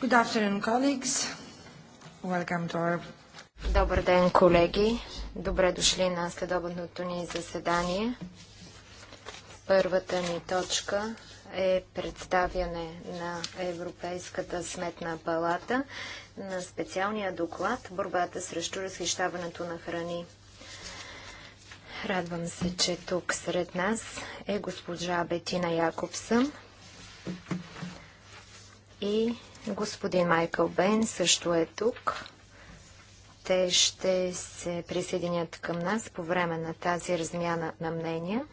Good afternoon, colleagues. Welcome to our... Добър ден, колеги. Добре дошли на следобедното ни заседание. Първата ни точка е представяне на Европейската сметна палата на специалния доклад «Борбата срещу разхищаването на храни». Радвам се, че тук сред нас е госпожа Бетина Якобсън и Господин Майкъл Бен също е тук. Те ще се присъединят към нас по време на тази размяна на мнения.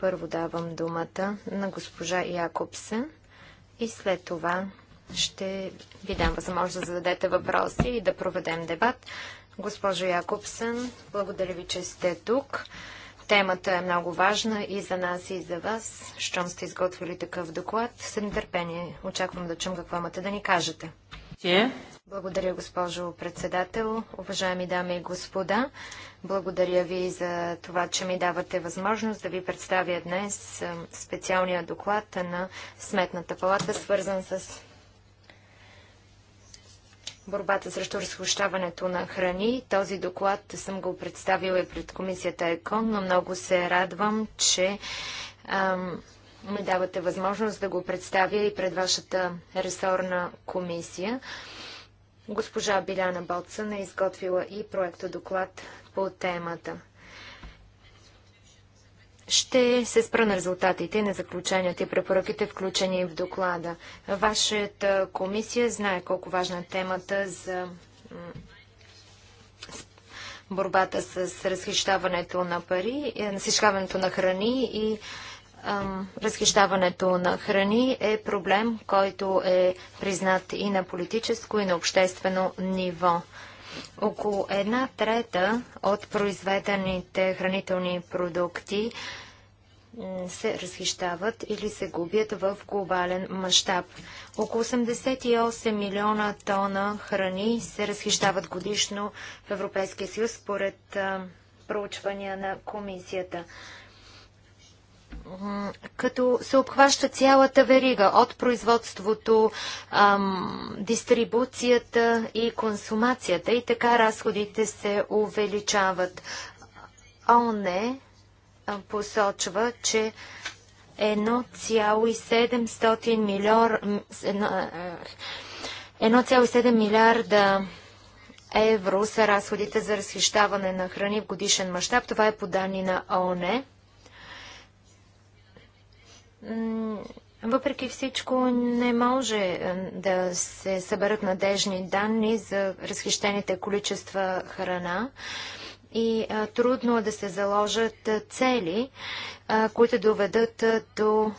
Първо давам думата на госпожа Якобсен и след това ще ви дам възможност да зададете въпроси и да проведем дебат. Госпожо Якобсен, благодаря ви, че сте тук. Темата е много важна и за нас, и за вас. Щом сте изготвили такъв доклад, с нетърпение очаквам да чум какво имате да ни кажете. Yeah. Благодаря, госпожо председател. Уважаеми дами и господа, благодаря ви за това, че ми давате възможност да ви представя днес специалния доклад на Сметната палата, свързан с борбата срещу разхвощаването на храни. Този доклад съм го представила и пред комисията ЕКОН, но много се радвам, че ам, ми давате възможност да го представя и пред вашата ресорна комисия. Госпожа Биляна Боцън е изготвила и проекта доклад по темата. Ще се спра на резултатите на заключенията и препоръките, включени в доклада. Вашата комисия знае колко важна е темата за борбата с разхищаването на пари, насищаването е, на храни и разхищаването на храни е проблем, който е признат и на политическо, и на обществено ниво. Около една трета от произведените хранителни продукти се разхищават или се губят в глобален мащаб. Около 88 милиона тона храни се разхищават годишно в Европейския съюз, според проучвания на комисията. Като се обхваща цялата верига от производството, ам, дистрибуцията и консумацията и така разходите се увеличават. ОНЕ посочва, че 1,7 милиор... 1,7 е, милиарда евро са разходите за разхищаване на храни в годишен мащаб. Това е по данни на ООН. Въпреки всичко не може е, да се съберат надежни данни за разхищените количества храна и а, трудно е да се заложат а, цели, а, които доведат до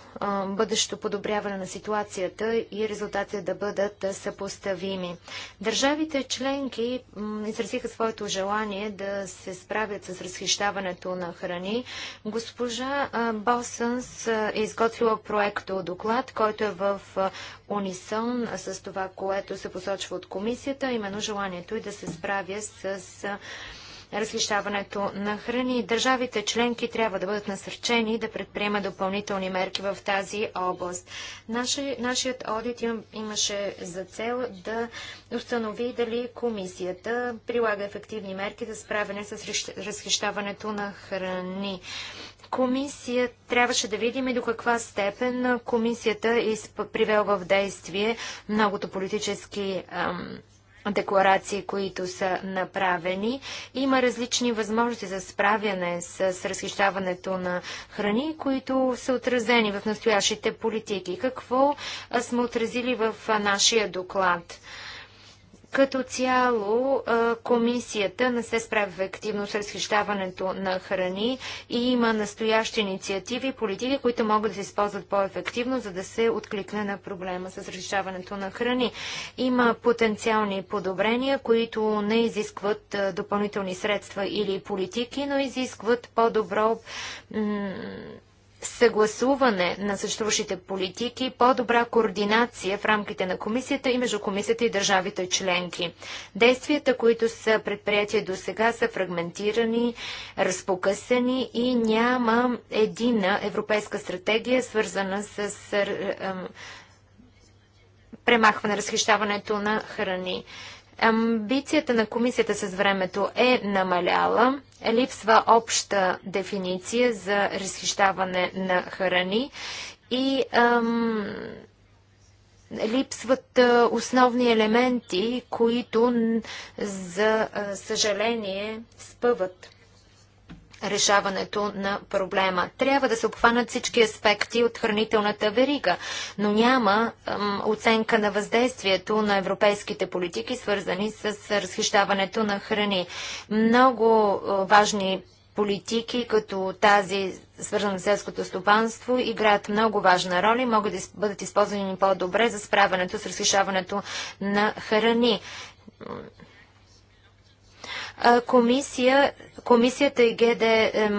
бъдещо подобряване на ситуацията и резултатите да бъдат съпоставими. Държавите членки изразиха своето желание да се справят с разхищаването на храни. Госпожа Босънс е изготвила проекто доклад, който е в унисон с това, което се посочва от комисията, именно желанието и е да се справя с разхищаването на храни. Държавите членки трябва да бъдат насърчени да предприемат допълнителни мерки в тази област. Наши, нашият одит им, имаше за цел да установи дали комисията прилага ефективни мерки за справяне с разхищаването на храни комисия трябваше да видим и до каква степен комисията е изп... привел в действие многото политически ам, декларации, които са направени. Има различни възможности за справяне с разхищаването на храни, които са отразени в настоящите политики. Какво сме отразили в нашия доклад? Като цяло комисията не се справя ефективно с разхищаването на храни и има настоящи инициативи и политики, които могат да се използват по-ефективно, за да се откликне на проблема с разхищаването на храни. Има потенциални подобрения, които не изискват допълнителни средства или политики, но изискват по-добро съгласуване на съществуващите политики, по-добра координация в рамките на комисията и между комисията и държавите членки. Действията, които са предприяти до сега, са фрагментирани, разпокъсани и няма едина европейска стратегия, свързана с премахване разхищаването на храни. Амбицията на комисията с времето е намаляла. Липсва обща дефиниция за разхищаване на храни и ам, липсват основни елементи, които, за съжаление, спъват решаването на проблема. Трябва да се обхванат всички аспекти от хранителната верига, но няма ем, оценка на въздействието на европейските политики, свързани с разхищаването на храни. Много е, важни политики, като тази свързана с селското стопанство, играят много важна роля и могат да бъдат използвани по-добре за справянето с разхищаването на храни Комисия, комисията и ГД е,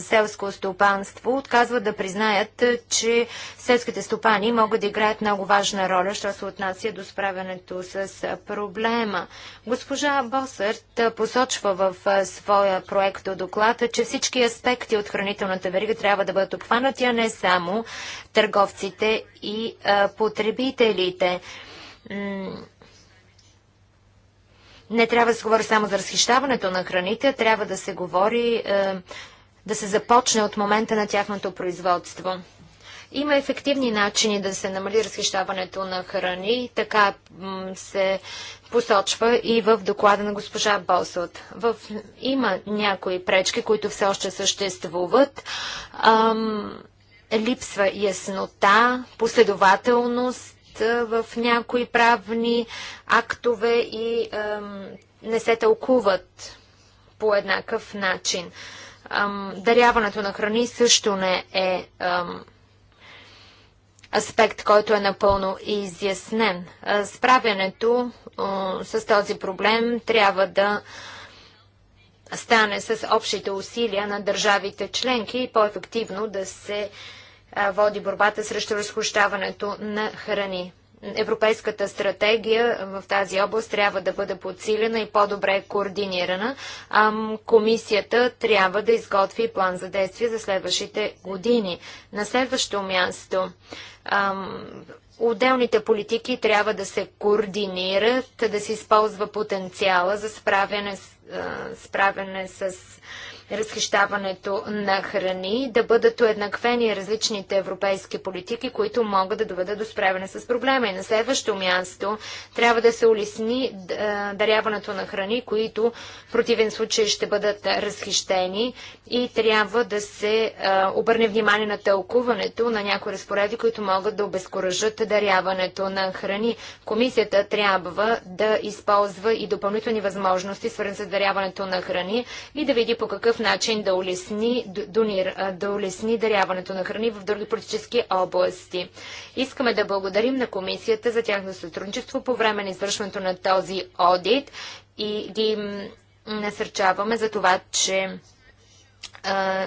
селско стопанство отказват да признаят, е, че селските стопани могат да играят много важна роля, що се отнася до справянето с е, проблема. Госпожа Босърт посочва в своя проект доклад, че всички аспекти от хранителната верига трябва да бъдат обхванати, а не само търговците и а, потребителите не трябва да се говори само за разхищаването на храните, трябва да се говори, е, да се започне от момента на тяхното производство. Има ефективни начини да се намали разхищаването на храни, така се посочва и в доклада на госпожа Босот. В... Има някои пречки, които все още съществуват. Ам... Липсва яснота, последователност, в някои правни актове и не се тълкуват по еднакъв начин. даряването на храни също не е аспект, който е напълно изяснен. Справянето с този проблем трябва да стане с общите усилия на държавите членки и по-ефективно да се води борбата срещу разхощаването на храни. Европейската стратегия в тази област трябва да бъде подсилена и по-добре координирана. Комисията трябва да изготви план за действие за следващите години. На следващо място Отделните политики трябва да се координират, да се използва потенциала за справяне, справяне с разхищаването на храни, да бъдат уеднаквени различните европейски политики, които могат да доведат до справяне с проблема. И на следващо място трябва да се улесни е, даряването на храни, които в противен случай ще бъдат разхищени и трябва да се е, обърне внимание на тълкуването на някои разпореди, които могат да обезкуражат даряването на храни. Комисията трябва да използва и допълнителни възможности, свързани с даряването на храни и да види по какъв начин да улесни, донир, да улесни даряването на храни в други политически области. Искаме да благодарим на комисията за тяхното сътрудничество по време на извършването на този одит и ги насърчаваме за това, че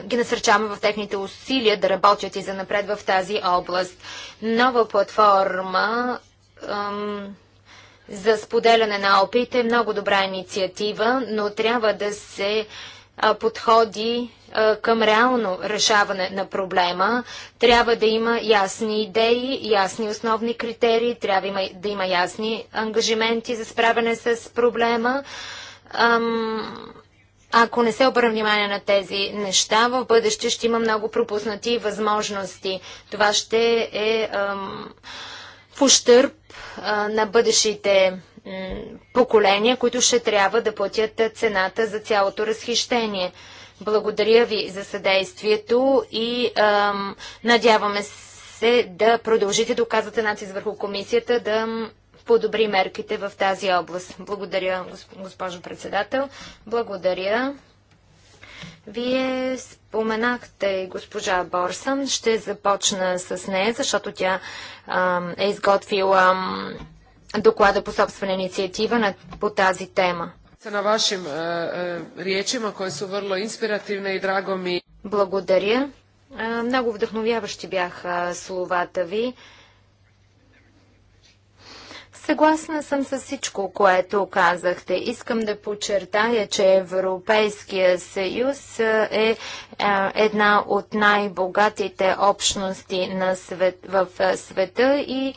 ги насърчаваме в техните усилия да работят и за напред в тази област. Нова платформа ам, за споделяне на опит е много добра инициатива, но трябва да се подходи към реално решаване на проблема. Трябва да има ясни идеи, ясни основни критерии, трябва да има ясни ангажименти за справяне с проблема. Ако не се обърна внимание на тези неща, в бъдеще ще има много пропуснати възможности. Това ще е в ущърп на бъдещите поколения, които ще трябва да платят цената за цялото разхищение. Благодаря ви за съдействието и ам, надяваме се да продължите доказвате оказвате натиск върху комисията да подобри мерките в тази област. Благодаря, госпожо председател. Благодаря. Вие споменахте госпожа Борсън. Ще започна с нея, защото тя ам, е изготвила ам, доклада по собствена инициатива на, по тази тема. На вашим е, е, речима, които са върло инспиративни и драго ми. Благодаря. Е, много вдъхновяващи бяха словата ви. Съгласна съм с всичко, което казахте. Искам да подчертая, че Европейския съюз е една от най-богатите общности на свет, в света и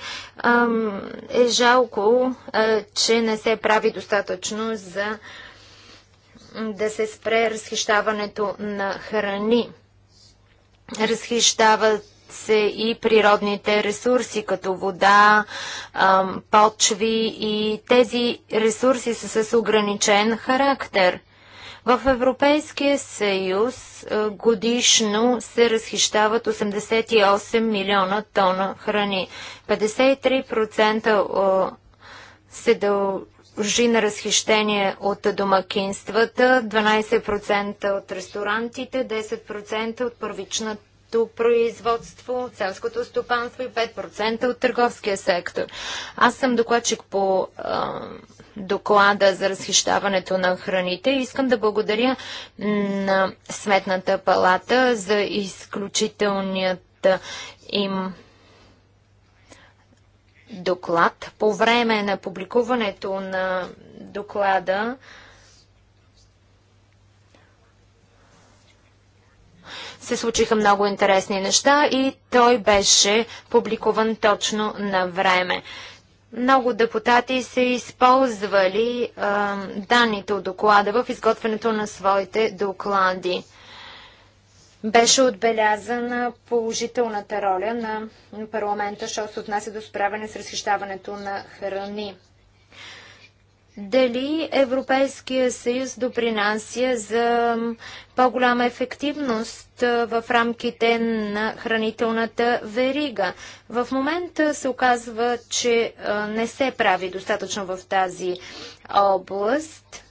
е жалко, че не се прави достатъчно за да се спре разхищаването на храни. Разхищават се и природните ресурси, като вода, почви и тези ресурси са с ограничен характер. В Европейския съюз е, годишно се разхищават 88 милиона тона храни. 53% е, се дължи на разхищение от домакинствата, 12% от ресторантите, 10% от първичното производство, селското стопанство и 5% от търговския сектор. Аз съм докладчик по а, е, доклада за разхищаването на храните. Искам да благодаря на Сметната палата за изключителният им доклад. По време на публикуването на доклада се случиха много интересни неща и той беше публикуван точно на време. Много депутати са използвали а, данните от доклада в изготвянето на своите доклади. Беше отбелязана положителната роля на парламента, що се отнася до справяне с разхищаването на храни дали Европейския съюз допринася за по-голяма ефективност в рамките на хранителната верига. В момента се оказва, че не се прави достатъчно в тази област.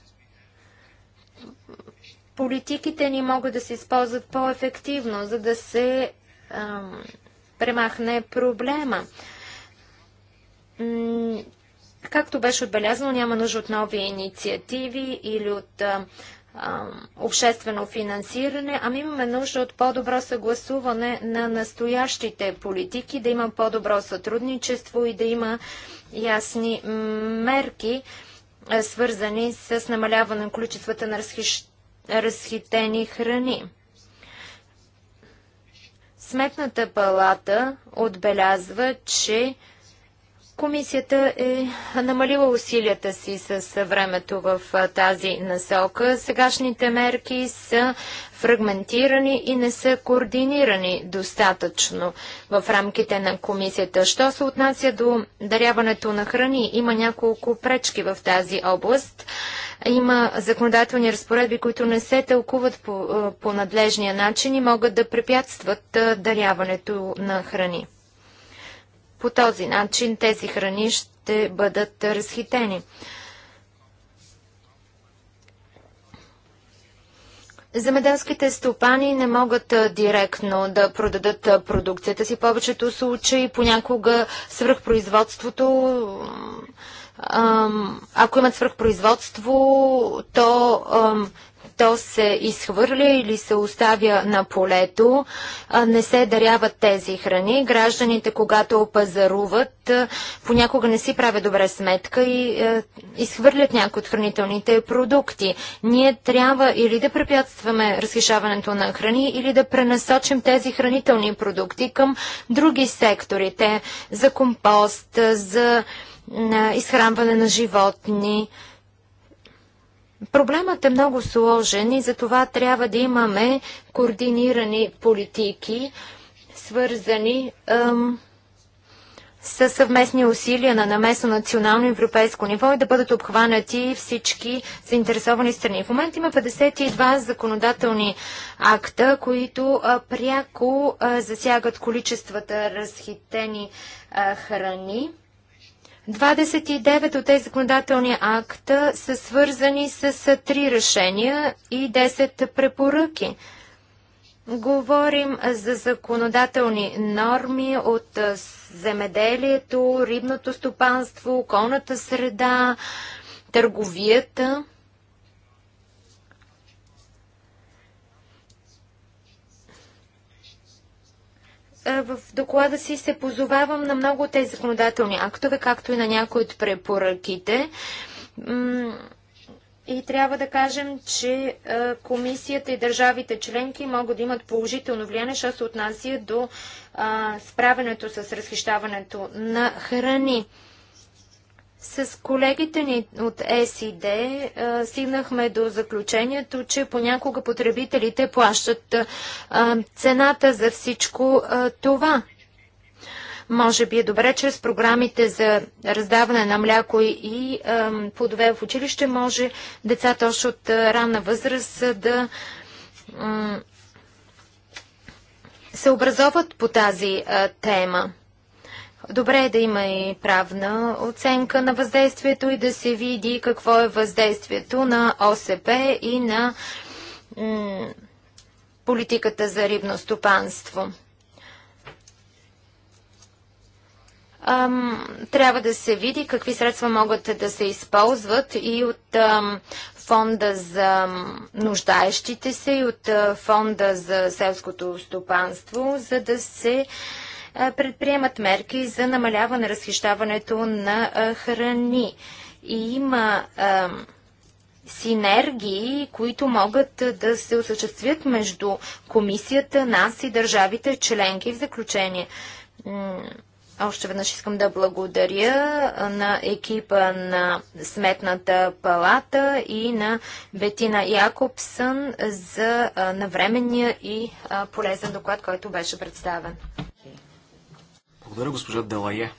Политиките ни могат да се използват по-ефективно, за да се премахне проблема Както беше отбелязано, няма нужда от нови инициативи или от а, обществено финансиране, ами имаме нужда от по-добро съгласуване на настоящите политики, да има по-добро сътрудничество и да има ясни мерки, свързани с намаляване на количествата на разхищ... разхитени храни. Сметната палата отбелязва, че Комисията е намалила усилията си с времето в тази насока. Сегашните мерки са фрагментирани и не са координирани достатъчно в рамките на комисията. Що се отнася до даряването на храни, има няколко пречки в тази област. Има законодателни разпоредби, които не се тълкуват по, по надлежния начин и могат да препятстват даряването на храни. По този начин тези храни ще бъдат разхитени. Земеделските стопани не могат директно да продадат продукцията си. В повечето случаи понякога свръхпроизводството, ако имат свръхпроизводство, то то се изхвърля или се оставя на полето, не се даряват тези храни. Гражданите, когато опазаруват, понякога не си правят добре сметка и изхвърлят някои от хранителните продукти. Ние трябва или да препятстваме разхищаването на храни, или да пренасочим тези хранителни продукти към други сектори. Те за компост, за изхранване на животни, Проблемът е много сложен и затова трябва да имаме координирани политики, свързани ем, с съвместни усилия на наместно национално и европейско ниво и да бъдат обхванати всички заинтересовани страни. В момента има 52 законодателни акта, които а, пряко а, засягат количествата разхитени а, храни. 29 от тези законодателни акта са свързани с 3 решения и 10 препоръки. Говорим за законодателни норми от земеделието, рибното стопанство, околната среда, търговията – в доклада си се позовавам на много от тези законодателни актове, както и на някои от препоръките. И трябва да кажем, че комисията и държавите членки могат да имат положително влияние, що се отнася до справянето с разхищаването на храни. С колегите ни от SID стигнахме до заключението, че понякога потребителите плащат а, цената за всичко а, това. Може би е добре чрез програмите за раздаване на мляко и плодове в училище може децата още от ранна възраст да се образоват по тази тема. Добре е да има и правна оценка на въздействието и да се види какво е въздействието на ОСП и на политиката за рибно стопанство. Трябва да се види какви средства могат да се използват и от ам, фонда за нуждаещите се и от фонда за селското стопанство, за да се а, предприемат мерки за намаляване разхищаването на храни. И има синергии, които могат да се осъществят между комисията, нас и държавите членки. В заключение, още веднъж искам да благодаря на екипа на Сметната палата и на Бетина Якобсън за навременния и полезен доклад, който беше представен. Благодаря, госпожа Делае.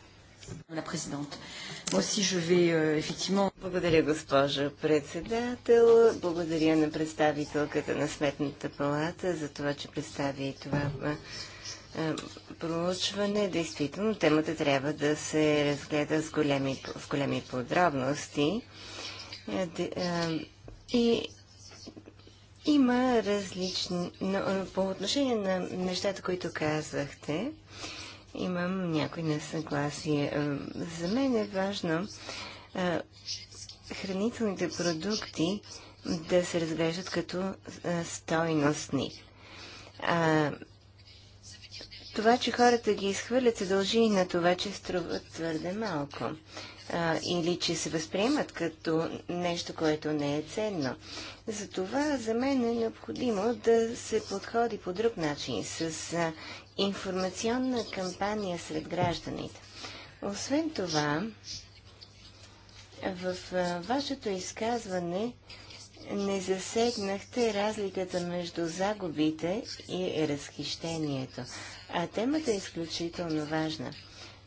Euh, Благодаря, госпожа председател. Благодаря на представителката на Сметната палата за това, че представи това проучване. Действително, темата трябва да се разгледа с големи, с големи подробности. И има различни... Но по отношение на нещата, които казахте, имам някои несъгласия. Е, за мен е важно е, хранителните продукти да се разглеждат като е, стойностни. това, че хората ги изхвърлят, се дължи и на това, че струват твърде малко. А, или че се възприемат като нещо, което не е ценно. Затова за мен е необходимо да се подходи по друг начин, с информационна кампания сред гражданите. Освен това, в вашето изказване не засегнахте разликата между загубите и разхищението, а темата е изключително важна –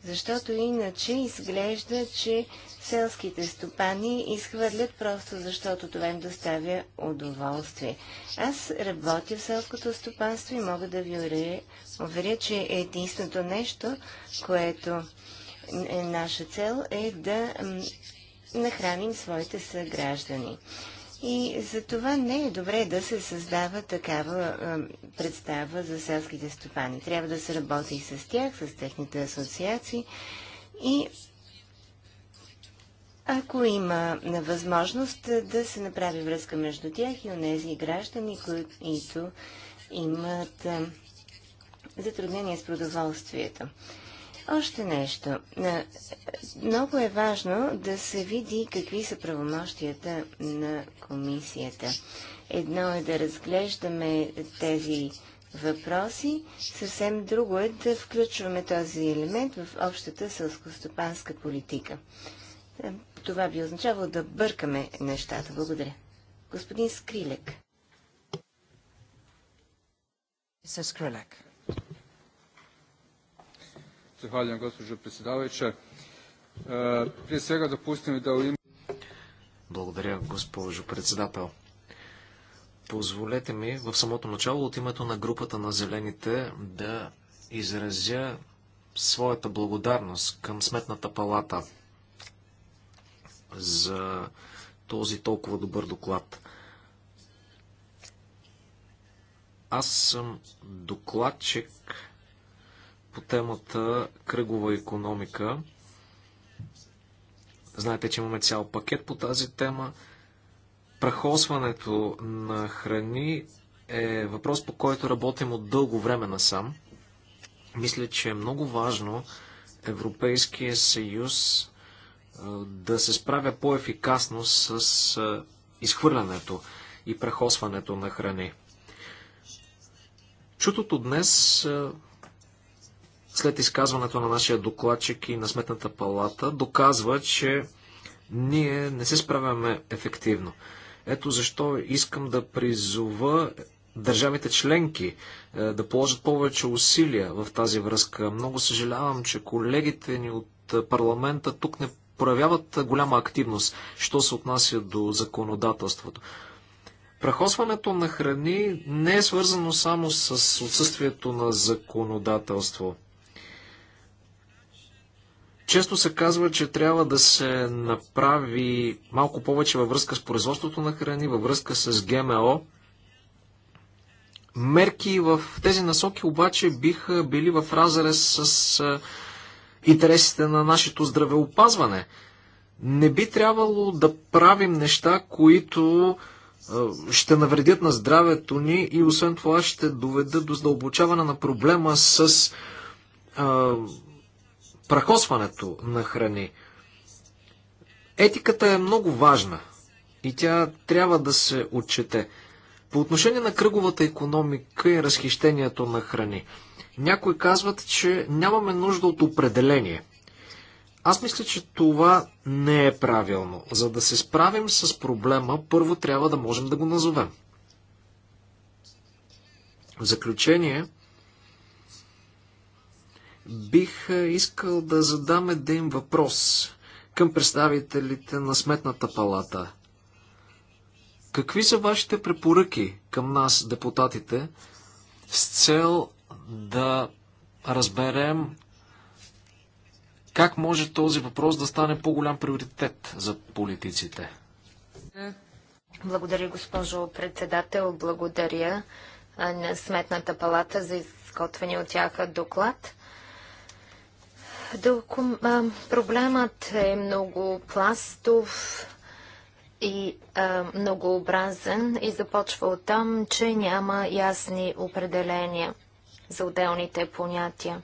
защото иначе изглежда, че селските стопани изхвърлят просто защото това им доставя удоволствие. Аз работя в селското стопанство и мога да ви уверя, че единственото нещо, което е наша цел, е да нахраним своите съграждани. И за това не е добре да се създава такава а, представа за селските стопани. Трябва да се работи и с тях, с техните асоциации. И ако има възможност да се направи връзка между тях и онези граждани, които имат затруднения с продоволствието. Още нещо. Е, много е важно да се види какви са правомощията на комисията. Едно е да разглеждаме тези въпроси, съвсем друго е да включваме този елемент в общата сълскостопанска политика. Е, това би означавало да бъркаме нещата. Благодаря. Господин Скрилек. Скрилек. Zahvaljujem gospođo predsjedavajuća. E, prije svega dopustim da u ime... Благодаря, госпожо председател. Позволете ми в самото начало от името на групата на зелените да изразя своята благодарност към Сметната палата за този толкова добър доклад. Аз съм докладчик по темата кръгова економика. Знаете, че имаме цял пакет по тази тема. Прахосването на храни е въпрос, по който работим от дълго време насам. Мисля, че е много важно Европейския съюз да се справя по-ефикасно с изхвърлянето и прахосването на храни. Чутото днес след изказването на нашия докладчик и на Сметната палата доказва, че ние не се справяме ефективно. Ето защо искам да призова държавите членки е, да положат повече усилия в тази връзка. Много съжалявам, че колегите ни от парламента тук не проявяват голяма активност, що се отнася до законодателството. Прахосването на храни не е свързано само с отсъствието на законодателство. Често се казва, че трябва да се направи малко повече във връзка с производството на храни, във връзка с ГМО. Мерки в тези насоки обаче биха били в разрез с интересите на нашето здравеопазване. Не би трябвало да правим неща, които ще навредят на здравето ни и освен това ще доведат до задълбочаване на проблема с прахосването на храни. Етиката е много важна и тя трябва да се отчете. По отношение на кръговата економика и разхищението на храни, някои казват, че нямаме нужда от определение. Аз мисля, че това не е правилно. За да се справим с проблема, първо трябва да можем да го назовем. В заключение, Бих е, искал да задам един въпрос към представителите на Сметната палата. Какви са вашите препоръки към нас, депутатите, с цел да разберем как може този въпрос да стане по-голям приоритет за политиците? Благодаря, госпожо председател. Благодаря на Сметната палата за изготвения от тях доклад дълко, А, проблемът е много пластов и а, многообразен и започва от там, че няма ясни определения за отделните понятия.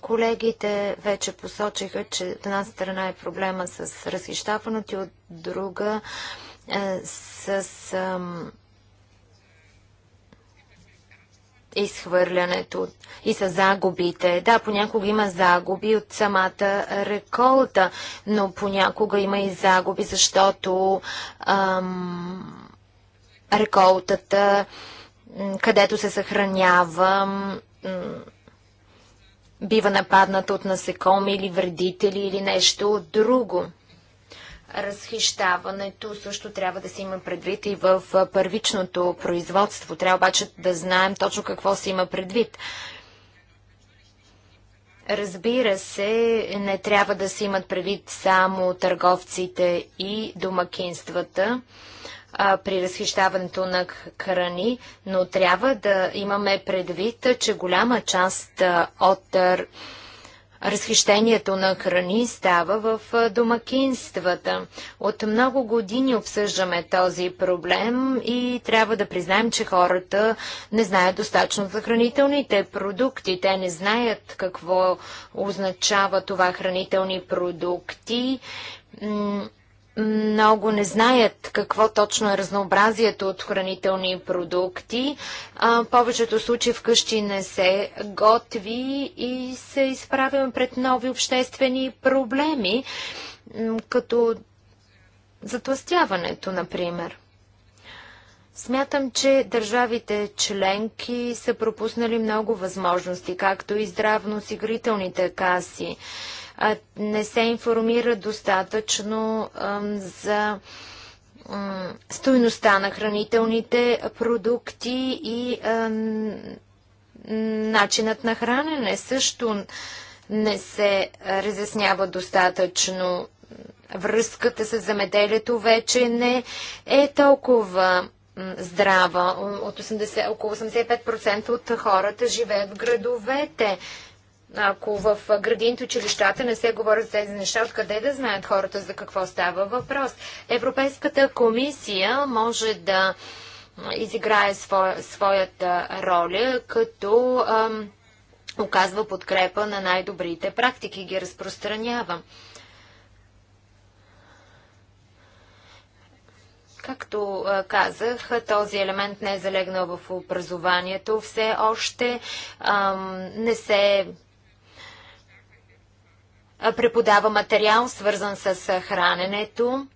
Колегите вече посочиха, че от една страна е проблема с разхищаването и от друга а, с А, изхвърлянето и с загубите. Да, понякога има загуби от самата реколта, но понякога има и загуби, защото ам, реколтата, където се съхранява, бива нападната от насекоми или вредители или нещо друго. Разхищаването също трябва да се има предвид и в първичното производство. Трябва обаче да знаем точно какво се има предвид. Разбира се, не трябва да се имат предвид само търговците и домакинствата а, при разхищаването на храни, но трябва да имаме предвид, че голяма част от разхищението на храни става в домакинствата. От много години обсъждаме този проблем и трябва да признаем, че хората не знаят достатъчно за хранителните продукти. Те не знаят какво означава това хранителни продукти много не знаят какво точно е разнообразието от хранителни продукти. А, повечето случаи вкъщи не се готви и се изправяме пред нови обществени проблеми, като затластяването, например. Смятам, че държавите членки са пропуснали много възможности, както и здравно-осигурителните каси не се информира достатъчно за стойността на хранителните продукти и начинът на хранене също не се разяснява достатъчно. Връзката с замеделието вече не е толкова здрава. От 80, около 85% от хората живеят в градовете. Ако в градините училищата не се говори за тези неща, откъде да знаят хората за какво става въпрос? Европейската комисия може да изиграе своя, своята роля, като ам, оказва подкрепа на най-добрите практики, ги разпространява. Както казах, този елемент не е залегнал в образованието все още, ам, не се преподава материал, свързан с храненето.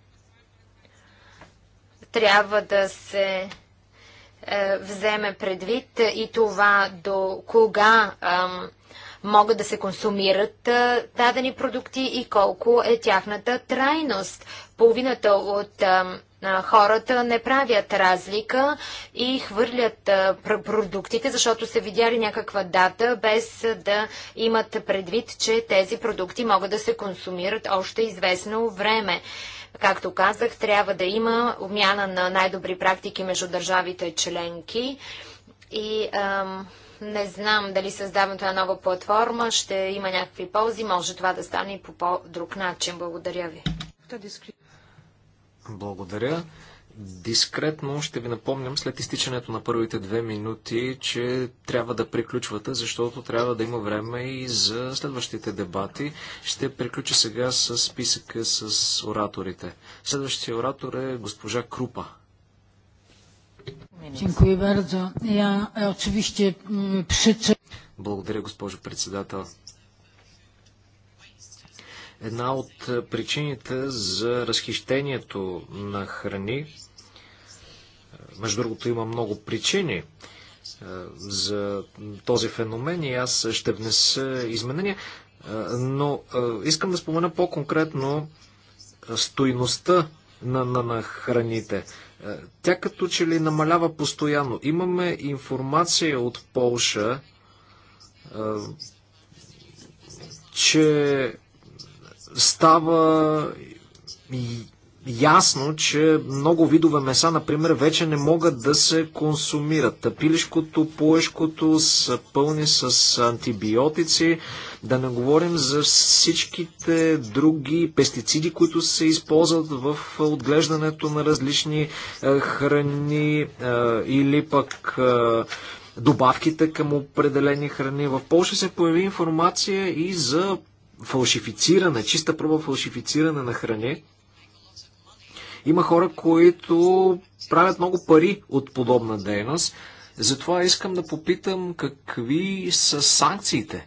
Трябва да се вземе предвид и това до кога могат да се консумират дадени продукти и колко е тяхната трайност. Половината от хората не правят разлика и хвърлят продуктите, защото са видяли някаква дата, без да имат предвид, че тези продукти могат да се консумират още известно време. Както казах, трябва да има обмяна на най-добри практики между държавите членки и ам, не знам дали създаването на нова платформа ще има някакви ползи. Може това да стане и по друг начин. Благодаря ви. Благодаря. Дискретно ще ви напомням след изтичането на първите две минути, че трябва да приключвате, защото трябва да има време и за следващите дебати. Ще приключа сега с списъка с ораторите. Следващия оратор е госпожа Крупа. Благодаря, госпожо председател. Една от е, причините за разхищението на храни, е, между другото има много причини е, за този феномен и аз ще внеса изменения, но искам да спомена по-конкретно стойността на, на, на храните. Тя като че ли намалява постоянно. Имаме информация от Полша, че става ясно, че много видове меса, например, вече не могат да се консумират. Тъпилишкото, поешкото са пълни с антибиотици, да не говорим за всичките други пестициди, които се използват в отглеждането на различни е, храни е, или пък е, добавките към определени храни. В Польша се появи информация и за фалшифициране, чиста проба фалшифициране на храни. Има хора, които правят много пари от подобна дейност. Затова искам да попитам какви са санкциите. Е,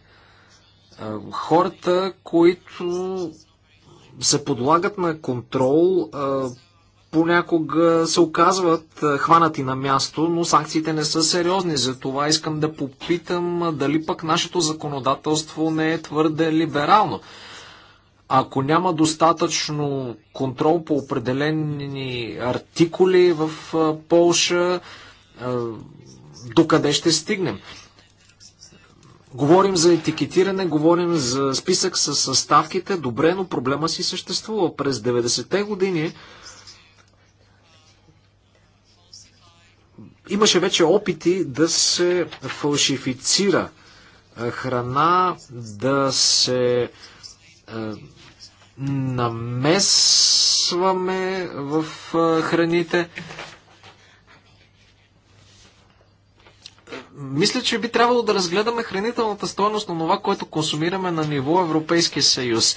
хората, които се подлагат на контрол, е, понякога се оказват е, хванати на място, но санкциите не са сериозни. Затова искам да попитам е, дали пък нашето законодателство не е твърде либерално. Ако няма достатъчно контрол по определени артикули в е, Полша, докъде ще стигнем? Говорим за етикетиране, говорим за списък с съставките. Добре, но проблема си съществува. През 90-те години Имаше вече опити да се фалшифицира храна, да се намесваме в храните. Мисля, че би трябвало да разгледаме хранителната стоеност на това, което консумираме на ниво Европейския съюз.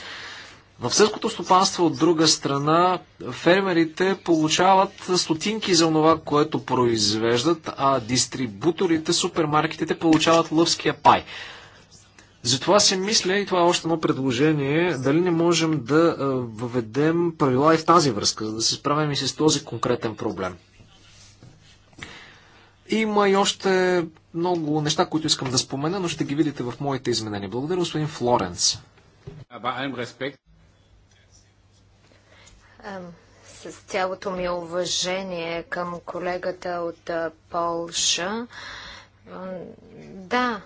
В сърското стопанство, от друга страна, фермерите получават стотинки за това, което произвеждат, а дистрибуторите, супермаркетите получават лъвския пай. Затова се мисля, и това е още едно предложение, дали не можем да е, въведем правила и в тази връзка, за да се справим и с този конкретен проблем. Има и още много неща, които искам да спомена, но ще ги видите в моите изменения. Благодаря, господин Флоренц. С цялото ми уважение към колегата от Полша, да,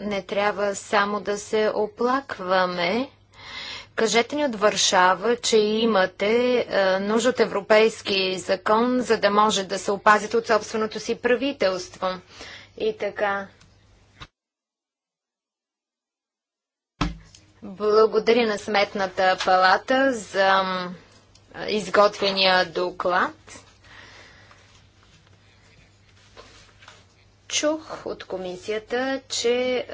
не трябва само да се оплакваме. Кажете ни от Варшава, че имате нужда от европейски закон, за да може да се опазите от собственото си правителство. И така. Благодаря на Сметната палата за изготвения доклад. Чух от комисията, че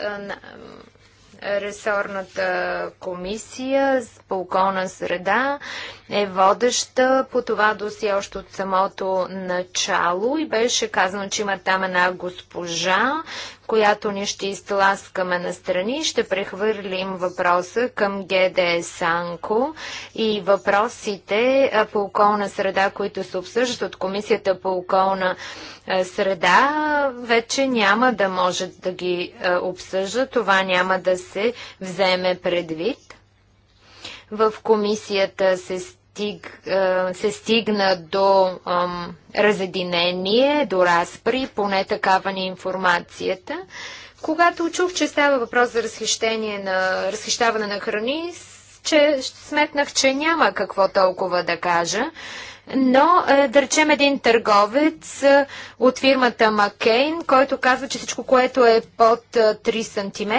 ресорната комисия по околна среда е водеща по това доси още от самото начало и беше казано, че има там една госпожа, която ни ще изтласкаме настрани и ще прехвърлим въпроса към ГД Санко и въпросите по околна среда, които се обсъждат от Комисията по околна среда, вече няма да може да ги обсъжда. Това няма да се вземе предвид. В комисията се стиг, се стигна до ам, разединение, до разпри, поне такава ни е информацията. Когато чух, че става въпрос за разхищение на, разхищаване на храни, че сметнах, че няма какво толкова да кажа. Но, е, да речем, един търговец е, от фирмата Маккейн, който казва, че всичко, което е под 3 е,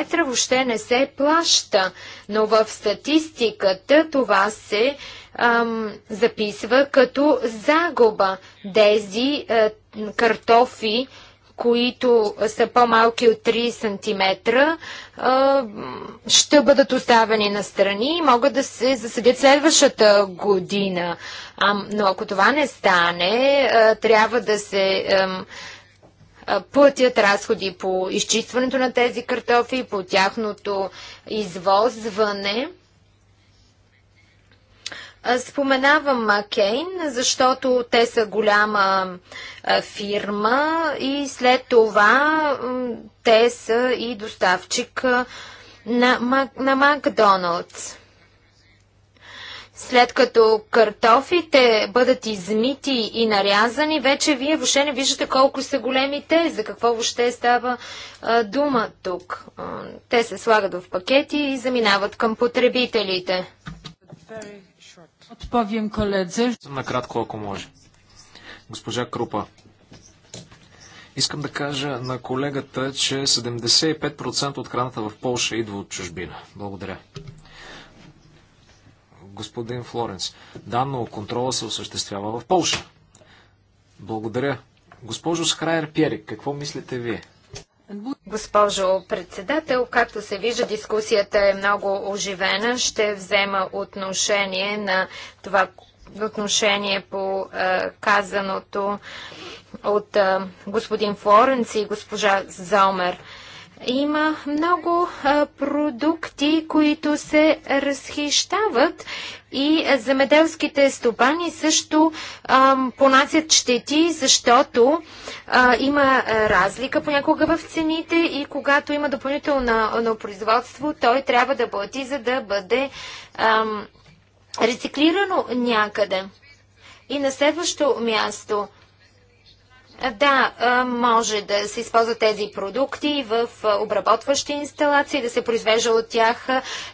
см, въобще не се плаща. Но в статистиката това се ам, записва като загуба. Дези, картофи, които са по-малки от 3 см, ще бъдат оставени на страни и могат да се засадят следващата година. Но ако това не стане, трябва да се платят разходи по изчистването на тези картофи, по тяхното извозване. Споменавам Кейн, защото те са голяма фирма и след това те са и доставчик на, Макдоналдс. След като картофите бъдат измити и нарязани, вече вие въобще не виждате колко са големи те, за какво въобще става а, дума тук. А, те се слагат в пакети и заминават към потребителите. Odpowiem коледзе. Накратко, ако може. Госпожа Крупа. Искам да кажа на колегата, че 75% от храната в Польша идва от чужбина. Благодаря. Господин Флоренс, да, но контрола се осъществява в Польша. Благодаря. Госпожо Скрайер Пьерик, какво мислите вие? Госпожо председател, както се вижда, дискусията е много оживена. Ще взема отношение на това отношение по е, казаното от е, господин Флоренц и госпожа Залмер. Има много продукти, които се разхищават и земеделските стопани също понасят щети, защото а, има разлика понякога в цените и когато има допълнително на производство, той трябва да плати, за да бъде рециклирано някъде. И на следващо място – е, да, е, може да се използват тези продукти в е, обработващи инсталации, да се произвежда от тях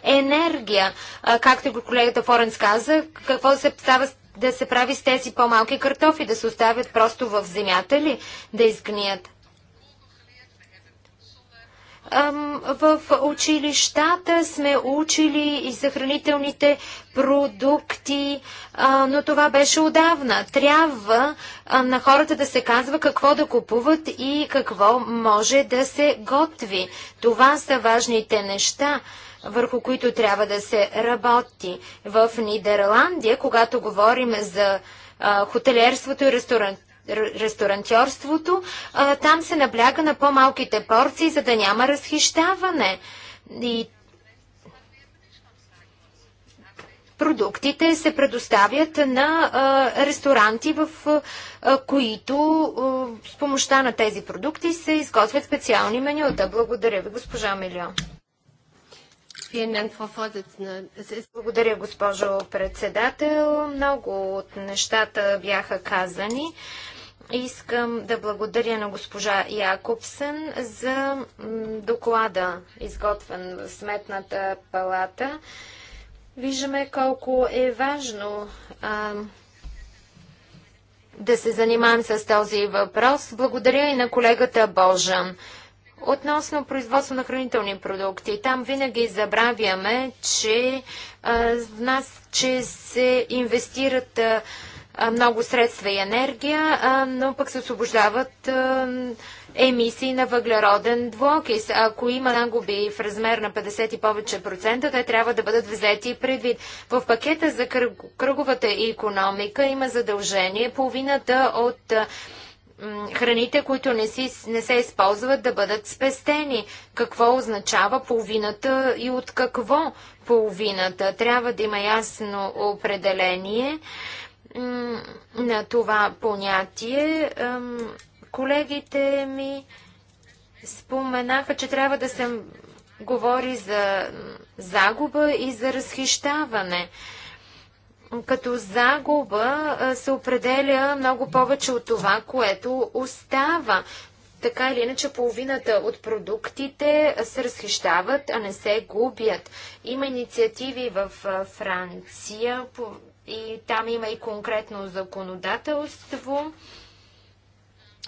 енергия. Както колегата Форенс каза, какво да се става да се прави с тези по-малки картофи, да се оставят просто в земята ли, да изгният? В училищата сме учили и съхранителните продукти, но това беше отдавна. Трябва на хората да се казва какво да купуват и какво може да се готви. Това са важните неща върху които трябва да се работи. В Нидерландия, когато говорим за хотелиерството и ресторан, ресторантьорството, там се набляга на по-малките порции, за да няма разхищаване. И продуктите се предоставят на ресторанти, в които с помощта на тези продукти се изготвят специални менюта. Благодаря ви, госпожа Милио. Благодаря, госпожо председател. Много от нещата бяха казани. Искам да благодаря на госпожа Якобсен за доклада, изготвен в Сметната палата. Виждаме колко е важно а, да се занимаем с този въпрос. Благодаря и на колегата Божан. Относно производство на хранителни продукти, там винаги забравяме, че а, в нас, че се инвестират а, много средства и енергия, но пък се освобождават емисии на въглероден двуокис. Ако има нагуби в размер на 50 и повече процента, те трябва да бъдат взети предвид. В пакета за кръговата економика има задължение половината от храните, които не, си, не се използват, да бъдат спестени. Какво означава половината и от какво половината? Трябва да има ясно определение на това понятие. Колегите ми споменаха, че трябва да се говори за загуба и за разхищаване. Като загуба се определя много повече от това, което остава. Така или иначе, половината от продуктите се разхищават, а не се губят. Има инициативи в Франция и там има и конкретно законодателство,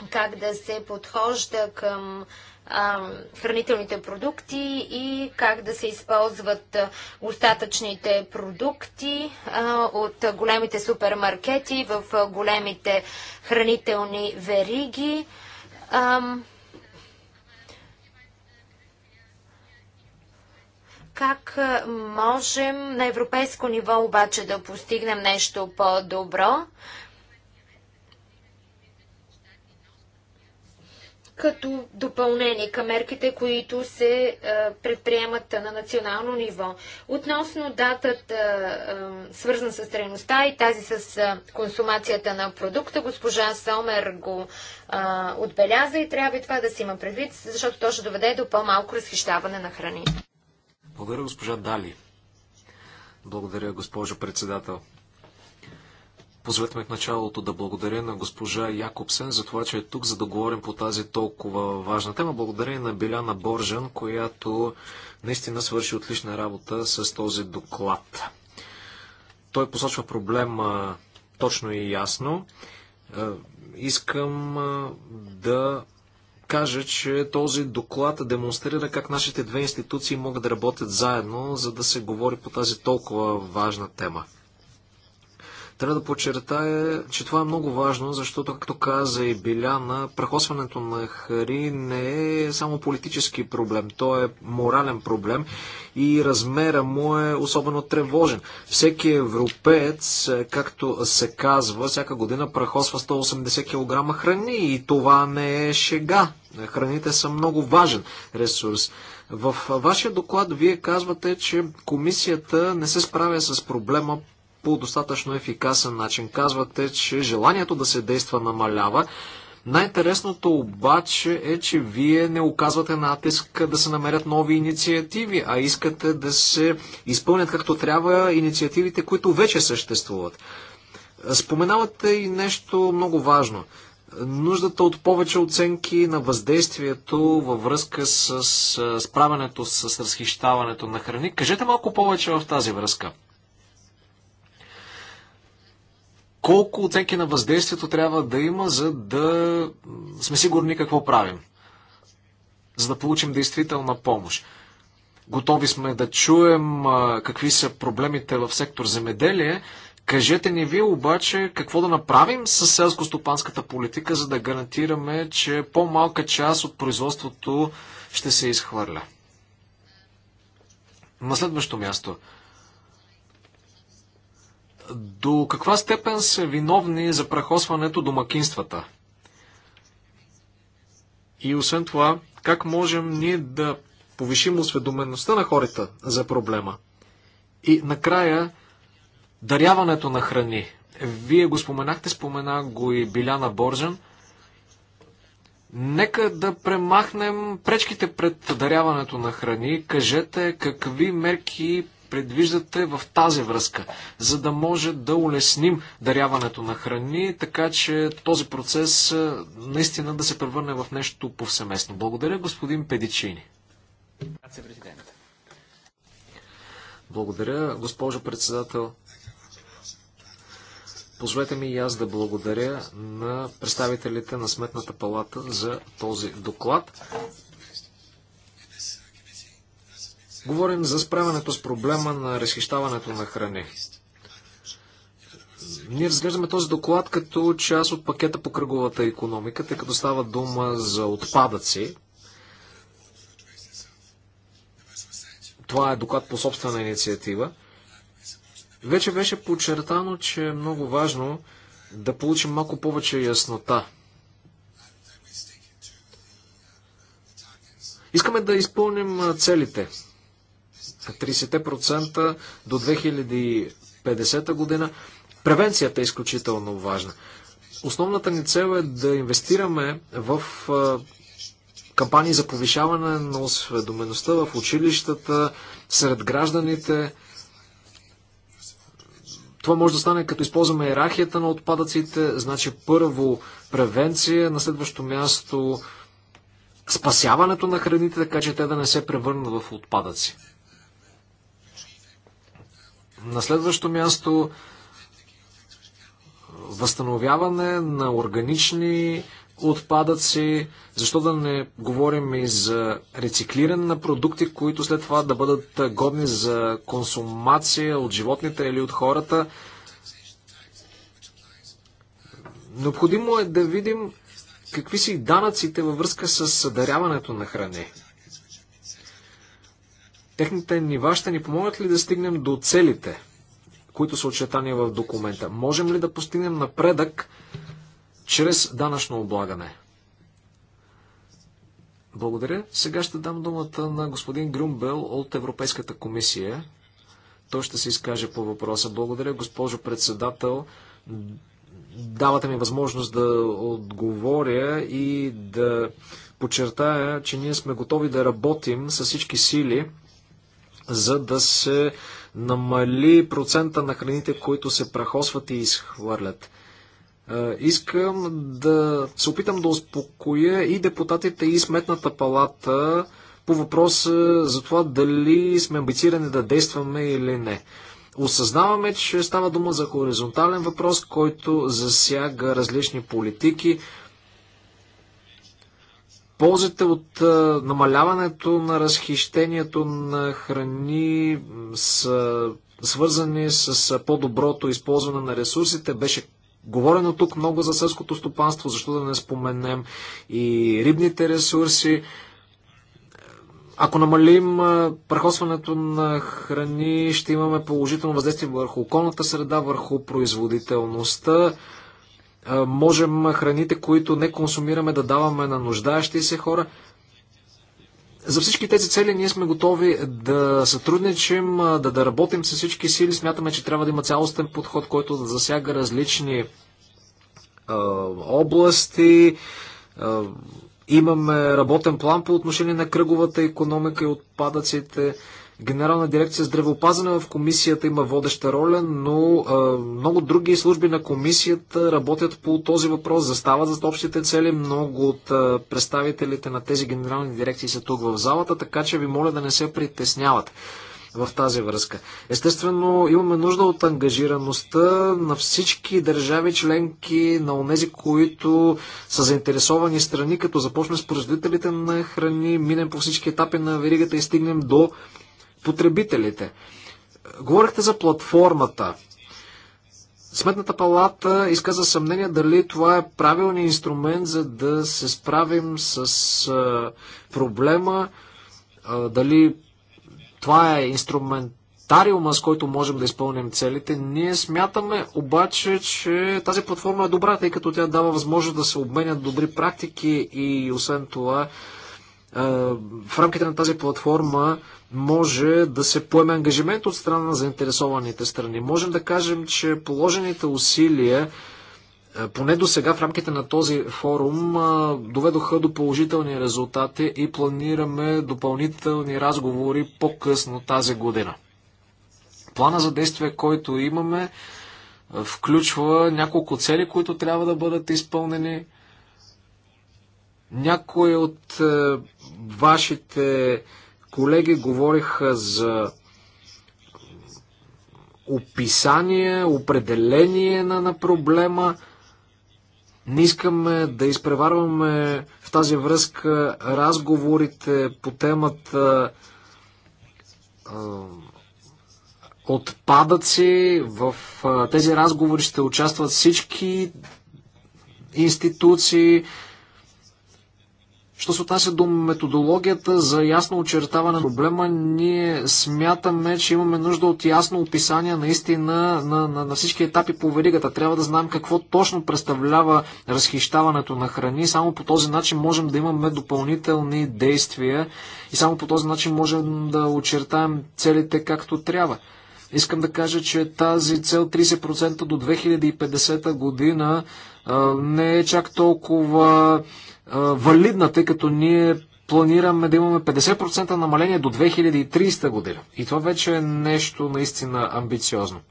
как да се подхожда към а, хранителните продукти и как да се използват остатъчните продукти а, от големите супермаркети в големите хранителни вериги. Как можем на европейско ниво обаче да постигнем нещо по-добро? като допълнение към мерките, които се предприемат на национално ниво. Относно датата, свързана с трейността и тази с консумацията на продукта, госпожа Сомер го отбеляза и трябва и това да си има предвид, защото то ще доведе до по-малко разхищаване на храните. Благодаря, госпожа Дали. Благодаря, госпожо председател. Позволете ме в началото да благодаря на госпожа Якобсен за това, че е тук, за да говорим по тази толкова важна тема. Благодаря и на Беляна Боржан, която наистина свърши отлична работа с този доклад. Той посочва проблема точно и ясно. Е, искам е, да кажа, че този доклад демонстрира как нашите две институции могат да работят заедно, за да се говори по тази толкова важна тема. Трябва да подчертая, че това е много важно, защото, както каза и Биляна, прахосването на хари не е само политически проблем, то е морален проблем и размера му е особено тревожен. Всеки европеец, както се казва, всяка година прахосва 180 кг храни и това не е шега. Храните са много важен ресурс. В вашия доклад вие казвате, че комисията не се справя с проблема по достатъчно ефикасен начин. Казвате, че желанието да се действа намалява. Най-интересното обаче е, че вие не оказвате натиск да се намерят нови инициативи, а искате да се изпълнят както трябва инициативите, които вече съществуват. Споменавате и нещо много важно. Нуждата от повече оценки на въздействието във връзка с справянето с разхищаването на храни. Кажете малко повече в тази връзка. Колко оценки на въздействието трябва да има, за да сме сигурни какво правим? За да получим действителна помощ. Готови сме да чуем какви са проблемите в сектор земеделие. Кажете ни вие обаче какво да направим с селско-стопанската политика, за да гарантираме, че по-малка част от производството ще се изхвърля. На следващо място – до каква степен са виновни за прахосването домакинствата? И освен това, как можем ние да повишим осведомеността на хората за проблема? И накрая, даряването на храни. Вие го споменахте, спомена го и Биляна Боржан. Нека да премахнем пречките пред даряването на храни. Кажете какви мерки предвиждате в тази връзка, за да може да улесним даряването на храни, така че този процес наистина да се превърне в нещо повсеместно. Благодаря, господин Педичини. Благодаря, госпожо председател. Позволете ми и аз да благодаря на представителите на Сметната палата за този доклад. Говорим за справянето с проблема на разхищаването на храни. Ние разглеждаме този доклад като част от пакета по кръговата економика, тъй като става дума за отпадъци. Това е доклад по собствена инициатива. Вече беше подчертано, че е много важно да получим малко повече яснота. Искаме да изпълним целите 30% до 2050 година. Превенцията е изключително важна. Основната ни цел е да инвестираме в кампании за повишаване на осведомеността в училищата, сред гражданите. Това може да стане като използваме иерархията на отпадъците, значи първо превенция, на следващо място спасяването на храните, така че те да не се превърнат в отпадъци. На следващо място възстановяване на органични отпадъци, защо да не говорим и за рециклиране на продукти, които след това да бъдат годни за консумация от животните или от хората. Необходимо е да видим какви са и данъците във връзка с даряването на храни. Техните нива ще ни помогнат ли да стигнем до целите, които са отчетани в документа? Можем ли да постигнем напредък чрез данъчно облагане? Благодаря. Сега ще дам думата на господин Грюмбел от Европейската комисия. Той ще се изкаже по въпроса. Благодаря, госпожо председател. Давате ми възможност да отговоря и да подчертая, че ние сме готови да работим с всички сили за да се намали процента на храните, които се прахосват и изхвърлят. Е, искам да се опитам да успокоя и депутатите, и сметната палата по въпроса за това дали сме амбицирани да действаме или не. Осъзнаваме, че става дума за хоризонтален въпрос, който засяга различни политики. Ползите от намаляването на разхищението на храни са свързани с по-доброто използване на ресурсите. Беше говорено тук много за сърското стопанство, защо да не споменем и рибните ресурси. Ако намалим прахосването на храни, ще имаме положително въздействие върху околната среда, върху производителността можем храните, които не консумираме, да даваме на нуждаещи се хора. За всички тези цели ние сме готови да сътрудничим, да, да работим с всички сили. Смятаме, че трябва да има цялостен подход, който да засяга различни е, области. Е, имаме работен план по отношение на кръговата економика и отпадъците. Генерална дирекция здравеопазване в комисията има водеща роля, но а, много други служби на комисията работят по този въпрос, застават за общите цели. Много от а, представителите на тези генерални дирекции са тук в залата, така че ви моля да не се притесняват в тази връзка. Естествено, имаме нужда от ангажираността на всички държави членки, на онези, които са заинтересовани страни, като започнем с производителите на храни, минем по всички етапи на веригата и стигнем до потребителите. Говорихте за платформата. Сметната палата изказа съмнение дали това е правилният инструмент за да се справим с а, проблема, а, дали това е инструментариума, с който можем да изпълним целите. Ние смятаме обаче, че тази платформа е добра, тъй като тя дава възможност да се обменят добри практики и освен това в рамките на тази платформа може да се поеме ангажимент от страна на заинтересованите страни. Можем да кажем, че положените усилия поне до сега в рамките на този форум доведоха до положителни резултати и планираме допълнителни разговори по-късно тази година. Плана за действие, който имаме, включва няколко цели, които трябва да бъдат изпълнени. Някои от Вашите колеги говориха за описание, определение на, на проблема. Не искаме да изпреварваме в тази връзка разговорите по темата отпадъци. В тези разговори ще участват всички институции, Що се отнася до методологията за ясно очертаване на проблема, ние смятаме, че имаме нужда от ясно описание наистина на, на, на всички етапи по веригата. Трябва да знаем какво точно представлява разхищаването на храни. Само по този начин можем да имаме допълнителни действия и само по този начин можем да очертаем целите както трябва. Искам да кажа, че тази цел 30% до 2050 година не е чак толкова валидна, тъй като ние планираме да имаме 50% намаление до 2030 година. И това вече е нещо наистина амбициозно.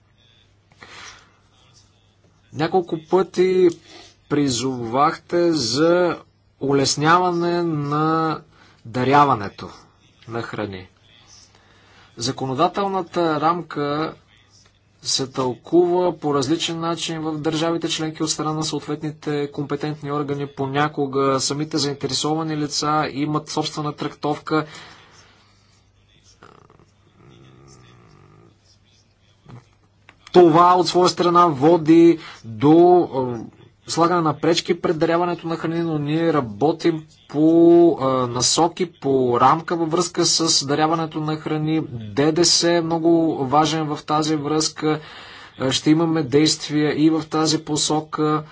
Няколко пъти призовахте за улесняване на даряването на храни. Законодателната рамка се тълкува по различен начин в държавите членки от страна на съответните компетентни органи. Понякога самите заинтересовани лица имат собствена трактовка. Това от своя страна води до слагане на пречки пред даряването на храни, но ние работим по а, насоки, по рамка във връзка с даряването на храни. ДДС е много важен в тази връзка. Ще имаме действия и в тази посока.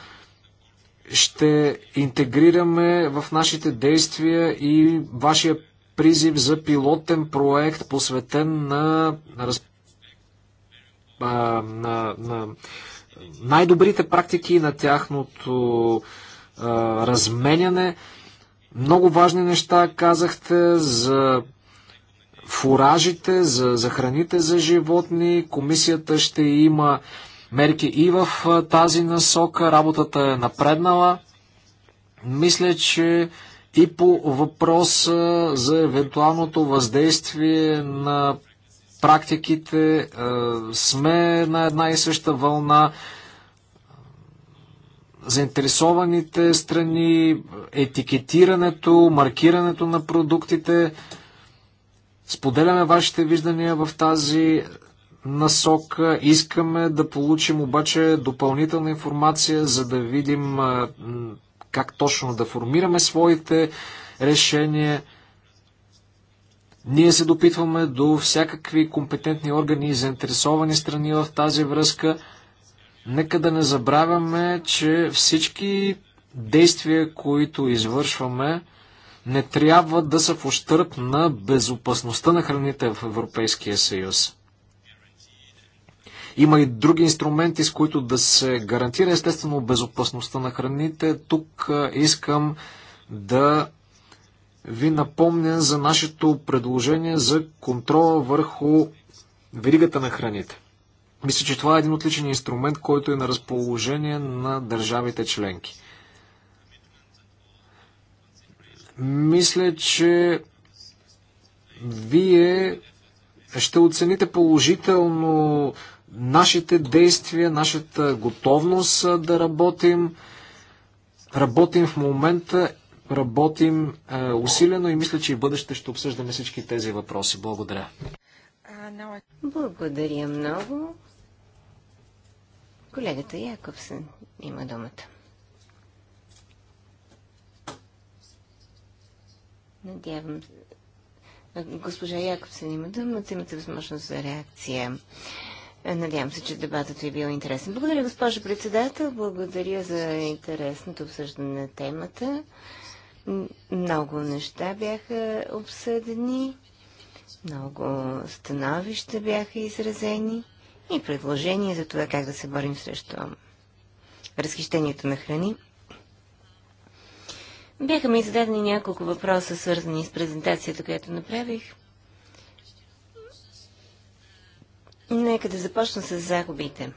Ще интегрираме в нашите действия и вашия призив за пилотен проект, посветен на, на, на, на най-добрите практики, на тяхното а, разменяне. Много важни неща казахте за фуражите, за, за храните за животни. Комисията ще има мерки и в тази насока. Работата е напреднала. Мисля, че и по въпроса за евентуалното въздействие на практиките, сме на една и съща вълна. Заинтересованите страни, етикетирането, маркирането на продуктите. Споделяме вашите виждания в тази насока. Искаме да получим обаче допълнителна информация, за да видим как точно да формираме своите решения. Ние се допитваме до всякакви компетентни органи и заинтересовани страни в тази връзка. Нека да не забравяме, че всички действия, които извършваме, не трябва да са в ощърп на безопасността на храните в Европейския съюз. Има и други инструменти, с които да се гарантира естествено безопасността на храните. Тук искам да ви напомня за нашето предложение за контрола върху веригата на храните. Мисля, че това е един отличен инструмент, който е на разположение на държавите членки. Мисля, че вие ще оцените положително нашите действия, нашата готовност да работим. Работим в момента работим е, усилено и мисля, че и бъдеще ще обсъждаме всички тези въпроси. Благодаря. Благодаря много. Колегата Яковсен има думата. Надявам се. Госпожа Яковсен има думата, имате възможност за реакция. Надявам се, че дебатът ви е бил интересен. Благодаря, госпожа председател. Благодаря за интересното обсъждане на темата. Много неща бяха обсъдени, много становища бяха изразени и предложения за това как да се борим срещу разхищението на храни. Бяха ми зададени няколко въпроса, свързани с презентацията, която направих. Нека да започна с загубите.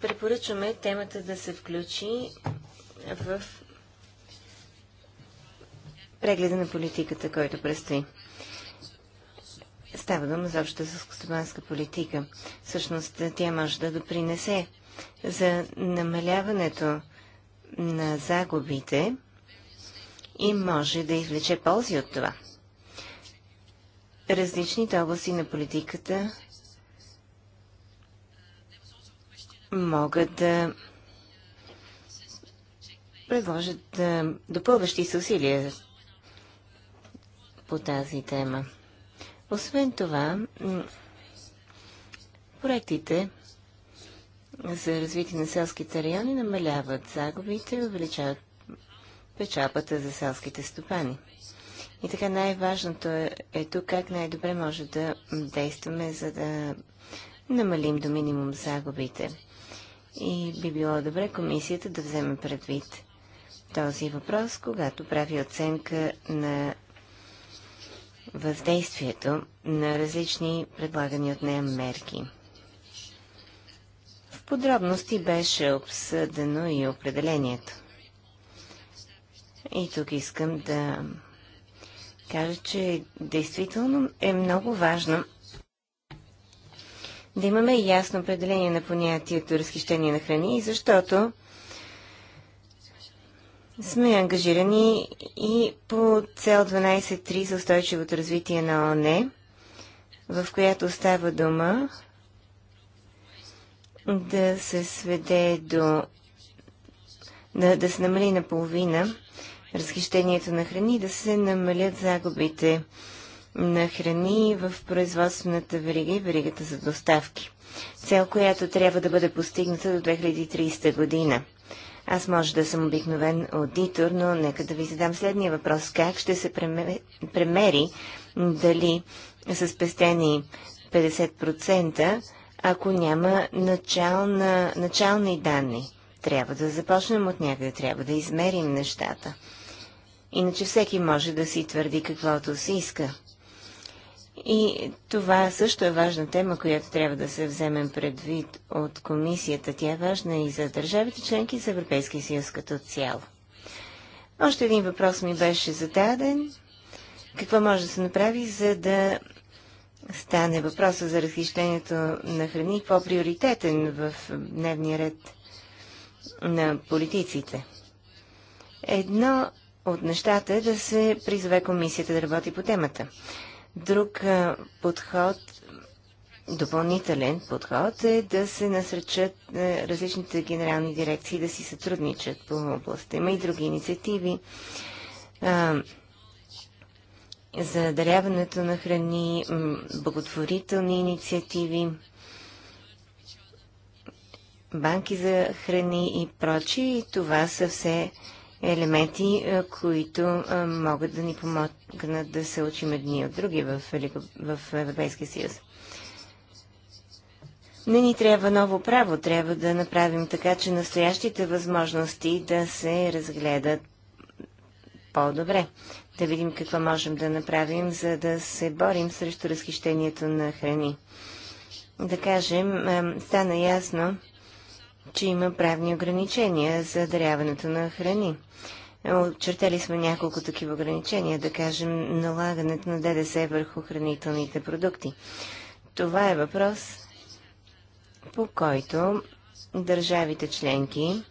препоръчваме темата да се включи в прегледа на политиката, който предстои. Става дума за общата селскостопанска политика. Всъщност тя може да допринесе за намаляването на загубите и може да извлече ползи от това. Различните области на политиката могат да предложат допълващи се усилия по тази тема. Освен това, проектите за развитие на селските райони намаляват загубите и увеличават печапата за селските стопани. И така най-важното е, е тук как най-добре може да действаме, за да намалим до минимум загубите и би било добре комисията да вземе предвид този въпрос, когато прави оценка на въздействието на различни предлагани от нея мерки. В подробности беше обсъдено и определението. И тук искам да кажа, че действително е много важно да имаме ясно определение на понятието разхищение на храни, защото сме ангажирани и по цел 12.3 за устойчивото развитие на ОНЕ, в която става дума да се сведе до да, да се намали наполовина разхищението на храни и да се намалят загубите на храни в производствената верига и веригата за доставки. Цел, която трябва да бъде постигната до 2030 година. Аз може да съм обикновен аудитор, но нека да ви задам следния въпрос. Как ще се премери дали са спестени 50%, ако няма начална, начални данни? Трябва да започнем от някъде, трябва да измерим нещата. Иначе всеки може да си твърди каквото си иска. И това също е важна тема, която трябва да се вземем предвид от комисията. Тя е важна и за държавите членки, и за Европейския съюз като цяло. Още един въпрос ми беше зададен. Какво може да се направи, за да стане въпроса за разхищението на храни по-приоритетен в дневния ред на политиците? Едно от нещата е да се призове комисията да работи по темата. Друг подход, допълнителен подход е да се насречат е, различните генерални дирекции да си сътрудничат по областта. Има и други инициативи за даряването на храни, благотворителни инициативи, банки за храни и прочи. И това са все елементи, е, които е, могат да ни помогнат да се учим едни от други в, Европейския съюз. Не ни трябва ново право, трябва да направим така, че настоящите възможности да се разгледат по-добре. Да видим какво можем да направим, за да се борим срещу разхищението на храни. Да кажем, е, стана ясно, че има правни ограничения за даряването на храни. Очертали сме няколко такива ограничения, да кажем налагането на ДДС върху хранителните продукти. Това е въпрос, по който държавите членки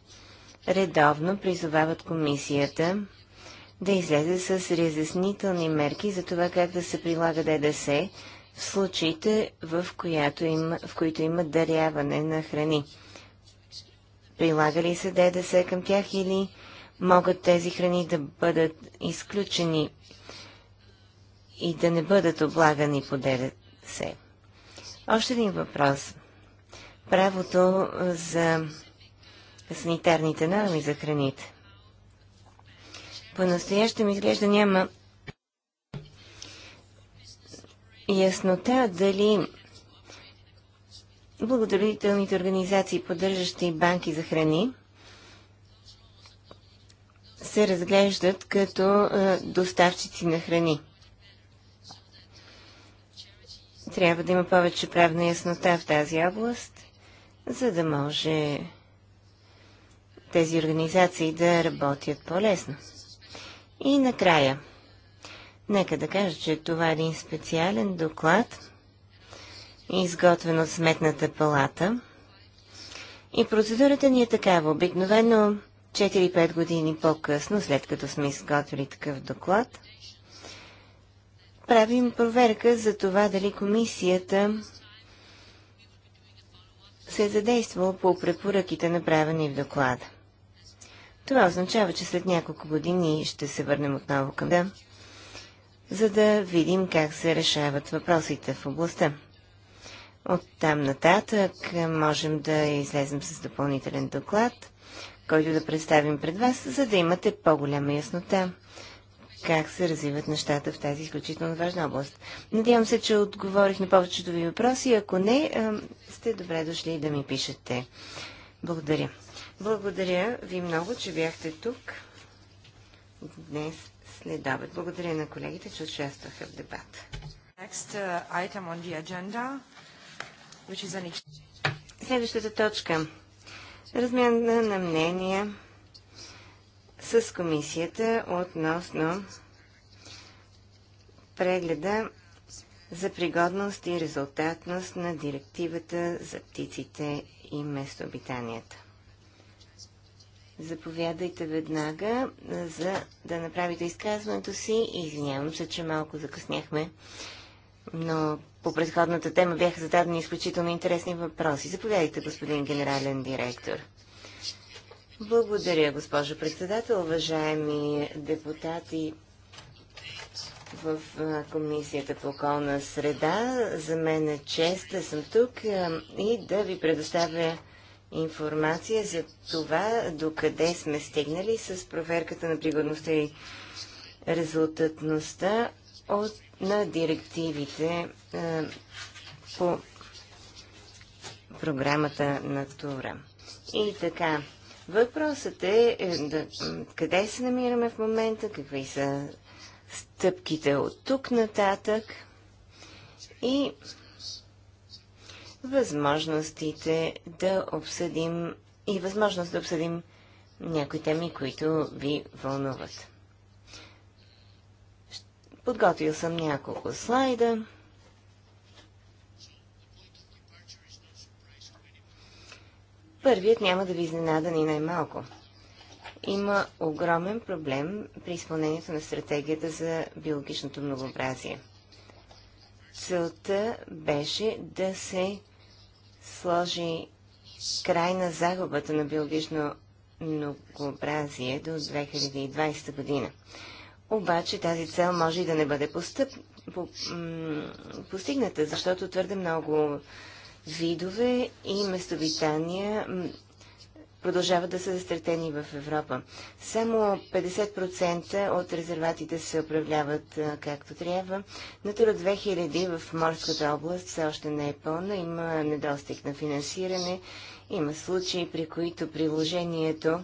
редовно призовават комисията да излезе с разяснителни мерки за това как да се прилага ДДС в случаите, в, която има, в които има даряване на храни. Прилага ли се ДДС към тях или могат тези храни да бъдат изключени и да не бъдат облагани по ДДС? Още един въпрос. Правото за санитарните норми за храните. По-настоящем изглежда няма яснота дали благодарителните организации, поддържащи банки за храни, се разглеждат като е, доставчици на храни. Трябва да има повече правна яснота в тази област, за да може тези организации да работят по-лесно. И накрая, нека да кажа, че това е един специален доклад – изготвен от Сметната палата. И процедурата ни е такава. Обикновено 4-5 години по-късно, след като сме изготвили такъв доклад, правим проверка за това дали комисията се е задействала по препоръките, направени в доклада. Това означава, че след няколко години ще се върнем отново към да, за да видим как се решават въпросите в областта. От там нататък можем да излезем с допълнителен доклад, който да представим пред вас, за да имате по-голяма яснота как се развиват нещата в тази изключително важна област. Надявам се, че отговорих на повечето ви въпроси. Ако не, сте добре дошли да ми пишете. Благодаря. Благодаря ви много, че бяхте тук днес след обед. Благодаря на колегите, че участваха в дебата. Uh, Следващата точка. Размяна на мнения с комисията относно прегледа за пригодност и резултатност на директивата за птиците и местообитанията. Заповядайте веднага за да направите изказването си. Извинявам се, че малко закъсняхме, но по предходната тема бяха зададени изключително интересни въпроси. Заповядайте, господин генерален директор. Благодаря, госпожо председател, уважаеми депутати в Комисията по околна среда. За мен е чест да съм тук и да ви предоставя информация за това, докъде сме стигнали с проверката на пригодността и резултатността от на директивите е, по програмата на И така, въпросът е, е да, къде се намираме в момента, какви са стъпките от тук нататък и възможностите да обсъдим и възможност да обсъдим някои теми, които ви вълнуват. Подготвил съм няколко слайда. Първият няма да ви изненада ни най-малко. Има огромен проблем при изпълнението на стратегията за биологичното многообразие. Целта беше да се сложи край на загубата на биологично многообразие до 2020 година. Обаче тази цел може и да не бъде постъп, по, постигната, защото твърде много видове и местовитания продължават да са застретени в Европа. Само 50% от резерватите се управляват както трябва. Натура 2000 в морската област все още не е пълна, има недостиг на финансиране, има случаи, при които приложението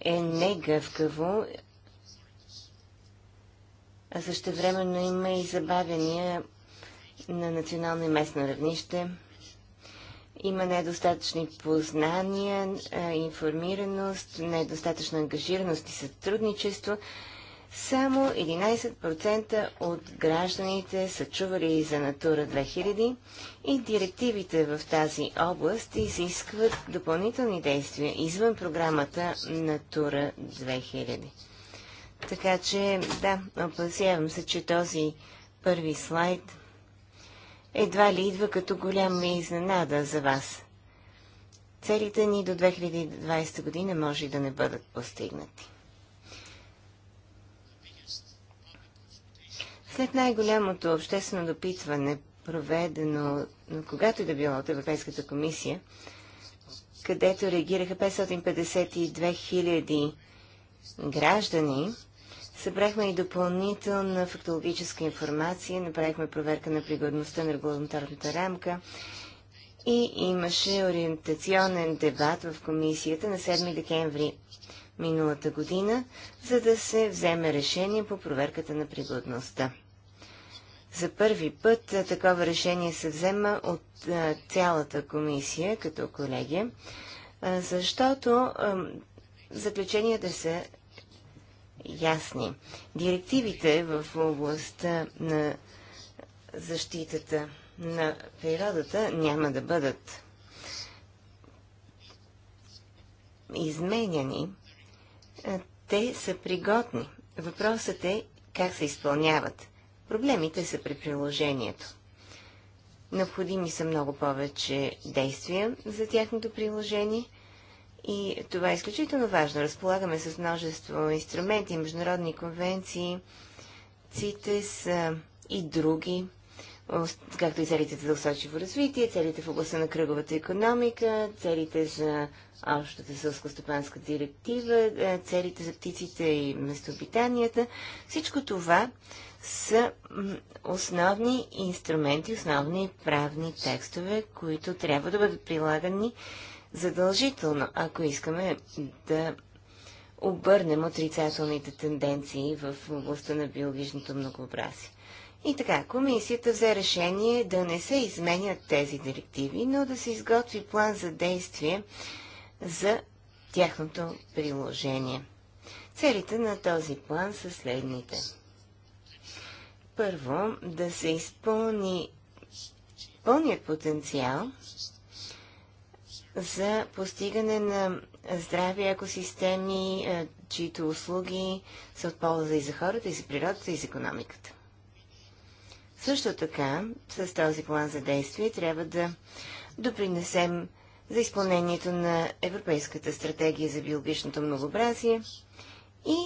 е негъвкаво а също времено има и забавяния на национално и местно равнище. Има недостатъчни познания, информираност, недостатъчна ангажираност и сътрудничество. Само 11% от гражданите са чували за Натура 2000 и директивите в тази област изискват допълнителни действия извън програмата Натура 2000. Така че, да, опасявам се, че този първи слайд едва ли идва като голяма изненада за вас. Целите ни до 2020 година може да не бъдат постигнати. След най-голямото обществено допитване, проведено когато и да било от Европейската комисия, където реагираха 552 000 граждани, Събрахме и допълнителна фактологическа информация, направихме проверка на пригодността на регламентарната рамка и имаше ориентационен дебат в комисията на 7 декември миналата година, за да се вземе решение по проверката на пригодността. За първи път такова решение се взема от цялата комисия като колегия, защото заключенията са ясни. Директивите в областта на защитата на природата няма да бъдат изменяни. Те са пригодни. Въпросът е как се изпълняват. Проблемите са при приложението. Необходими са много повече действия за тяхното приложение и това е изключително важно. Разполагаме с множество инструменти, международни конвенции, ЦИТЕС и други, както и целите за устойчиво развитие, целите в областта на кръговата економика, целите за общата сълско-стопанска директива, целите за птиците и местообитанията. Всичко това са основни инструменти, основни правни текстове, които трябва да бъдат прилагани задължително, ако искаме да обърнем отрицателните тенденции в областта на биологичното многообразие. И така, комисията взе решение да не се изменят тези директиви, но да се изготви план за действие за тяхното приложение. Целите на този план са следните. Първо, да се изпълни пълният потенциал за постигане на здрави екосистеми, е, чието услуги са от полза и за хората, и за природата, и за економиката. Също така, с този план за действие трябва да допринесем за изпълнението на Европейската стратегия за биологичното многообразие и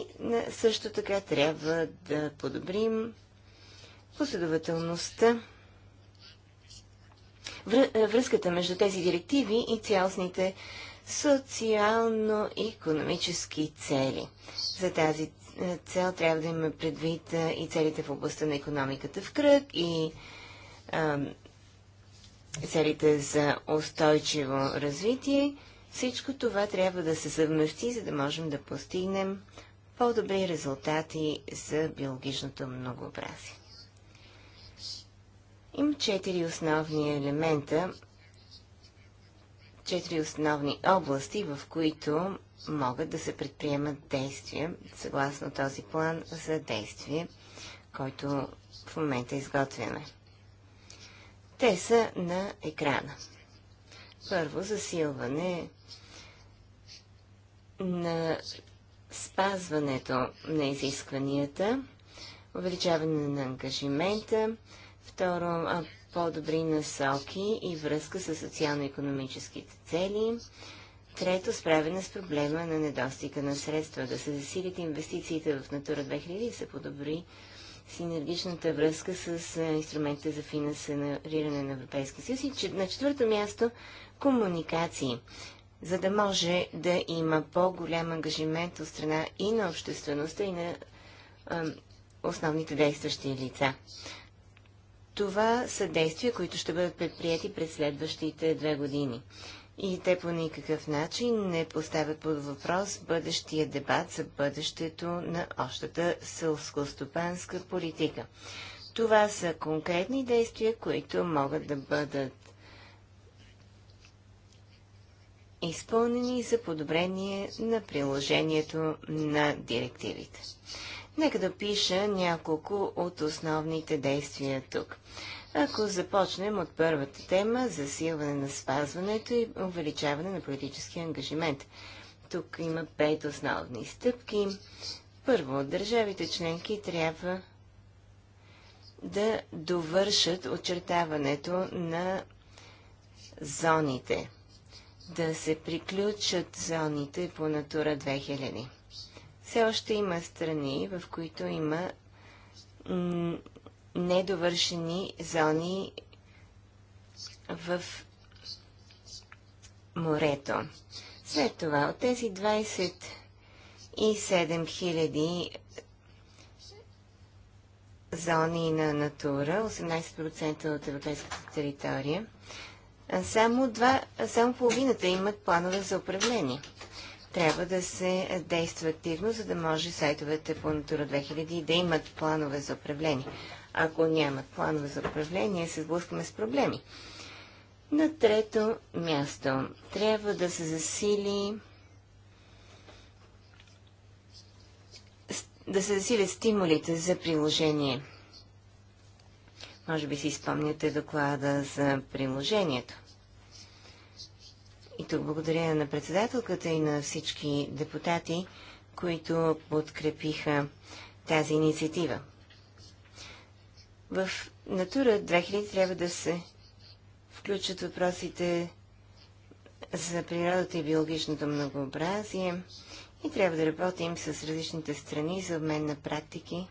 също така трябва да подобрим последователността е, връзката между тези директиви и цялостните социално-економически цели. За тази е, цел трябва да имаме предвид е, и целите в областта на економиката в кръг и а, целите за устойчиво развитие. Всичко това трябва да се съвмести, за да можем да постигнем по-добри резултати за биологичното многообразие. Има четири основни елемента, четири основни области, в които могат да се предприемат действия, съгласно този план за действие, който в момента изготвяме. Те са на екрана. Първо, засилване на спазването на изискванията, увеличаване на ангажимента, Второ, по-добри насоки и връзка с социално-економическите цели. Трето, справяне с проблема на недостига на средства, да се засилят инвестициите в Натура 2000 и се подобри синергичната връзка с инструментите за финансиране на Европейския съюз. И на четвърто място комуникации, за да може да има по-голям ангажимент от страна и на обществеността, и на а, основните действащи лица. Това са действия, които ще бъдат предприяти през следващите две години. И те по никакъв начин не поставят под въпрос бъдещия дебат за бъдещето на общата сълскостопанска политика. Това са конкретни действия, които могат да бъдат изпълнени за подобрение на приложението на директивите. Нека да пиша няколко от основните действия тук. Ако започнем от първата тема – засилване на спазването и увеличаване на политически ангажимент. Тук има пет основни стъпки. Първо, държавите членки трябва да довършат очертаването на зоните, да се приключат зоните по Натура 2000 все още има страни, в които има недовършени зони в морето. След това, от тези 27 000 зони на натура, 18% от европейската територия, само, два, само половината имат планове за управление – трябва да се действа активно, за да може сайтовете по Натура 2000 да имат планове за управление. Ако нямат планове за управление, се сблъскаме с проблеми. На трето място трябва да се засили да се засилят стимулите за приложение. Може би си спомняте доклада за приложението. И тук благодаря на председателката и на всички депутати, които подкрепиха тази инициатива. В Натура 2000 трябва да се включат въпросите за природата и биологичното многообразие и трябва да работим с различните страни за обмен на практики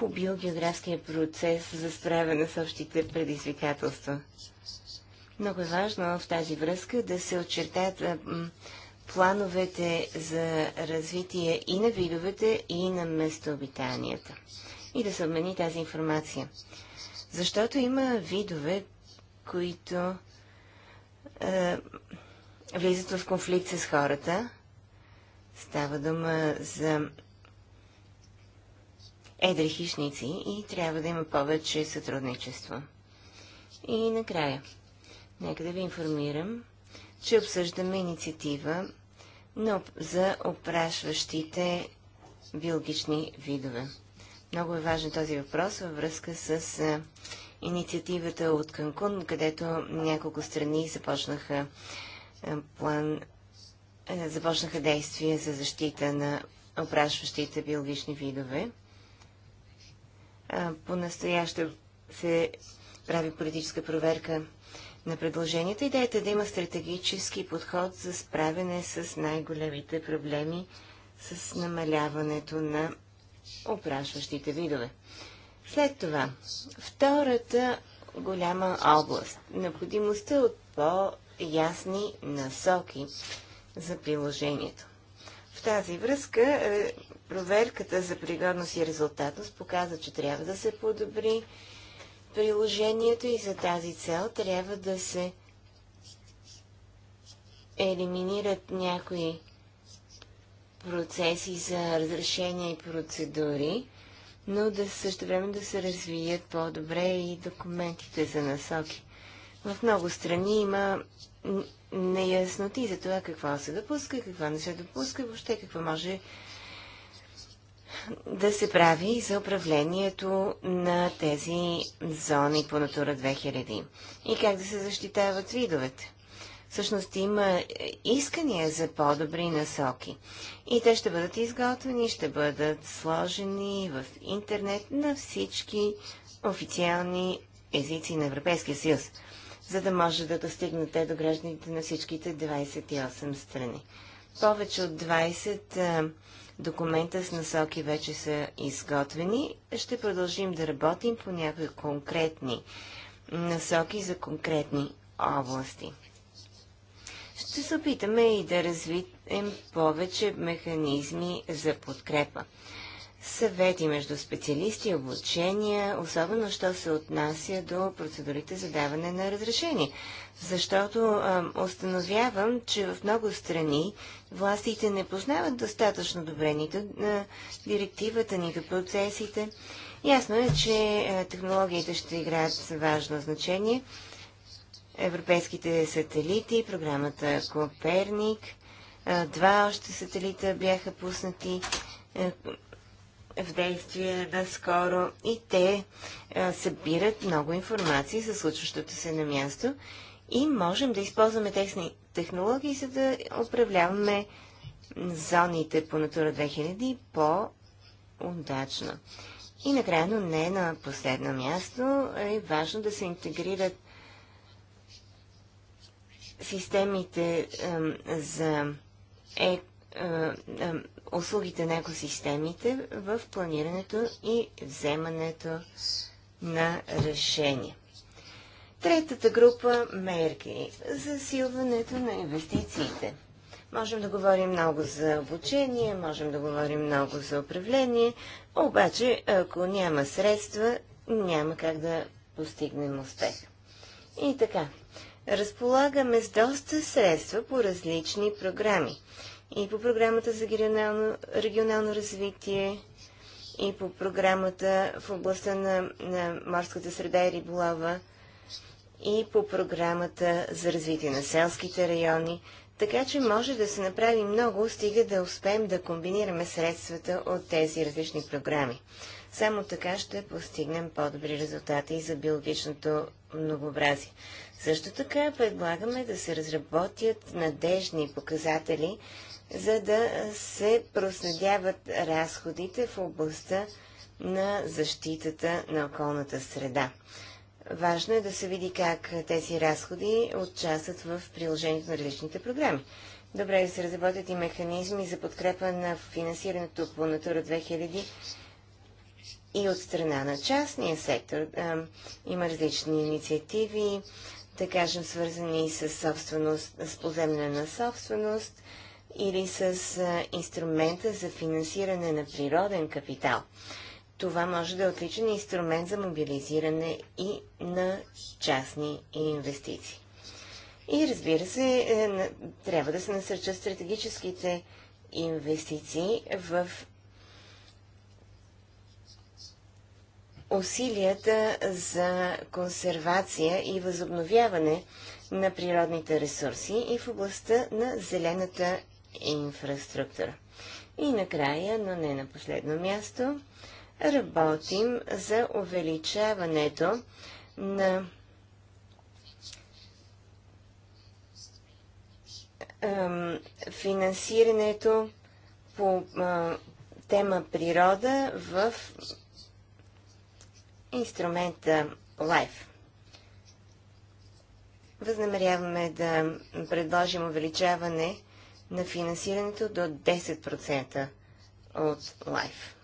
по биогеографския процес за справяне с общите предизвикателства. Много е важно в тази връзка да се очертаят плановете за развитие и на видовете, и на местообитанията. И да се обмени тази информация. Защото има видове, които е, влизат в конфликт с хората. Става дума за едри хищници и трябва да има повече сътрудничество. И накрая, нека да ви информирам, че обсъждаме инициатива но за опрашващите биологични видове. Много е важен този въпрос във връзка с инициативата от Канкун, където няколко страни започнаха план, започнаха действия за защита на опрашващите биологични видове. По-настояще се прави политическа проверка на предложението. Идеята е да има стратегически подход за справяне с най-големите проблеми с намаляването на опрашващите видове. След това, втората голяма област – необходимостта от по-ясни насоки за приложението. В тази връзка е, Проверката за пригодност и резултатност показва, че трябва да се подобри приложението и за тази цел трябва да се елиминират някои процеси за разрешения и процедури, но да също време да се развият по-добре и документите за насоки. В много страни има неясноти за това какво се допуска, какво не се допуска, въобще какво може да се прави и за управлението на тези зони по Натура 2000 и как да се защитават видовете. Всъщност има искания за по-добри насоки и те ще бъдат изготвени, ще бъдат сложени в интернет на всички официални езици на Европейския съюз, за да може да достигнат те до гражданите на всичките 28 страни. Повече от 20 Документа с насоки вече са изготвени. Ще продължим да работим по някои конкретни насоки за конкретни области. Ще се опитаме и да развием повече механизми за подкрепа съвети между специалисти и обучения, особено що се отнася до процедурите за даване на разрешение. Защото а, установявам, че в много страни властите не познават достатъчно добре нито на директивата, нито процесите. Ясно е, че технологиите ще играят важно значение. Европейските сателити, програмата Коперник, два още сателита бяха пуснати. Е, в действие наскоро и те а, събират много информации за случващото се на място и можем да използваме техни технологии, за да управляваме зоните по Натура 2000 по-удачно. И накрая, но не на последно място, е важно да се интегрират системите а, за е, е, услугите на екосистемите в планирането и вземането на решения. Третата група – мерки. Засилването на инвестициите. Можем да говорим много за обучение, можем да говорим много за управление, обаче ако няма средства, няма как да постигнем успех. И така, разполагаме с доста средства по различни програми и по програмата за регионално, регионално развитие, и по програмата в областта на, на морската среда и риболова, и по програмата за развитие на селските райони. Така че може да се направи много, стига да успеем да комбинираме средствата от тези различни програми. Само така ще постигнем по-добри резултати и за биологичното многообразие. Също така предлагаме да се разработят надежни показатели за да се проследяват разходите в областта на защитата на околната среда. Важно е да се види как тези разходи участват в приложението на различните програми. Добре е да се разработят и механизми за подкрепа на финансирането по Натура 2000 и от страна на частния сектор. Има различни инициативи, да кажем, свързани с, собственост, с поземлена собственост, или с инструмента за финансиране на природен капитал. Това може да е отличен инструмент за мобилизиране и на частни инвестиции. И разбира се, е, трябва да се насърчат стратегическите инвестиции в усилията за консервация и възобновяване на природните ресурси и в областта на зелената инфраструктура. И накрая, но не на последно място, работим за увеличаването на финансирането по тема природа в инструмента LIFE. Възнамеряваме да предложим увеличаване на финансирането до 10% от лайф.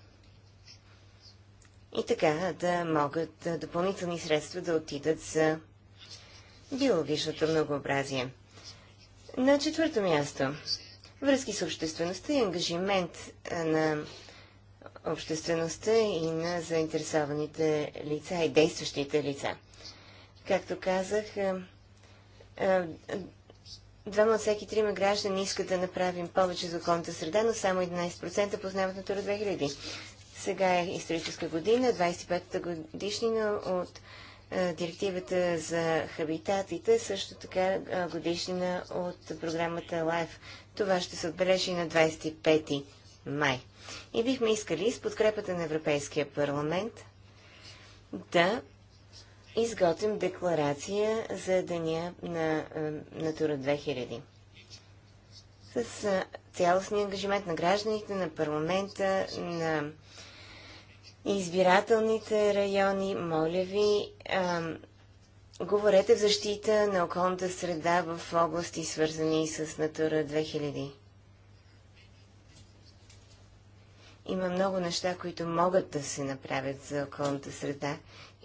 И така да могат допълнителни средства да отидат за биологичното многообразие. На четвърто място връзки с обществеността и ангажимент на обществеността и на заинтересованите лица и действащите лица. Както казах, Двама от всеки трима граждани искат да направим повече за околната среда, но само 11% познават Натура 2000. Сега е историческа година, 25-та годишнина от е, директивата за хабитатите, също така е, годишнина от програмата LIFE. Това ще се отбележи на 25 май. И бихме искали с подкрепата на Европейския парламент да изготвим декларация за деня на е, Натура 2000. С е, цялостния ангажимент на гражданите, на парламента, на избирателните райони, моля ви, е, говорете в защита на околната среда в области, свързани с Натура 2000. Има много неща, които могат да се направят за околната среда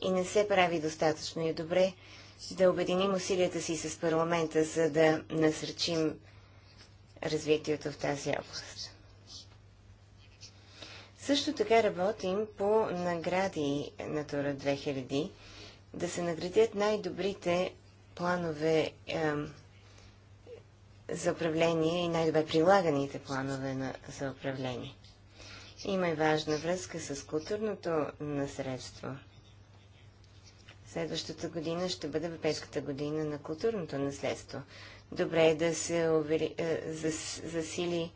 и не се прави достатъчно и добре да обединим усилията си с парламента, за да насръчим развитието в тази област. Също така работим по награди Натура 2000, да се наградят най-добрите планове е, за управление и най-добре прилаганите планове на, за управление. Има и важна връзка с културното наследство – Следващата година ще бъде Европейската година на културното наследство. Добре е да се увери, е, засили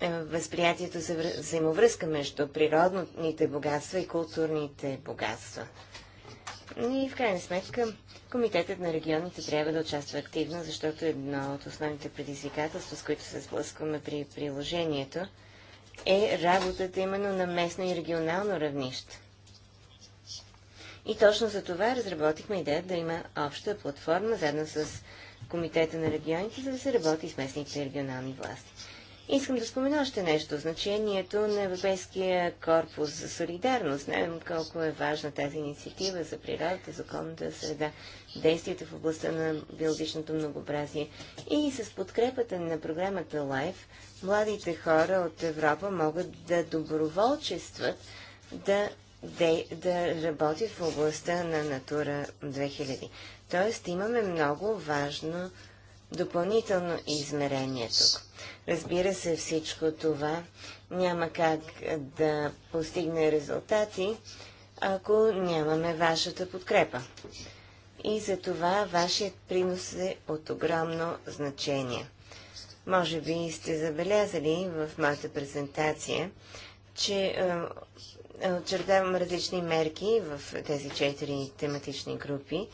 е, възприятието за взаимовръзка между природните богатства и културните богатства. И в крайна сметка Комитетът на регионите трябва да участва активно, защото е едно от основните предизвикателства, с които се сблъскваме при приложението, е работата именно на местно и регионално равнище. И точно за това разработихме идеята да има обща платформа, заедно с Комитета на регионите, за да се работи с местните регионални власти. Искам да спомена още нещо. Значението на Европейския корпус за солидарност. Знаем колко е важна тази инициатива за природата, за околната среда, действията в областта на биологичното многообразие. И с подкрепата на програмата LIFE, младите хора от Европа могат да доброволчестват да да, да работят в областта на Натура 2000. Тоест имаме много важно допълнително измерение тук. Разбира се, всичко това няма как да постигне резултати, ако нямаме вашата подкрепа. И за това вашият принос е от огромно значение. Може би сте забелязали в моята презентация, че е, очертавам различни мерки в тези четири тематични групи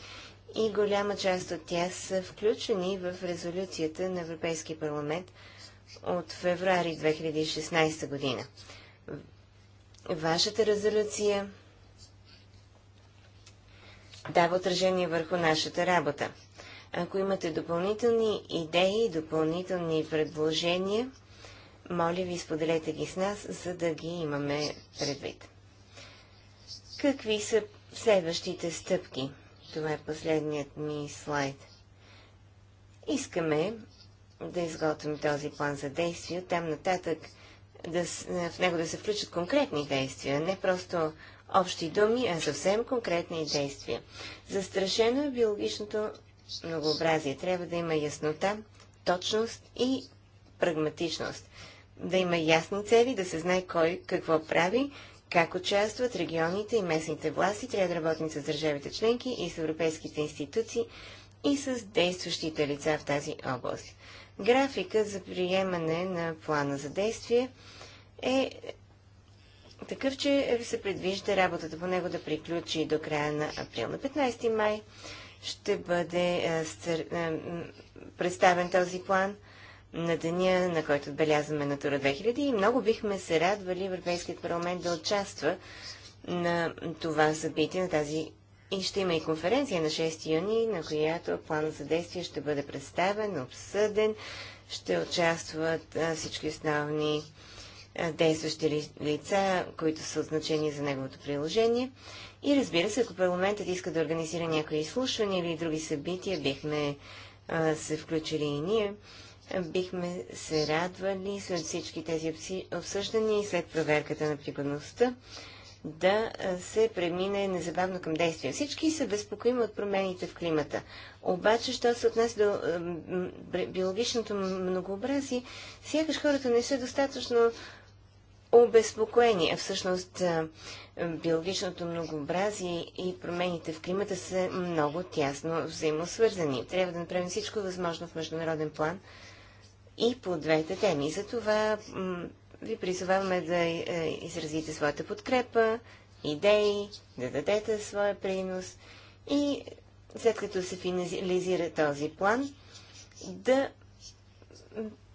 и голяма част от тях са включени в резолюцията на Европейския парламент от февруари 2016 година. Вашата резолюция дава отражение върху нашата работа. Ако имате допълнителни идеи, допълнителни предложения, моля ви, споделете ги с нас, за да ги имаме предвид. Какви са следващите стъпки? Това е последният ми слайд. Искаме да изготвим този план за действие. Там нататък да, в него да се включат конкретни действия, не просто общи думи, а съвсем конкретни действия. Застрашено е биологичното многообразие. Трябва да има яснота, точност и прагматичност. Да има ясни цели, да се знае кой какво прави как участват регионите и местните власти, трябва да работим с държавите членки и с европейските институции и с действащите лица в тази област. Графика за приемане на плана за действие е такъв, че се предвижда работата по него да приключи до края на април. На 15 май ще бъде е, е, представен този план на деня, на който отбелязваме Натура 2000 и много бихме се радвали Европейският парламент да участва на това събитие, на тази и ще има и конференция на 6 юни, на която планът за действие ще бъде представен, обсъден, ще участват всички основни действащи лица, които са от значение за неговото приложение. И разбира се, ако парламентът иска да организира някои изслушвания или други събития, бихме се включили и ние бихме се радвали след всички тези обсъждания и след проверката на пригодността да се премине незабавно към действия. Всички се безпокоим от промените в климата. Обаче, що се отнася до биологичното многообразие, сякаш хората не са достатъчно обезпокоени. А всъщност биологичното многообразие и промените в климата са много тясно взаимосвързани. Трябва да направим всичко възможно в международен план – и по двете теми. За това ви призоваваме да е, изразите своята подкрепа, идеи, да дадете своя принос и след като се финализира този план, да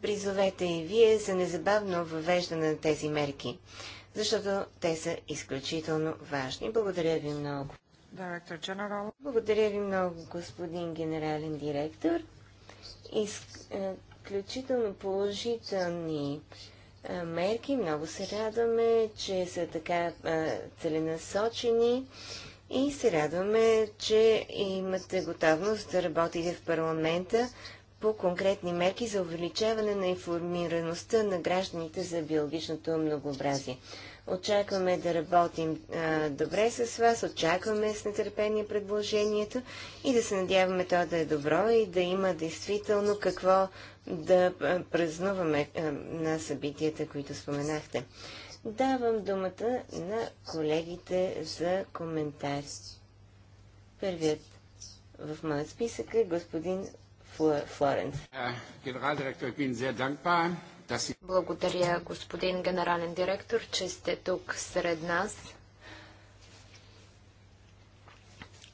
призовете и вие за незабавно въвеждане на тези мерки, защото те са изключително важни. Благодаря ви много. Благодаря ви много, господин генерален директор. Иск... Е, изключително положителни мерки. Много се радваме, че са така целенасочени и се радваме, че имате готовност да работите в парламента по конкретни мерки за увеличаване на информираността на гражданите за биологичното многообразие. Очакваме да работим а, добре с вас, очакваме с нетърпение предложението и да се надяваме то да е добро и да има действително какво да празнуваме а, на събитията, които споменахте. Давам думата на колегите за коментар. Първият в моят списък е господин Флоренс. Генерал директор, бин sehr dankbar благодаря, господин генерален директор, че сте тук сред нас.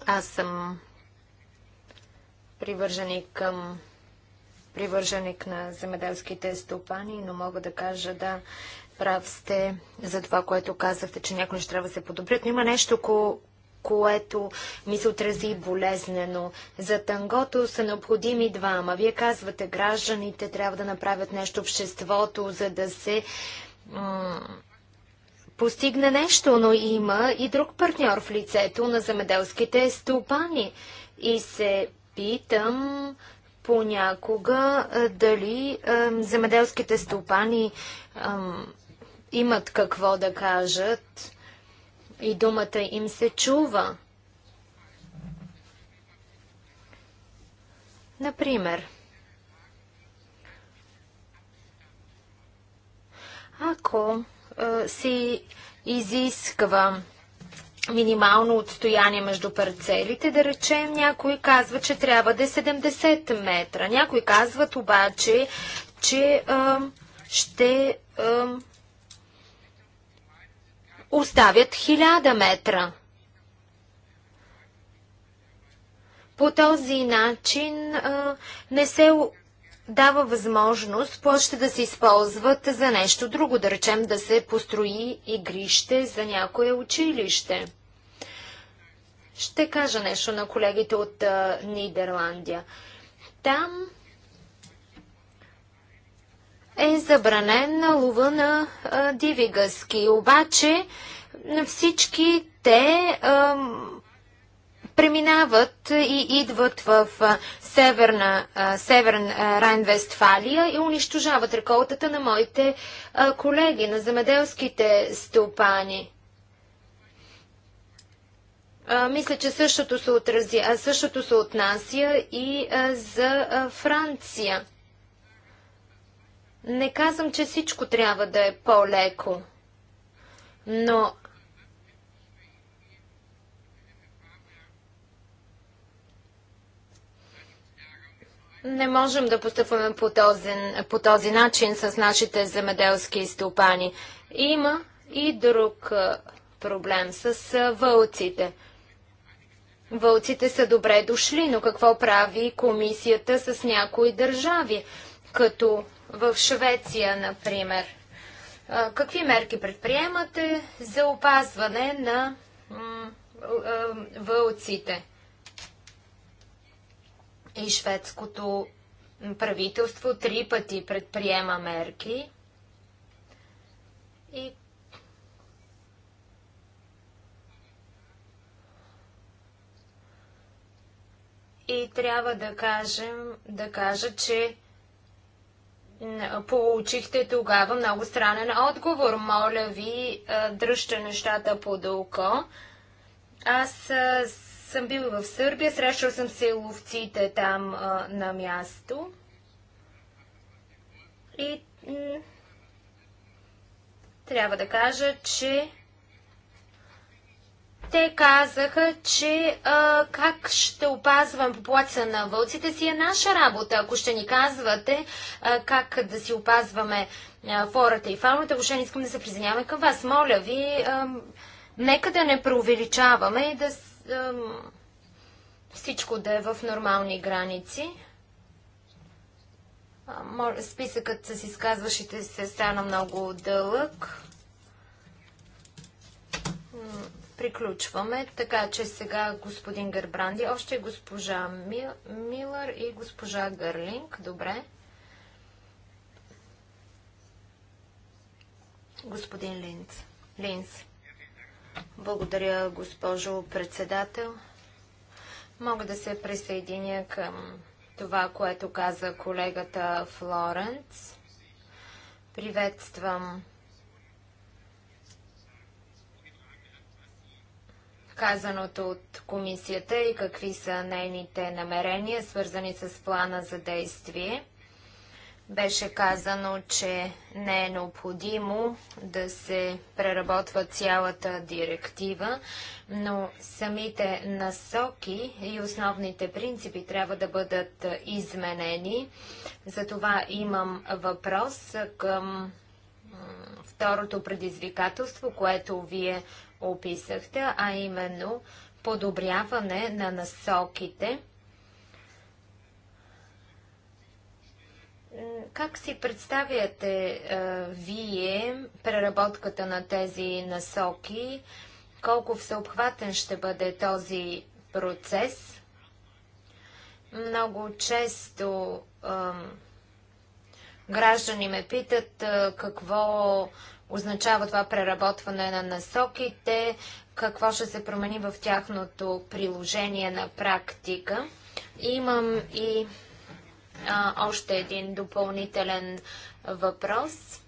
Аз съм привърженик към привърженик на земеделските стопани, но мога да кажа да прав сте за това, което казахте, че някои ще трябва да се подобрят. Но има нещо, което ми се отрази болезнено. За тангото са необходими двама. Вие казвате, гражданите трябва да направят нещо обществото, за да се постигне нещо, но има и друг партньор в лицето на замеделските стопани. И се питам понякога дали замеделските стопани имат какво да кажат и думата им се чува. Например, ако е, си изисква минимално отстояние между парцелите, да речем, някой казва, че трябва да е 70 метра. Някой казват обаче, че е, ще е, оставят хиляда метра. По този начин а, не се дава възможност площа да се използват за нещо друго, да речем да се построи игрище за някое училище. Ще кажа нещо на колегите от а, Нидерландия. Там е забранен лова на а, диви гъски. Обаче всички те а, преминават и идват в северна, северен Райн-Вестфалия и унищожават реколтата на моите колеги, на замеделските стопани. Мисля, че същото се, отрази, същото се отнася и за Франция. Не казвам, че всичко трябва да е по-леко, но не можем да постъпваме по този, по този начин с нашите земеделски стопани. Има и друг проблем с вълците. Вълците са добре дошли, но какво прави комисията с някои държави, като в Швеция, например. Какви мерки предприемате за опазване на вълците? И шведското правителство три пъти предприема мерки и И трябва да кажем, да кажа, че получихте тогава много странен отговор. Моля ви, дръжте нещата под око. Аз съм бил в Сърбия, срещал съм се ловците там на място. И трябва да кажа, че те казаха, че а, как ще опазваме популация на вълците си е наша работа. Ако ще ни казвате а, как да си опазваме а, флората и фауната, въобще не искам да се присъединяваме към вас. Моля ви, а, нека да не преувеличаваме и да а, всичко да е в нормални граници. А, списъкът с изказващите се стана много дълъг. Приключваме, така че сега господин Гербранди, още госпожа Милър и госпожа Гърлинг. Добре. Господин Линц. Линц. Благодаря, госпожо председател. Мога да се присъединя към това, което каза колегата Флоренц. Приветствам казаното от комисията и какви са нейните намерения, свързани с плана за действие. Беше казано, че не е необходимо да се преработва цялата директива, но самите насоки и основните принципи трябва да бъдат изменени. Затова имам въпрос към второто предизвикателство, което вие описахте, а именно подобряване на насоките. Как си представяте а, е, вие преработката на тези насоки? Колко всеобхватен ще бъде този процес? Много често а, граждани ме питат а, е, какво означава това преработване на насоките, какво ще се промени в тяхното приложение на практика. Имам и а, още един допълнителен въпрос.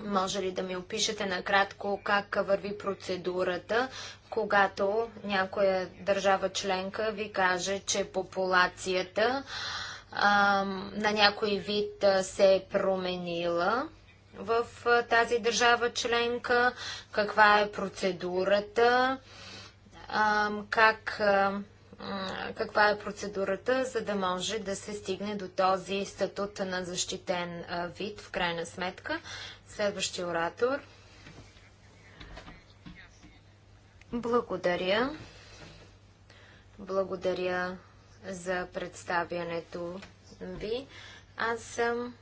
Може ли да ми опишете накратко как върви процедурата, когато някоя държава членка ви каже, че популацията а, на някой вид се е променила? в тази държава членка, каква е процедурата, как, каква е процедурата, за да може да се стигне до този статут на защитен вид в крайна сметка. Следващия оратор. Благодаря. Благодаря за представянето ви. Аз съм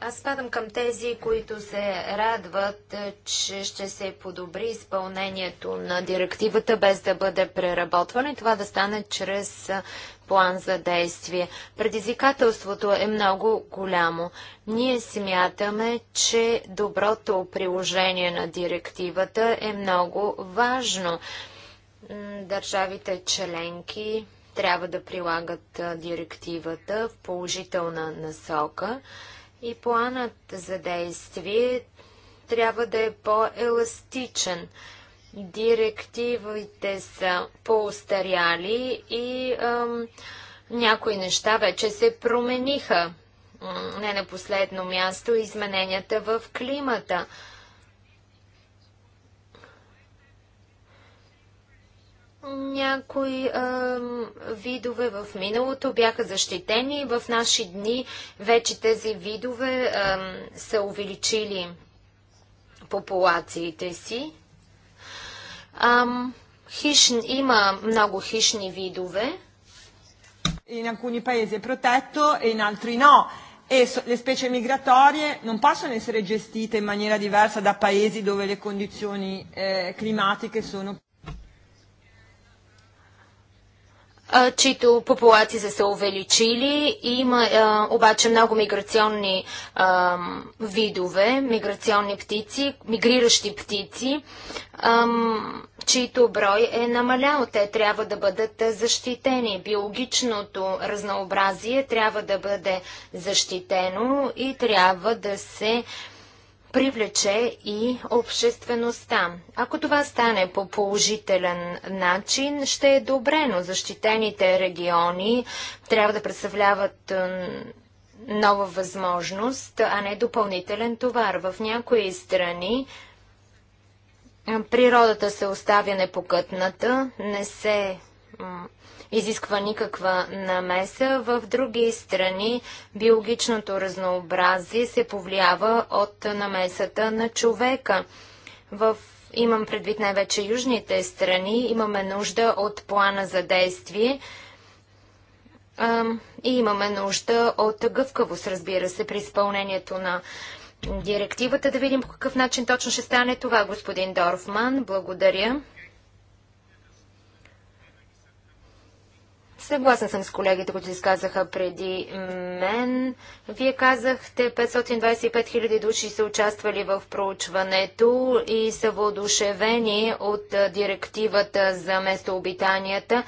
аз падам към тези, които се радват, е, че ще се подобри изпълнението на директивата без да бъде преработване. и това да стане чрез е, план за действие. Предизвикателството е много голямо. Ние смятаме, че доброто приложение на директивата е много важно. Държавите членки трябва да прилагат е, директивата в положителна насока. И планът за действие трябва да е по-еластичен. Директивите са по-устаряли и ам, някои неща вече се промениха. Не на последно място измененията в климата. Някои е, видове в миналото бяха защитени. В наши дни вече тези видове е, са увеличили популациите си. Ам, хищн, има много хищни видове. In alcuni paesi è protetto e in altri no. E so, le specie migratorie non possono essere gestite in maniera diversa da paesi dove le condizioni eh, climatiche sono più чието популации са се увеличили. Има а, обаче много миграционни а, видове, миграционни птици, мигриращи птици, а, чието брой е намалял. Те трябва да бъдат защитени. Биологичното разнообразие трябва да бъде защитено и трябва да се а, привлече и обществеността. Ако това стане по положителен начин, ще е добре, но защитените региони трябва да представляват нова възможност, а не допълнителен товар. В някои страни природата се оставя непокътната, не се изисква никаква намеса. В други страни биологичното разнообразие се повлиява от намесата на човека. В Имам предвид най-вече южните страни. Имаме нужда от плана за действие а, и имаме нужда от гъвкавост, разбира се, при изпълнението на директивата. Да видим по какъв начин точно ще стане това, господин Дорфман. Благодаря. Съгласен съм с колегите, които изказаха преди мен. Вие казахте 525 000 души са участвали в проучването и са воодушевени от директивата за местообитанията.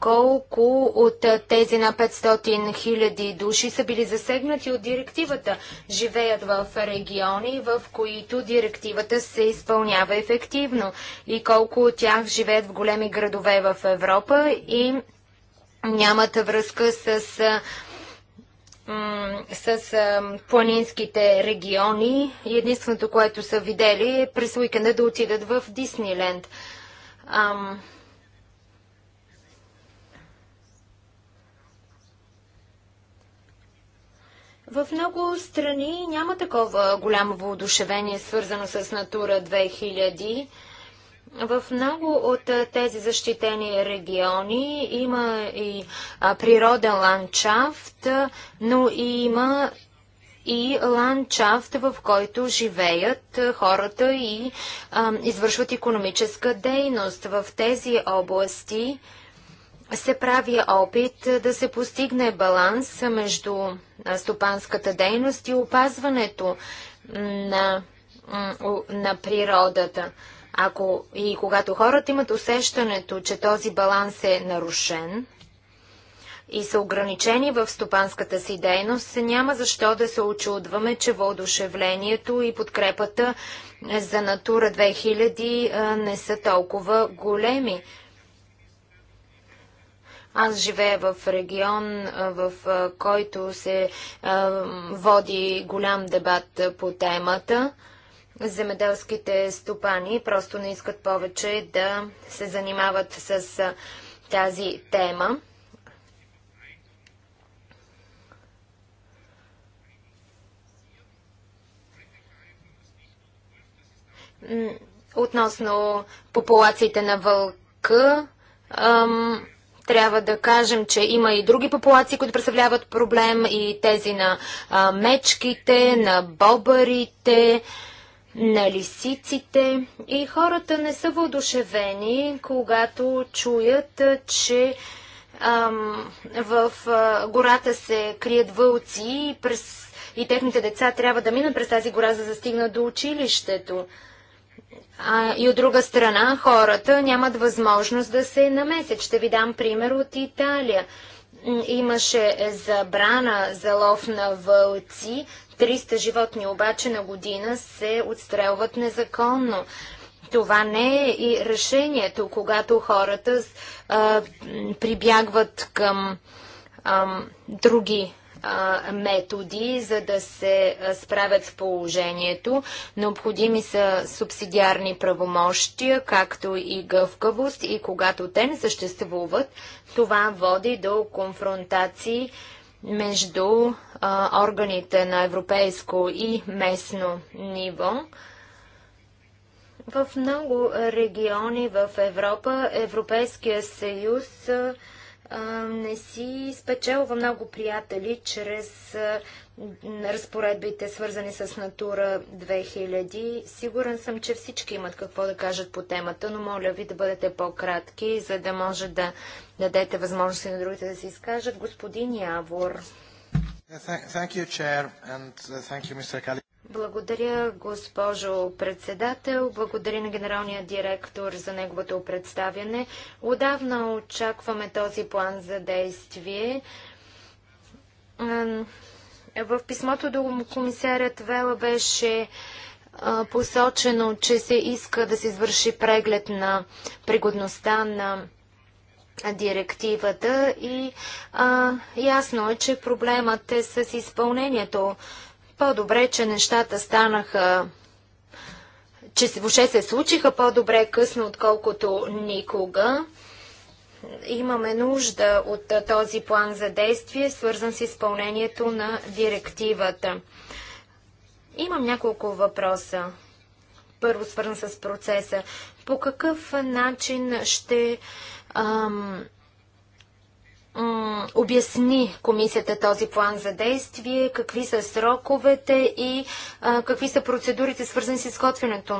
Колко от тези на 500 000 души са били засегнати от директивата? Живеят в региони, в които директивата се изпълнява ефективно. И колко от тях живеят в големи градове в Европа и нямат връзка с, с планинските региони и единственото, което са видели е през уикенда да отидат в Дисниленд. Ам... В много страни няма такова голямо воодушевение, свързано с Натура 2000. В много от тези защитени региони има и природен ландшафт, но и има и ландшафт, в който живеят хората и а, извършват економическа дейност. В тези области се прави опит да се постигне баланс между стопанската дейност и опазването на, на природата. Ако и когато хората имат усещането, че този баланс е нарушен и са ограничени в стопанската си дейност, няма защо да се очудваме, че въодушевлението и подкрепата за Натура 2000 не са толкова големи. Аз живея в регион, в който се води голям дебат по темата земеделските стопани просто не искат повече да се занимават с тази тема. Относно популациите на вълка, трябва да кажем, че има и други популации, които представляват проблем и тези на мечките, на бобарите, на лисиците и хората не са въодушевени, когато чуят, че ам, в а, гората се крият вълци и, през, и техните деца трябва да минат през тази гора, за да стигнат до училището. А, и от друга страна, хората нямат възможност да се намесят. Ще ви дам пример от Италия имаше забрана за лов на вълци, 300 животни обаче на година се отстрелват незаконно. Това не е и решението, когато хората а, прибягват към а, други методи, за да се справят с положението. Необходими са субсидиарни правомощия, както и гъвкавост и когато те не съществуват, това води до конфронтации между а, органите на европейско и местно ниво. В много региони в Европа Европейския съюз а, не си спечелва много приятели чрез разпоредбите, свързани с Натура 2000. Сигурен съм, че всички имат какво да кажат по темата, но моля ви да бъдете по-кратки, за да може да дадете възможности на другите да се изкажат. Господин Явор. Uh, благодаря, госпожо председател. Благодаря на генералния директор за неговото представяне. Отдавна очакваме този план за действие. В писмото до комисарят Вела беше посочено, че се иска да се извърши преглед на пригодността на директивата и а, ясно е, че проблемът е с изпълнението по-добре, че нещата станаха че въобще се случиха по-добре късно, отколкото никога. Имаме нужда от този план за действие, свързан с изпълнението на директивата. Имам няколко въпроса. Първо свързан с процеса. По какъв начин ще ам, обясни комисията този план за действие, какви са сроковете и а, какви са процедурите свързани с изготвянето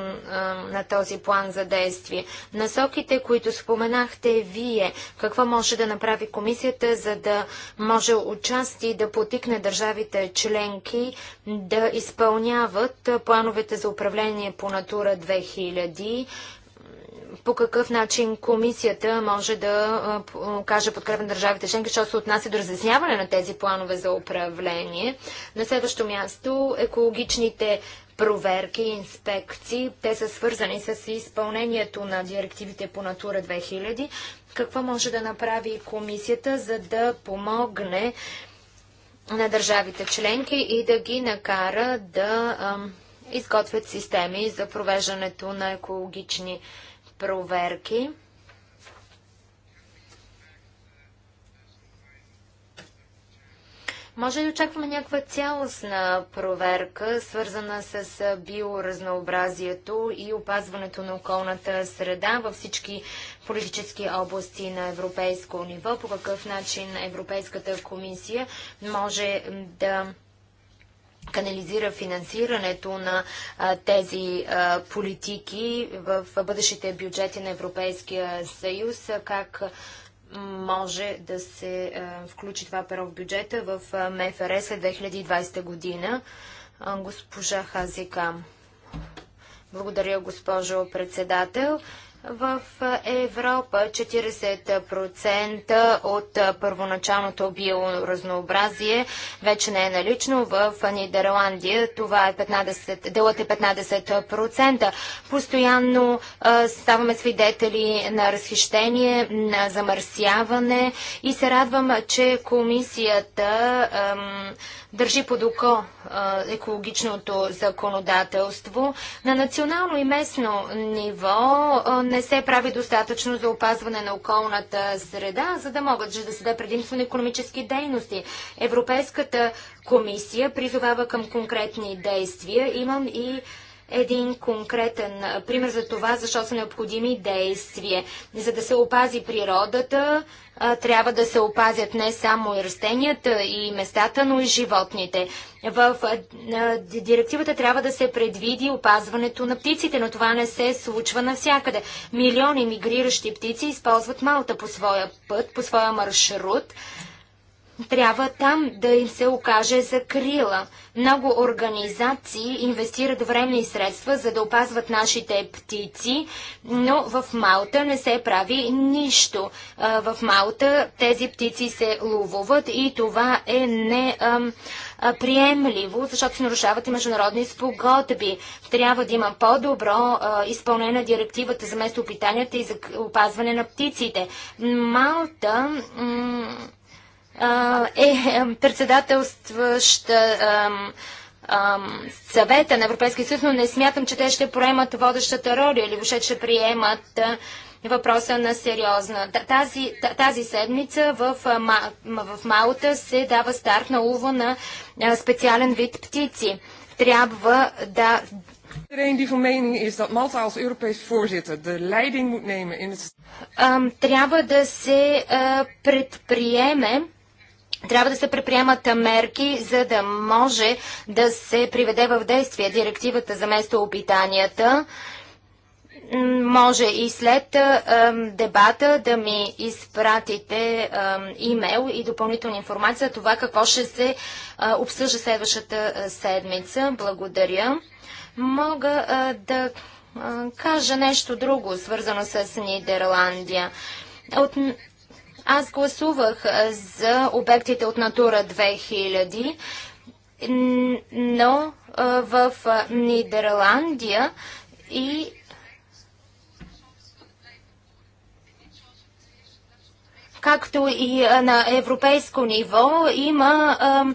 на този план за действие. Насоките, които споменахте вие, какво може да направи комисията, за да може участи да потикне държавите членки да изпълняват плановете за управление по Натура 2000, по какъв начин комисията може да каже подкрепа на държавите членки, защото се отнася до разясняване на тези планове за управление. На следващо място екологичните проверки, инспекции. Те са свързани с изпълнението на директивите по Натура 2000. Какво може да направи комисията, за да помогне на държавите членки и да ги накара да изготвят системи за провеждането на екологични проверки? проверки. Може ли очакваме някаква цялостна проверка, свързана с биоразнообразието и опазването на околната среда във всички политически области на европейско ниво? По какъв начин Европейската комисия може да канализира финансирането на а, тези а, политики в, в бъдещите бюджети на Европейския съюз, как може да се а, включи това перо в бюджета в МФР след 2020 година. Госпожа Хазика. Благодаря, госпожо председател. В Европа 40% от първоначалното биоразнообразие вече не е налично. В Нидерландия това е 15, делът е 15%. Постоянно ставаме свидетели на разхищение, на замърсяване и се радвам, че комисията ам, държи под око екологичното законодателство. На национално и местно ниво а, не се прави достатъчно за опазване на околната среда, за да могат же да се даде предимство на економически дейности. Европейската комисия призовава към конкретни действия. Имам и един конкретен пример за това, защо са необходими действия. За да се опази природата, трябва да се опазят не само и растенията и местата, но и животните. В директивата трябва да се предвиди опазването на птиците, но това не се случва навсякъде. Милиони мигриращи птици използват Малта по своя път, по своя маршрут трябва там да им се окаже закрила. Много организации инвестират време и средства, за да опазват нашите птици, но в Малта не се прави нищо. в Малта тези птици се ловуват и това е не... приемливо, защото се нарушават и международни спогодби. Трябва да има по-добро изпълнение директивата за местоопитанията и за опазване на птиците. Малта е, е председателстваща съвета на Европейския съюз, но не смятам, че те ще проемат водещата роля или въобще ще приемат въпроса на сериозна. Тази, тази седмица в, в Малта се дава старт на улова на специален вид птици. Трябва да. Iedereen die van mening is dat Malta als Europees voorzitter de leiding moet nemen in het. Трябва да се предприеме трябва да се предприемат мерки, за да може да се приведе в действие директивата за местообитанията. Може и след дебата да ми изпратите имейл и допълнителна информация за това какво ще се обсъжда следващата седмица. Благодаря. Мога да кажа нещо друго, свързано с Нидерландия. От аз гласувах за обектите от Натура 2000, но в Нидерландия и както и на европейско ниво, има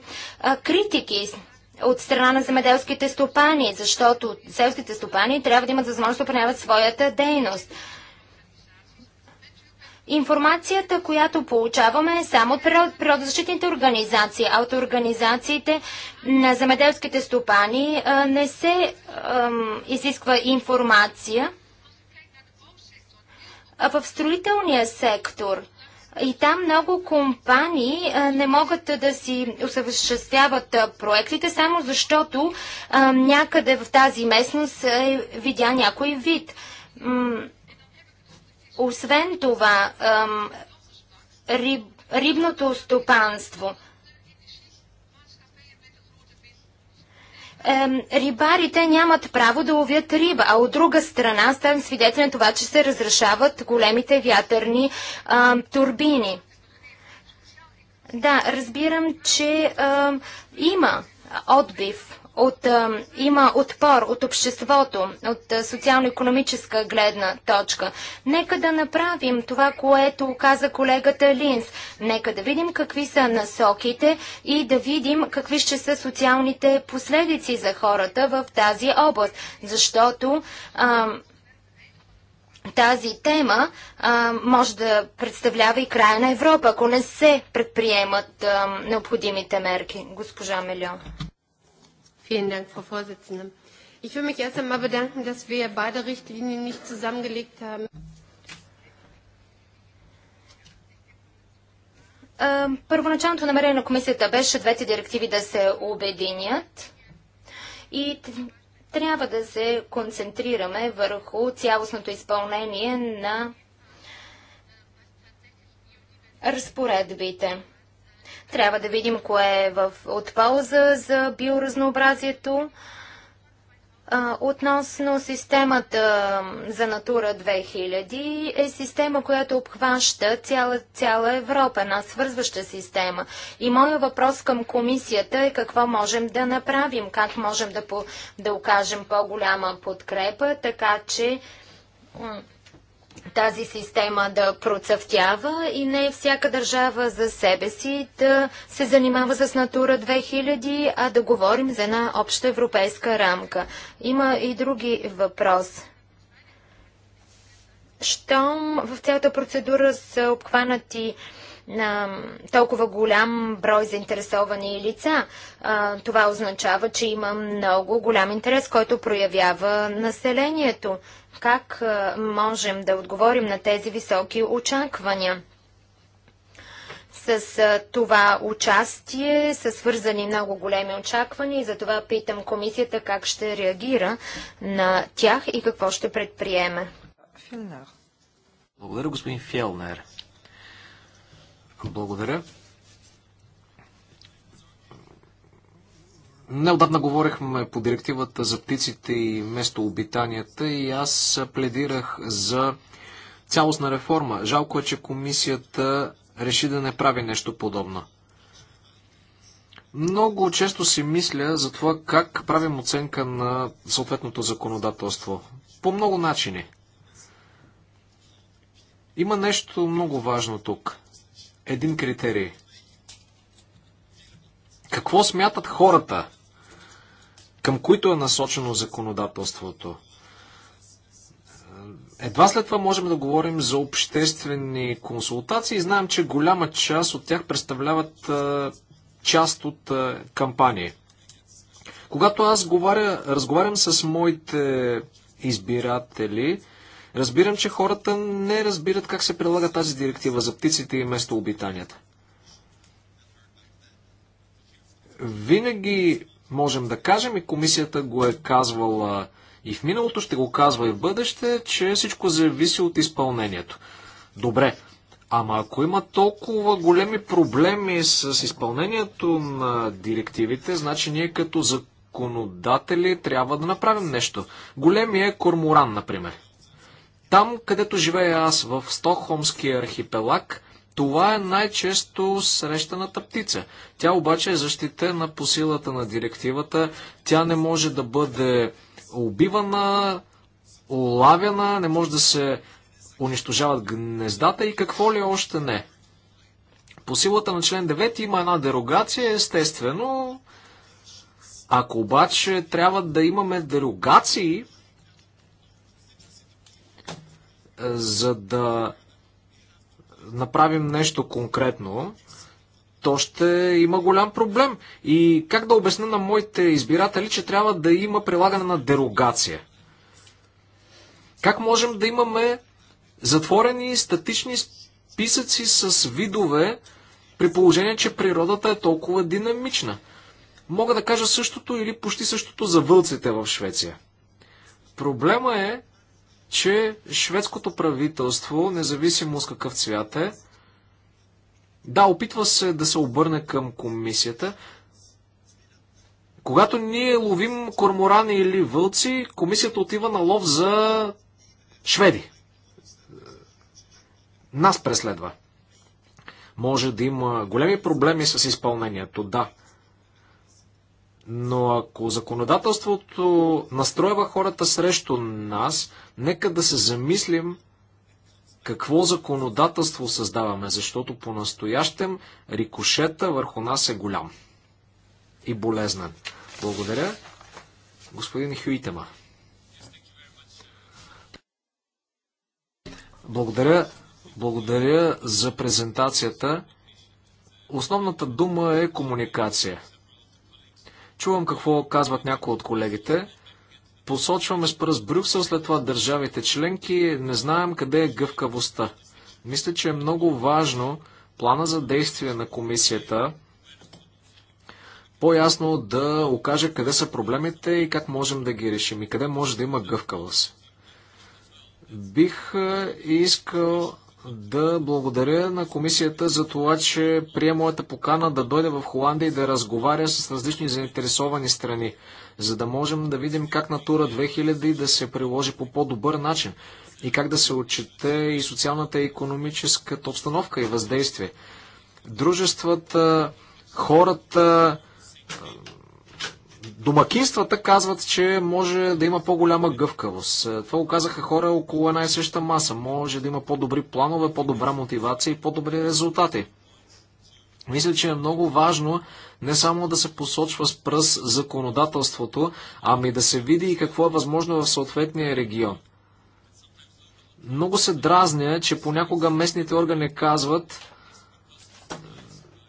критики от страна на земеделските стопани, защото селските стопани трябва да имат възможност да упражняват своята дейност. Информацията, която получаваме е само от природозащитните организации, а от организациите на замеделските стопани не се ем, изисква информация. В строителния сектор и там много компании не могат да си осъществяват проектите, само защото някъде в тази местност е видя някой вид. Освен това, ам, риб, рибното стопанство. Ем, рибарите нямат право да ловят риба, а от друга страна ставим свидетели на това, че се разрешават големите вятърни ам, турбини. Да, разбирам, че ам, има отбив от, а, има отпор от обществото, от социално-економическа гледна точка. Нека да направим това, което каза колегата Линс. Нека да видим какви са насоките и да видим какви ще са социалните последици за хората в тази област. Защото а, тази тема а, може да представлява и края на Европа, ако не се предприемат а, необходимите мерки. Госпожа Мелио. Vielen Dank, Frau Vorsitzende. Ich will mich erst einmal bedanken, dass wir beide Richtlinien nicht zusammengelegt haben. Първоначалното намерение на комисията беше двете директиви да се обединят и трябва да се концентрираме върху цялостното изпълнение на разпоредбите. Трябва да видим кое е в, от полза за биоразнообразието. А, относно системата за Натура 2000 е система, която обхваща цяла, цяла Европа, една свързваща система. И моят въпрос към комисията е какво можем да направим, как можем да, по, да окажем по-голяма подкрепа, така че тази система да процъфтява и не всяка държава за себе си да се занимава с Натура 2000, а да говорим за една обща европейска рамка. Има и други въпрос. Щом в цялата процедура са обхванати на толкова голям брой заинтересовани лица, това означава, че има много голям интерес, който проявява населението. Как можем да отговорим на тези високи очаквания? С това участие са свързани много големи очаквания и затова питам комисията как ще реагира на тях и какво ще предприеме. Благодаря, господин Фелнер. Благодаря. Неодавна говорихме по директивата за птиците и местообитанията и аз пледирах за цялостна реформа. Жалко е, че комисията реши да не прави нещо подобно. Много често си мисля за това как правим оценка на съответното законодателство. По много начини. Има нещо много важно тук. Един критерий. Какво смятат хората към които е насочено законодателството. Едва след това можем да говорим за обществени консултации. Знаем, че голяма част от тях представляват част от кампании. Когато аз говоря, разговарям с моите избиратели, разбирам, че хората не разбират как се прилага тази директива за птиците и местообитанията. Винаги можем да кажем и комисията го е казвала и в миналото, ще го казва и в бъдеще, че всичко зависи от изпълнението. Добре, ама ако има толкова големи проблеми с изпълнението на директивите, значи ние като законодатели трябва да направим нещо. Големия е корморан, например. Там, където живея аз, в Стокхолмския архипелаг, това е най-често срещаната птица. Тя обаче е защитена по силата на директивата. Тя не може да бъде убивана, улавяна, не може да се унищожават гнездата и какво ли още не. По силата на член 9 има една дерогация, естествено. Ако обаче трябва да имаме дерогации, за да направим нещо конкретно, то ще има голям проблем. И как да обясня на моите избиратели, че трябва да има прилагане на дерогация? Как можем да имаме затворени статични списъци с видове, при положение, че природата е толкова динамична? Мога да кажа същото или почти същото за вълците в Швеция. Проблема е, че шведското правителство, независимо с какъв цвят е, да, опитва се да се обърне към комисията. Когато ние ловим корморани или вълци, комисията отива на лов за шведи. Нас преследва. Може да има големи проблеми с изпълнението, да. Но ако законодателството настроява хората срещу нас, нека да се замислим какво законодателство създаваме, защото по-настоящем рикошета върху нас е голям и болезнен. Благодаря. Господин Хюитема. Благодаря. Благодаря за презентацията. Основната дума е комуникация. Чувам какво казват някои от колегите. Посочваме с пръст Брюксел, след това държавите членки, не знаем къде е гъвкавостта. Мисля, че е много важно плана за действие на комисията по-ясно да окаже къде са проблемите и как можем да ги решим и къде може да има гъвкавост. Бих е, искал да благодаря на комисията за това, че прие моята покана да дойде в Холандия и да разговаря с различни заинтересовани страни, за да можем да видим как Натура 2000 да се приложи по по-добър начин и как да се отчете и социалната и економическата обстановка и въздействие. Дружествата, хората, Домакинствата казват, че може да има по-голяма гъвкавост. Е, това го казаха хора около една и съща маса. Може да има по-добри планове, по-добра мотивация и по-добри резултати. Мисля, че е много важно не само да се посочва с пръст законодателството, ами да се види и какво е възможно в съответния регион. Много се дразня, че понякога местните органи казват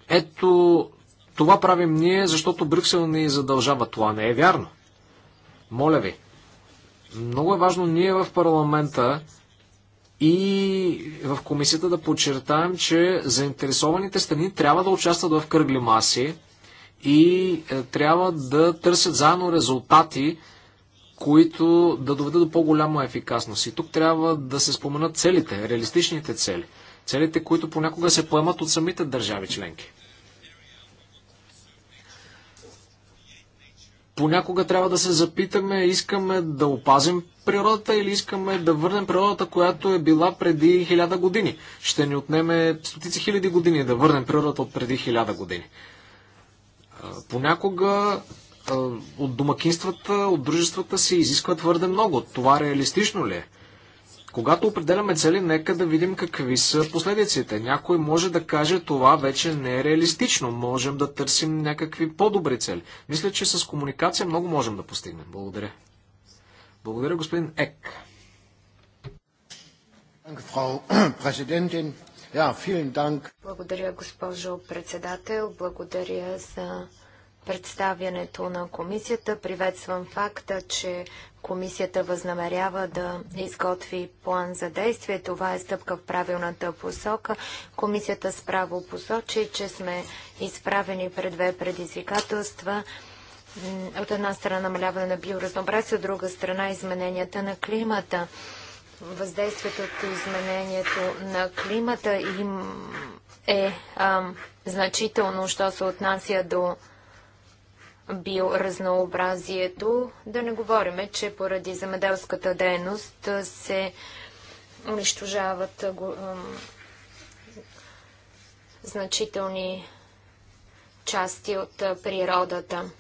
ето това правим ние, защото Брюксел ни задължава. Това не е вярно. Моля ви. Много е важно ние в парламента и в комисията да подчертаем, че заинтересованите страни трябва да участват в кръгли маси и е, трябва да търсят заедно резултати, които да доведат до по-голяма ефикасност. И тук трябва да се споменат целите, реалистичните цели. Целите, които понякога се поемат от самите държави членки. понякога трябва да се запитаме, искаме да опазим природата или искаме да върнем природата, която е била преди хиляда години. Ще ни отнеме стотици хиляди години да върнем природата от преди хиляда години. Понякога от домакинствата, от дружествата се изисква твърде много. Това реалистично ли е? Когато определяме цели, нека да видим какви са последиците. Някой може да каже, това вече не е реалистично. Можем да търсим някакви по-добри цели. Мисля, че с комуникация много можем да постигнем. Благодаря. Благодаря, господин Ек. Благодаря, госпожо председател. Благодаря за представянето на комисията. Приветствам факта, че Комисията възнамерява да изготви план за действие. Това е стъпка в правилната посока. Комисията справо посочи, че сме изправени пред две предизвикателства. От една страна намаляване на биоразнообразие, от друга страна измененията на климата. Въздействието от изменението на климата им е а, значително, що се отнася до биоразнообразието. Да не говориме, че поради замеделската дейност се унищожават значителни части от природата.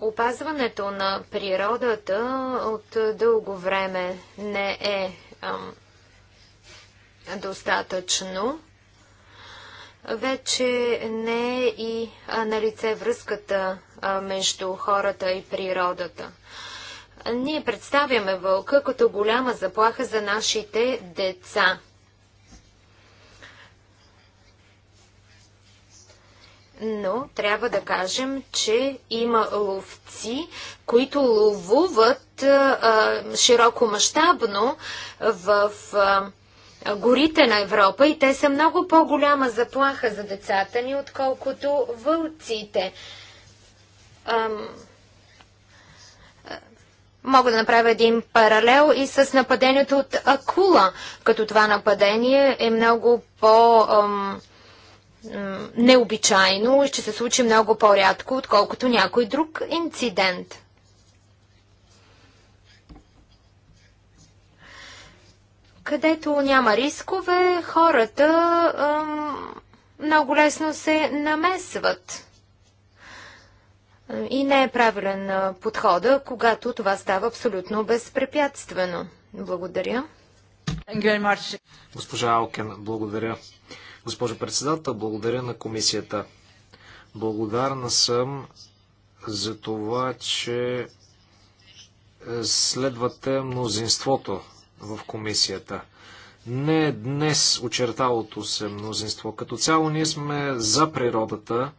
Опазването на природата от дълго време не е достатъчно вече не е и на лице връзката между хората и природата. Ние представяме вълка като голяма заплаха за нашите деца. Но трябва да кажем, че има ловци, които ловуват а, широко мащабно в а, горите на Европа и те са много по-голяма заплаха за децата ни, отколкото вълците. Ам... Мога да направя един паралел и с нападението от акула, като това нападение е много по... Ам необичайно и ще се случи много по-рядко, отколкото някой друг инцидент. където няма рискове, хората ам, много лесно се намесват. И не е правилен подхода, когато това става абсолютно безпрепятствено. Благодаря. Госпожа Алкен, благодаря. Госпожо председател, благодаря на комисията. Благодарна съм за това, че е, следвате мнозинството в комисията. Не е днес очерталото се мнозинство. Като цяло ние сме за природата.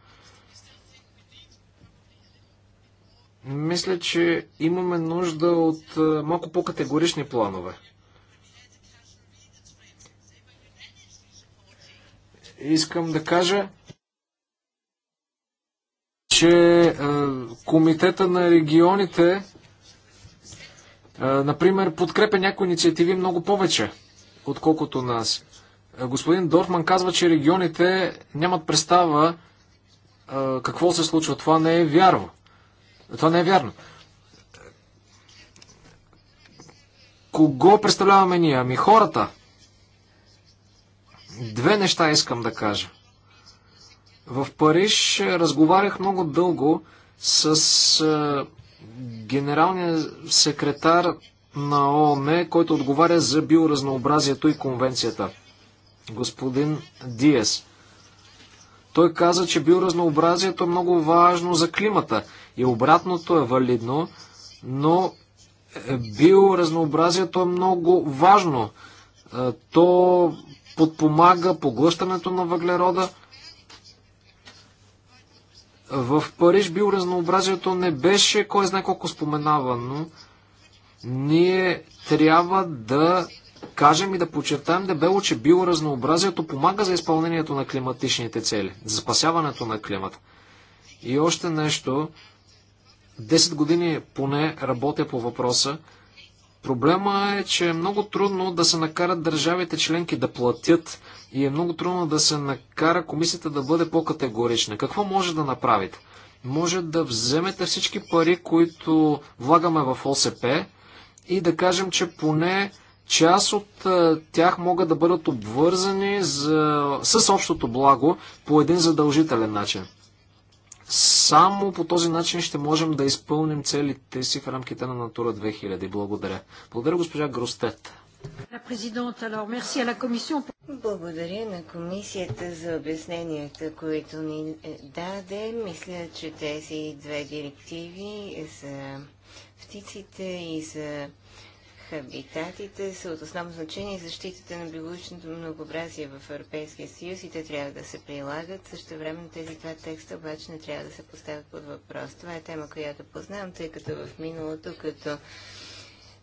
Мисля, че имаме нужда от малко по-категорични планове. Искам да кажа, че е, Комитета на регионите например, подкрепя някои инициативи много повече, отколкото нас. Господин Дорфман казва, че регионите нямат представа какво се случва. Това не е вярно. Това не е вярно. Кого представляваме ние? Ами хората. Две неща искам да кажа. В Париж разговарях много дълго с Генералният секретар на ООН, който отговаря за биоразнообразието и конвенцията, господин Диес. Той каза, че биоразнообразието е много важно за климата и обратното е валидно, но биоразнообразието е много важно. Е, то подпомага поглъщането на въглерода – в Париж биоразнообразието не беше кой знае колко споменавано. Ние трябва да кажем и да подчертаем дебело, че биоразнообразието помага за изпълнението на климатичните цели, за спасяването на климата. И още нещо, 10 години поне работя по въпроса, Проблема е, че е много трудно да се накарат държавите членки да платят и е много трудно да се накара комисията да бъде по-категорична. Какво може да направите? Може да вземете всички пари, които влагаме в ОСП и да кажем, че поне част от е, тях могат да бъдат обвързани за... с общото благо по един задължителен начин. Само по този начин ще можем да изпълним целите си в рамките на Натура 2000. Благодаря. Благодаря госпожа Гростет. Благодаря на комисията за обясненията, които ни е, даде. Мисля, че тези две директиви за птиците и за Хабитатите са от основно значение защитата на биологичното многообразие в Европейския съюз и те трябва да се прилагат. Също време тези два текста обаче не трябва да се поставят под въпрос. Това е тема, която познавам, тъй като в миналото, като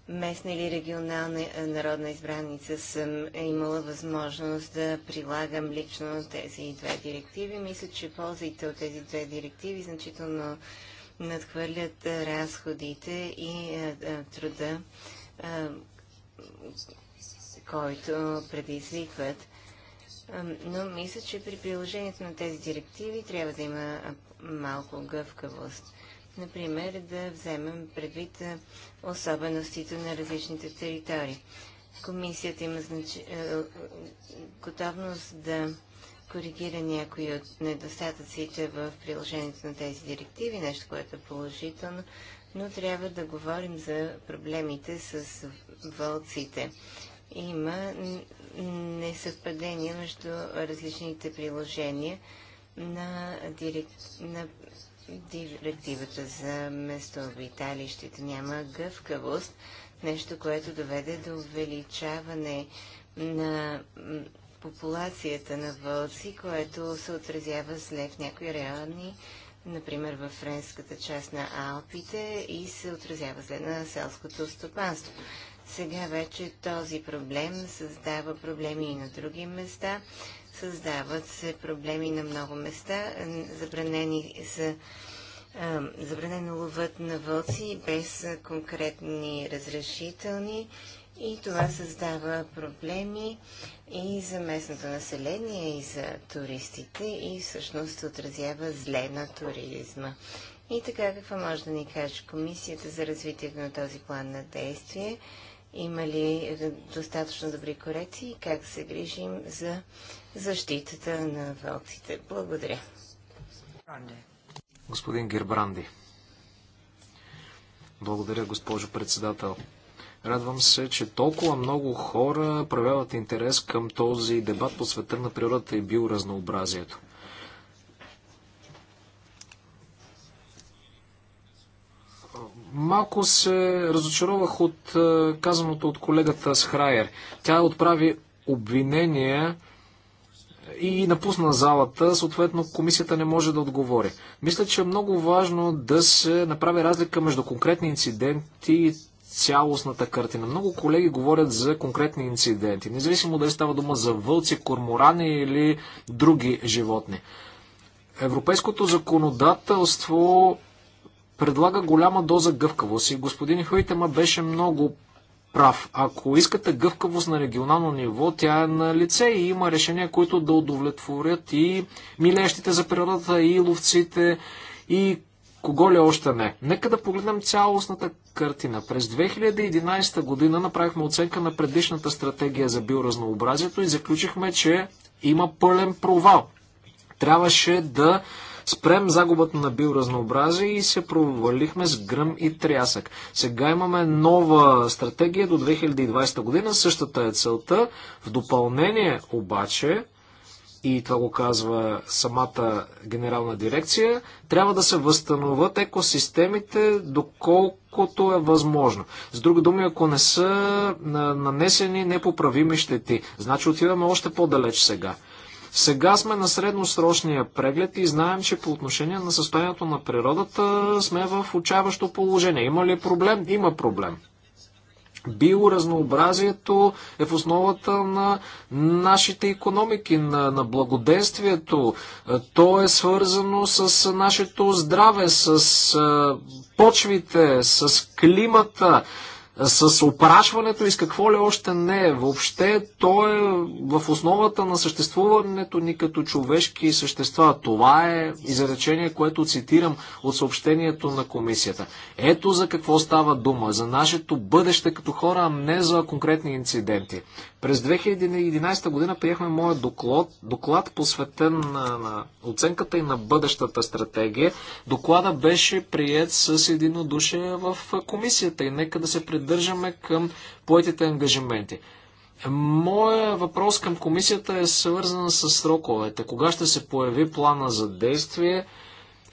местна или регионална е, народна избраница съм имала възможност да прилагам лично тези две директиви. Мисля, че ползите от тези две директиви значително надхвърлят разходите и труда е, който предизвикват. Но мисля, че при приложението на тези директиви трябва да има малко гъвкавост. Например, да вземем предвид особеностите на различните територии. Комисията има знач... Е, е, готовност да коригира някои от недостатъците в приложението на тези директиви, нещо, което е положително, но трябва да говорим за проблемите с вълците. Има несъвпадение между различните приложения на, директ... на директивата за местообиталището. Няма гъвкавост, нещо, което доведе до увеличаване на популацията на вълци, което се отразява зле в някои райони например във френската част на Алпите и се отразява след на селското стопанство. Сега вече този проблем създава проблеми и на други места. Създават се проблеми на много места. Забранени са забранено ловът на вълци без конкретни разрешителни и това създава проблеми и за местното население, и за туристите, и всъщност отразява зле на туризма. И така, какво може да ни каже Комисията за развитието на този план на действие? Има ли достатъчно добри корекции? Как се грижим за защитата на вълците? Благодаря. Господин Гербранди. Благодаря, госпожо председател. Радвам се, че толкова много хора проявяват интерес към този дебат по света на природата и биоразнообразието. Малко се разочаровах от е, казаното от колегата Схрайер. Тя отправи обвинения и напусна залата, съответно комисията не може да отговори. Мисля, че е много важно да се направи разлика между конкретни инциденти и цялостната картина. Много колеги говорят за конкретни инциденти, независимо дали става дума за вълци, корморани или други животни. Европейското законодателство предлага голяма доза гъвкавост и господин Хуитема беше много прав. Ако искате гъвкавост на регионално ниво, тя е на лице и има решения, които да удовлетворят и милещите за природата, и ловците, и Кого ли е още не? Нека да погледнем цялостната картина. През 2011 година направихме оценка на предишната стратегия за биоразнообразието и заключихме, че има пълен провал. Трябваше да спрем загубата на биоразнообразие и се провалихме с гръм и трясък. Сега имаме нова стратегия до 2020 година, същата е целта. В допълнение обаче и това го казва самата генерална дирекция, трябва да се възстановят екосистемите доколкото е възможно. С други думи, ако не са нанесени непоправими щети, значи отиваме още по-далеч сега. Сега сме на средносрочния преглед и знаем, че по отношение на състоянието на природата сме в учаващо положение. Има ли проблем? Има проблем. Биоразнообразието е в основата на нашите економики, на, на благоденствието. Е, то е свързано с нашето здраве, с е, почвите, с климата с опрашването и с какво ли още не. е. Въобще то е в основата на съществуването ни като човешки същества. Това е изречение, което цитирам от съобщението на комисията. Ето за какво става дума. За нашето бъдеще като хора, а не за конкретни инциденти. През 2011 година приехме моят доклад, доклад посветен на, на оценката и на бъдещата стратегия. Доклада беше прият с единодушие в комисията и нека да се пред придържаме към поетите ангажименти. Моя въпрос към комисията е свързан с сроковете. Кога ще се появи плана за действие?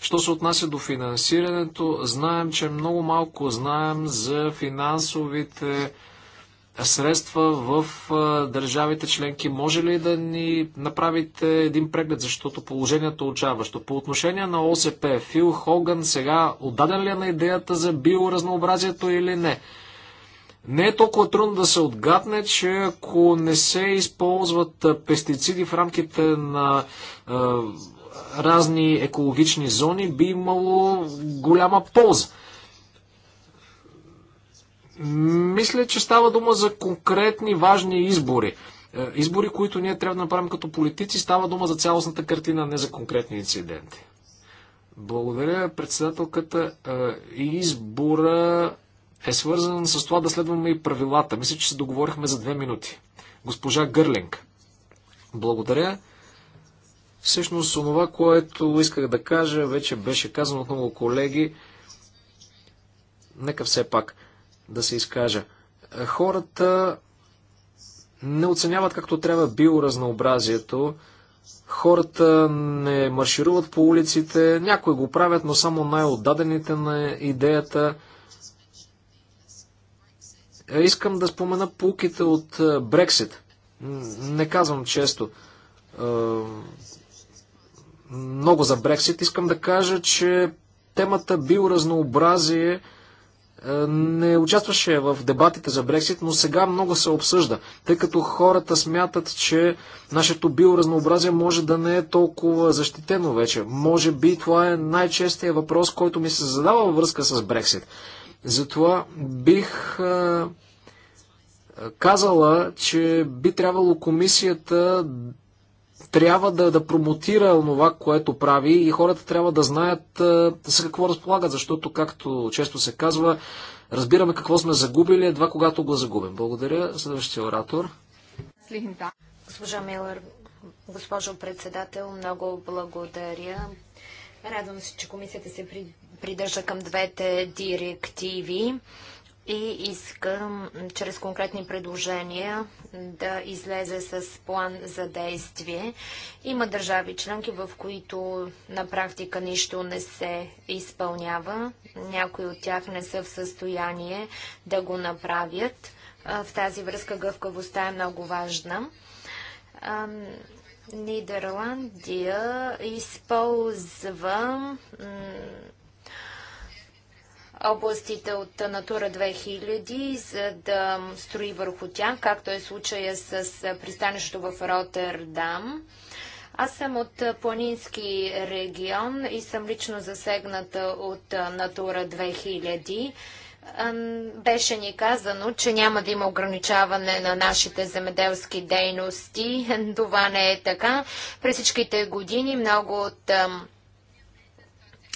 Що се отнася до финансирането, знаем, че много малко знаем за финансовите средства в държавите членки. Може ли да ни направите един преглед, защото положението е отчаващо? По отношение на ОСП, Фил Хоган сега отдаден ли е на идеята за биоразнообразието или не? Не е толкова трудно да се отгадне, че ако не се използват пестициди в рамките на е, разни екологични зони, би имало голяма полза. Мисля, че става дума за конкретни важни избори. Избори, които ние трябва да направим като политици, става дума за цялостната картина, не за конкретни инциденти. Благодаря председателката. Избора е свързан с това да следваме и правилата. Мисля, че се договорихме за две минути. Госпожа Гърлинг. Благодаря. Всъщност, онова, което исках да кажа, вече беше казано от много колеги. Нека все пак да се изкажа. Хората не оценяват както трябва биоразнообразието. Хората не маршируват по улиците. Някои го правят, но само най-отдадените на идеята. Е, искам да спомена полките от е, Брексит. Не казвам често е, много за Брексит. Искам да кажа, че темата биоразнообразие не участваше в дебатите за Брексит, но сега много се обсъжда, тъй като хората смятат, че нашето биоразнообразие може да не е толкова защитено вече. Може би това е най честият въпрос, който ми се задава във връзка с Брексит. Затова бих казала, че би трябвало комисията трябва да, да промотира това, което прави и хората трябва да знаят а, с какво разполагат, защото, както често се казва, разбираме какво сме загубили едва когато го загубим. Благодаря. Следващия оратор. Госпожа Милър, госпожо председател, много благодаря. Радвам се, че комисията се придържа към двете директиви и искам чрез конкретни предложения да излезе с план за действие. Има държави членки, в които на практика нищо не се изпълнява. Някои от тях не са в състояние да го направят. В тази връзка гъвкавостта е много важна. Нидерландия използва областите от Натура 2000, за да строи върху тях, както е случая с пристанището в Ротердам. Аз съм от планински регион и съм лично засегната от Натура 2000. Беше ни казано, че няма да има ограничаване на нашите земеделски дейности. Това не е така. През всичките години много от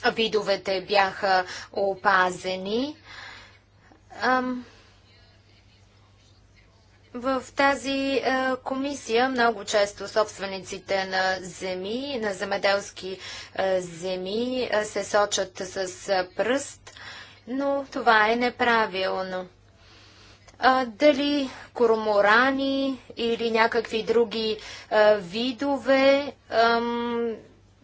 видовете бяха опазени. В тази комисия много често собствениците на земи, на земеделски земи се сочат с пръст, но това е неправилно. Дали корморани или някакви други видове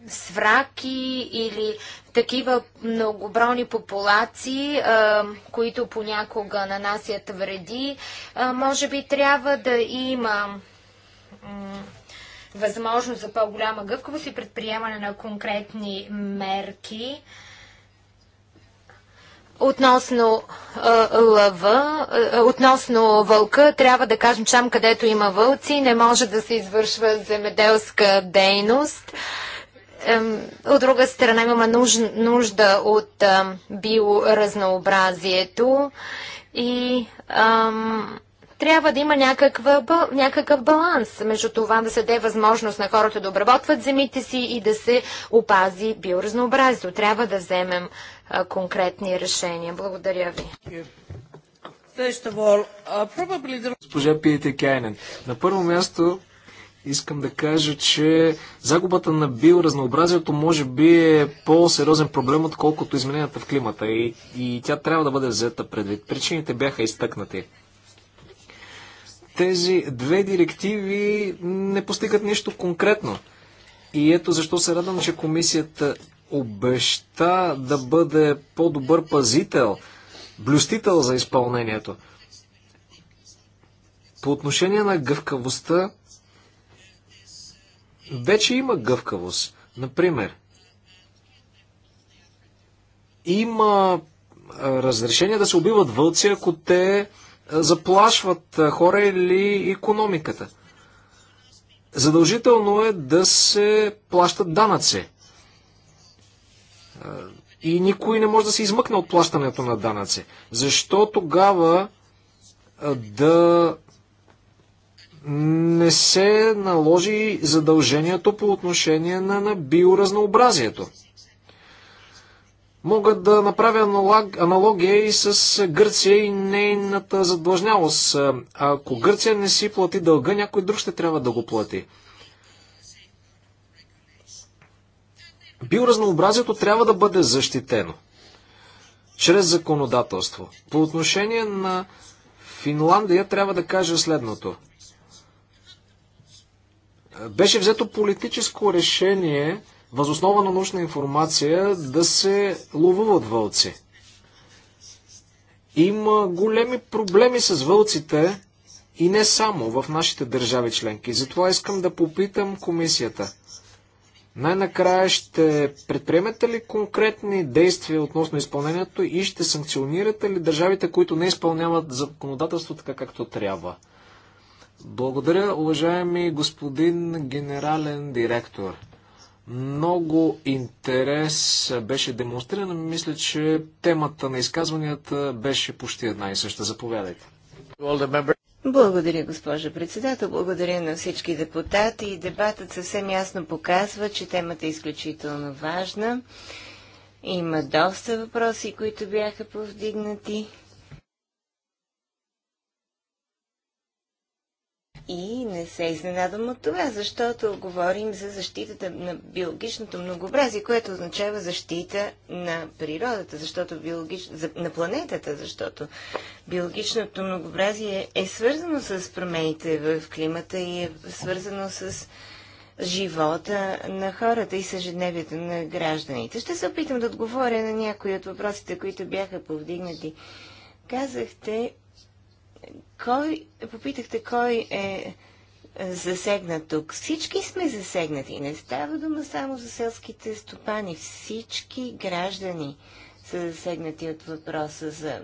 свраки или такива многобройни популации, които понякога нанасят вреди, може би трябва да има възможност за по-голяма гъвкавост и предприемане на конкретни мерки. Относно а, лъва, а, относно вълка, трябва да кажем, че там където има вълци, не може да се извършва земеделска дейност. А, от друга страна имаме нужда от биоразнообразието и ам, трябва да има някаква, някакъв баланс между това да се даде възможност на хората да обработват земите си и да се опази биоразнообразието. Трябва да вземем а, е, конкретни решения. Благодаря ви. Uh, Госпожа Пиете Кайнен, на първо място искам да кажа, че загубата на биоразнообразието може би е по-сериозен проблем, отколкото измененията в климата и, и тя трябва да бъде взета предвид. Причините бяха изтъкнати. Тези две директиви не постигат нищо конкретно. И ето защо се радвам, че комисията обеща да бъде по-добър пазител, блюстител за изпълнението. По отношение на гъвкавостта, вече има гъвкавост. Например, има разрешение да се убиват вълци, ако те заплашват хора или економиката. Задължително е да се плащат данъци. И никой не може да се измъкне от плащането на данъци. Защо тогава да не се наложи задължението по отношение на, на биоразнообразието. Мога да направя аналог, аналогия и с Гърция и нейната задължнявост. Ако Гърция не си плати дълга, някой друг ще трябва да го плати. Биоразнообразието трябва да бъде защитено чрез законодателство. По отношение на Финландия трябва да кажа следното. Беше взето политическо решение, възоснова на научна информация, да се ловуват вълци. Има големи проблеми с вълците и не само в нашите държави членки. Затова искам да попитам комисията. Най-накрая ще предприемете ли конкретни действия относно изпълнението и ще санкционирате ли държавите, които не изпълняват законодателство така както трябва? Благодаря, уважаеми господин генерален директор. Много интерес беше демонстриран. Мисля, че темата на изказванията беше почти една и съща. Заповядайте. Благодаря, госпожа председател. Благодаря на всички депутати. Дебатът съвсем ясно показва, че темата е изключително важна. Има доста въпроси, които бяха повдигнати. И не се изненадам от това, защото говорим за защитата на биологичното многообразие, което означава защита на природата, защото биологич... на планетата, защото биологичното многообразие е свързано с промените в климата и е свързано с живота на хората и съжедневието на гражданите. Ще се опитам да отговоря на някои от въпросите, които бяха повдигнати. Казахте кой, попитахте кой е засегнат тук. Всички сме засегнати. Не става дума само за селските стопани. Всички граждани са засегнати от въпроса за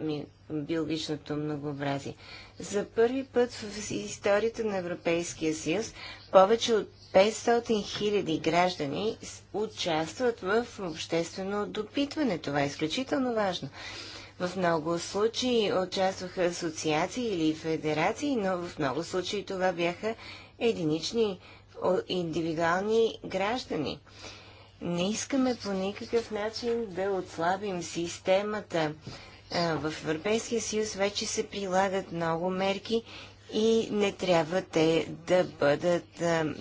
биологичното многообразие. За първи път в историята на Европейския съюз повече от 500 хиляди граждани участват в обществено допитване. Това е изключително важно. В много случаи участваха асоциации или федерации, но в много случаи това бяха единични индивидуални граждани. Не искаме по никакъв начин да отслабим системата. В Европейския съюз вече се прилагат много мерки и не трябва те да бъдат а,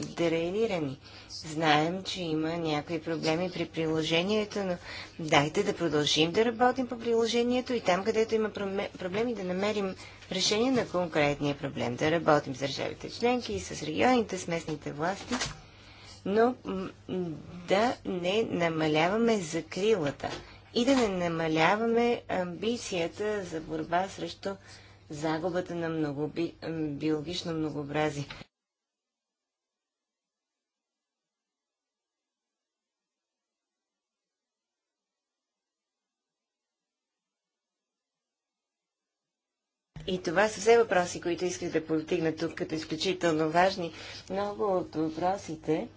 Знаем, че има някои проблеми при приложението, но дайте да продължим да работим по приложението и там, където има проблеми, да намерим решение на конкретния проблем. Да работим с държавите членки и с регионите, с местните власти, но да не намаляваме закрилата и да не намаляваме амбицията за борба срещу загубата на би... биологично многообразие. И това са все въпроси, които исках да повдигна тук като изключително важни. Много от въпросите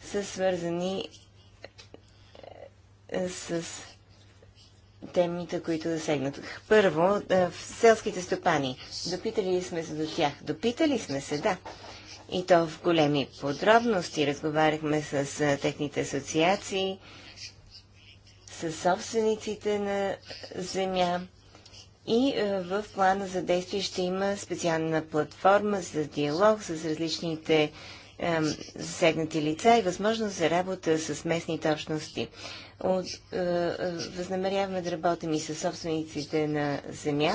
са свързани е, с темите, които засегнат. Първо, е, в селските стопани. Допитали сме се до тях? Допитали сме се, да. И то в големи подробности. Разговаряхме с е, техните асоциации, с собствениците на земя. И е, в плана за действие ще има специална платформа за диалог с различните засегнати лица и възможност за работа с местните общности от, е, е, възнамеряваме да работим и с собствениците на земя,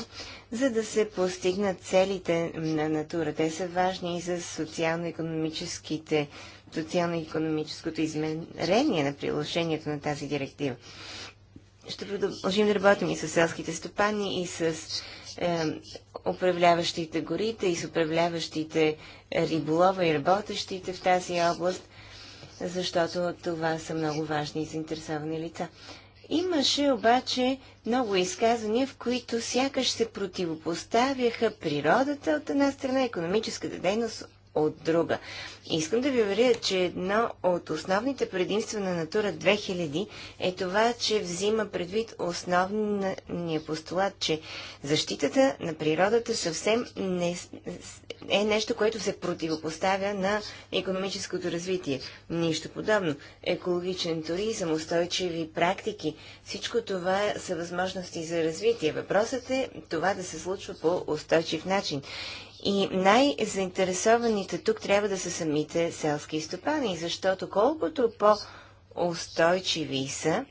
за да се постигнат целите на натура. Те са важни и за социално-економическите социално-економическото измерение на приложението на тази директива. Ще продължим да работим и с селските стопани, и с е, управляващите горите, и с управляващите риболова и работещите в тази област, защото това са много важни и заинтересовани лица. Имаше обаче много изказвания, в които сякаш се противопоставяха природата от една страна, економическата дейност от друга. Искам да ви уверя, че едно от основните предимства на Натура 2000 е това, че взима предвид основния постулат, че защитата на природата съвсем не е нещо, което се противопоставя на економическото развитие. Нищо подобно. Екологичен туризъм, устойчиви практики, всичко това са възможности за развитие. Въпросът е това да се случва по устойчив начин. И най-заинтересованите тук трябва да са самите селски стопани, защото колкото по-устойчиви са,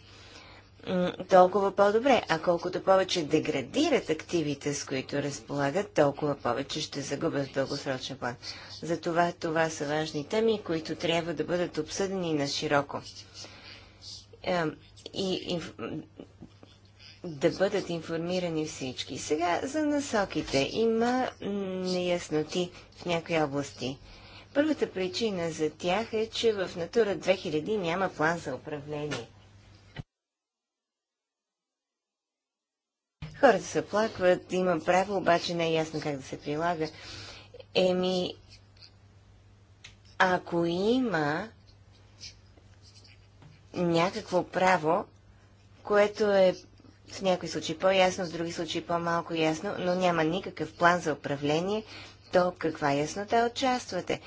толкова по-добре. А колкото повече деградират активите, с които разполагат, толкова повече ще загубят в дългосрочен план. Затова това са важни теми, които трябва да бъдат обсъдени на широко. И, и да бъдат информирани всички. Сега за насоките. Има неясноти в някои области. Първата причина за тях е, че в Натура 2000 няма план за управление – Хората се оплакват, има право, обаче не е ясно как да се прилага. Еми, ако има някакво право, което е в някои случаи по-ясно, в други случаи по-малко ясно, но няма никакъв план за управление, то каква яснота участвате?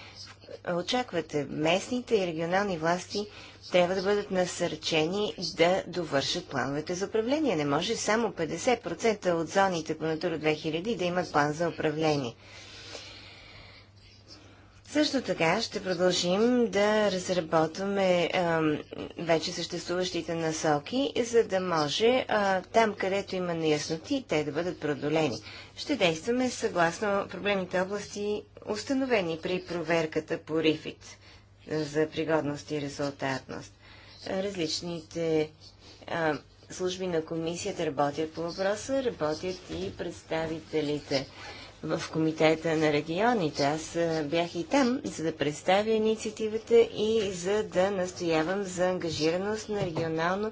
очаквате? Местните и регионални власти трябва да бъдат насърчени да довършат плановете за управление. Не може само 50% от зоните по Натура 2000 да имат план за управление. Също така ще продължим да разработваме а, вече съществуващите насоки, за да може а, там, където има неясноти, те да бъдат продолени. Ще действаме съгласно проблемните области, установени при проверката по РИФИТ за пригодност и резултатност. Различните а, служби на комисията работят по въпроса, работят и представителите в Комитета на регионите. Аз бях и там, за да представя инициативата и за да настоявам за ангажираност на регионално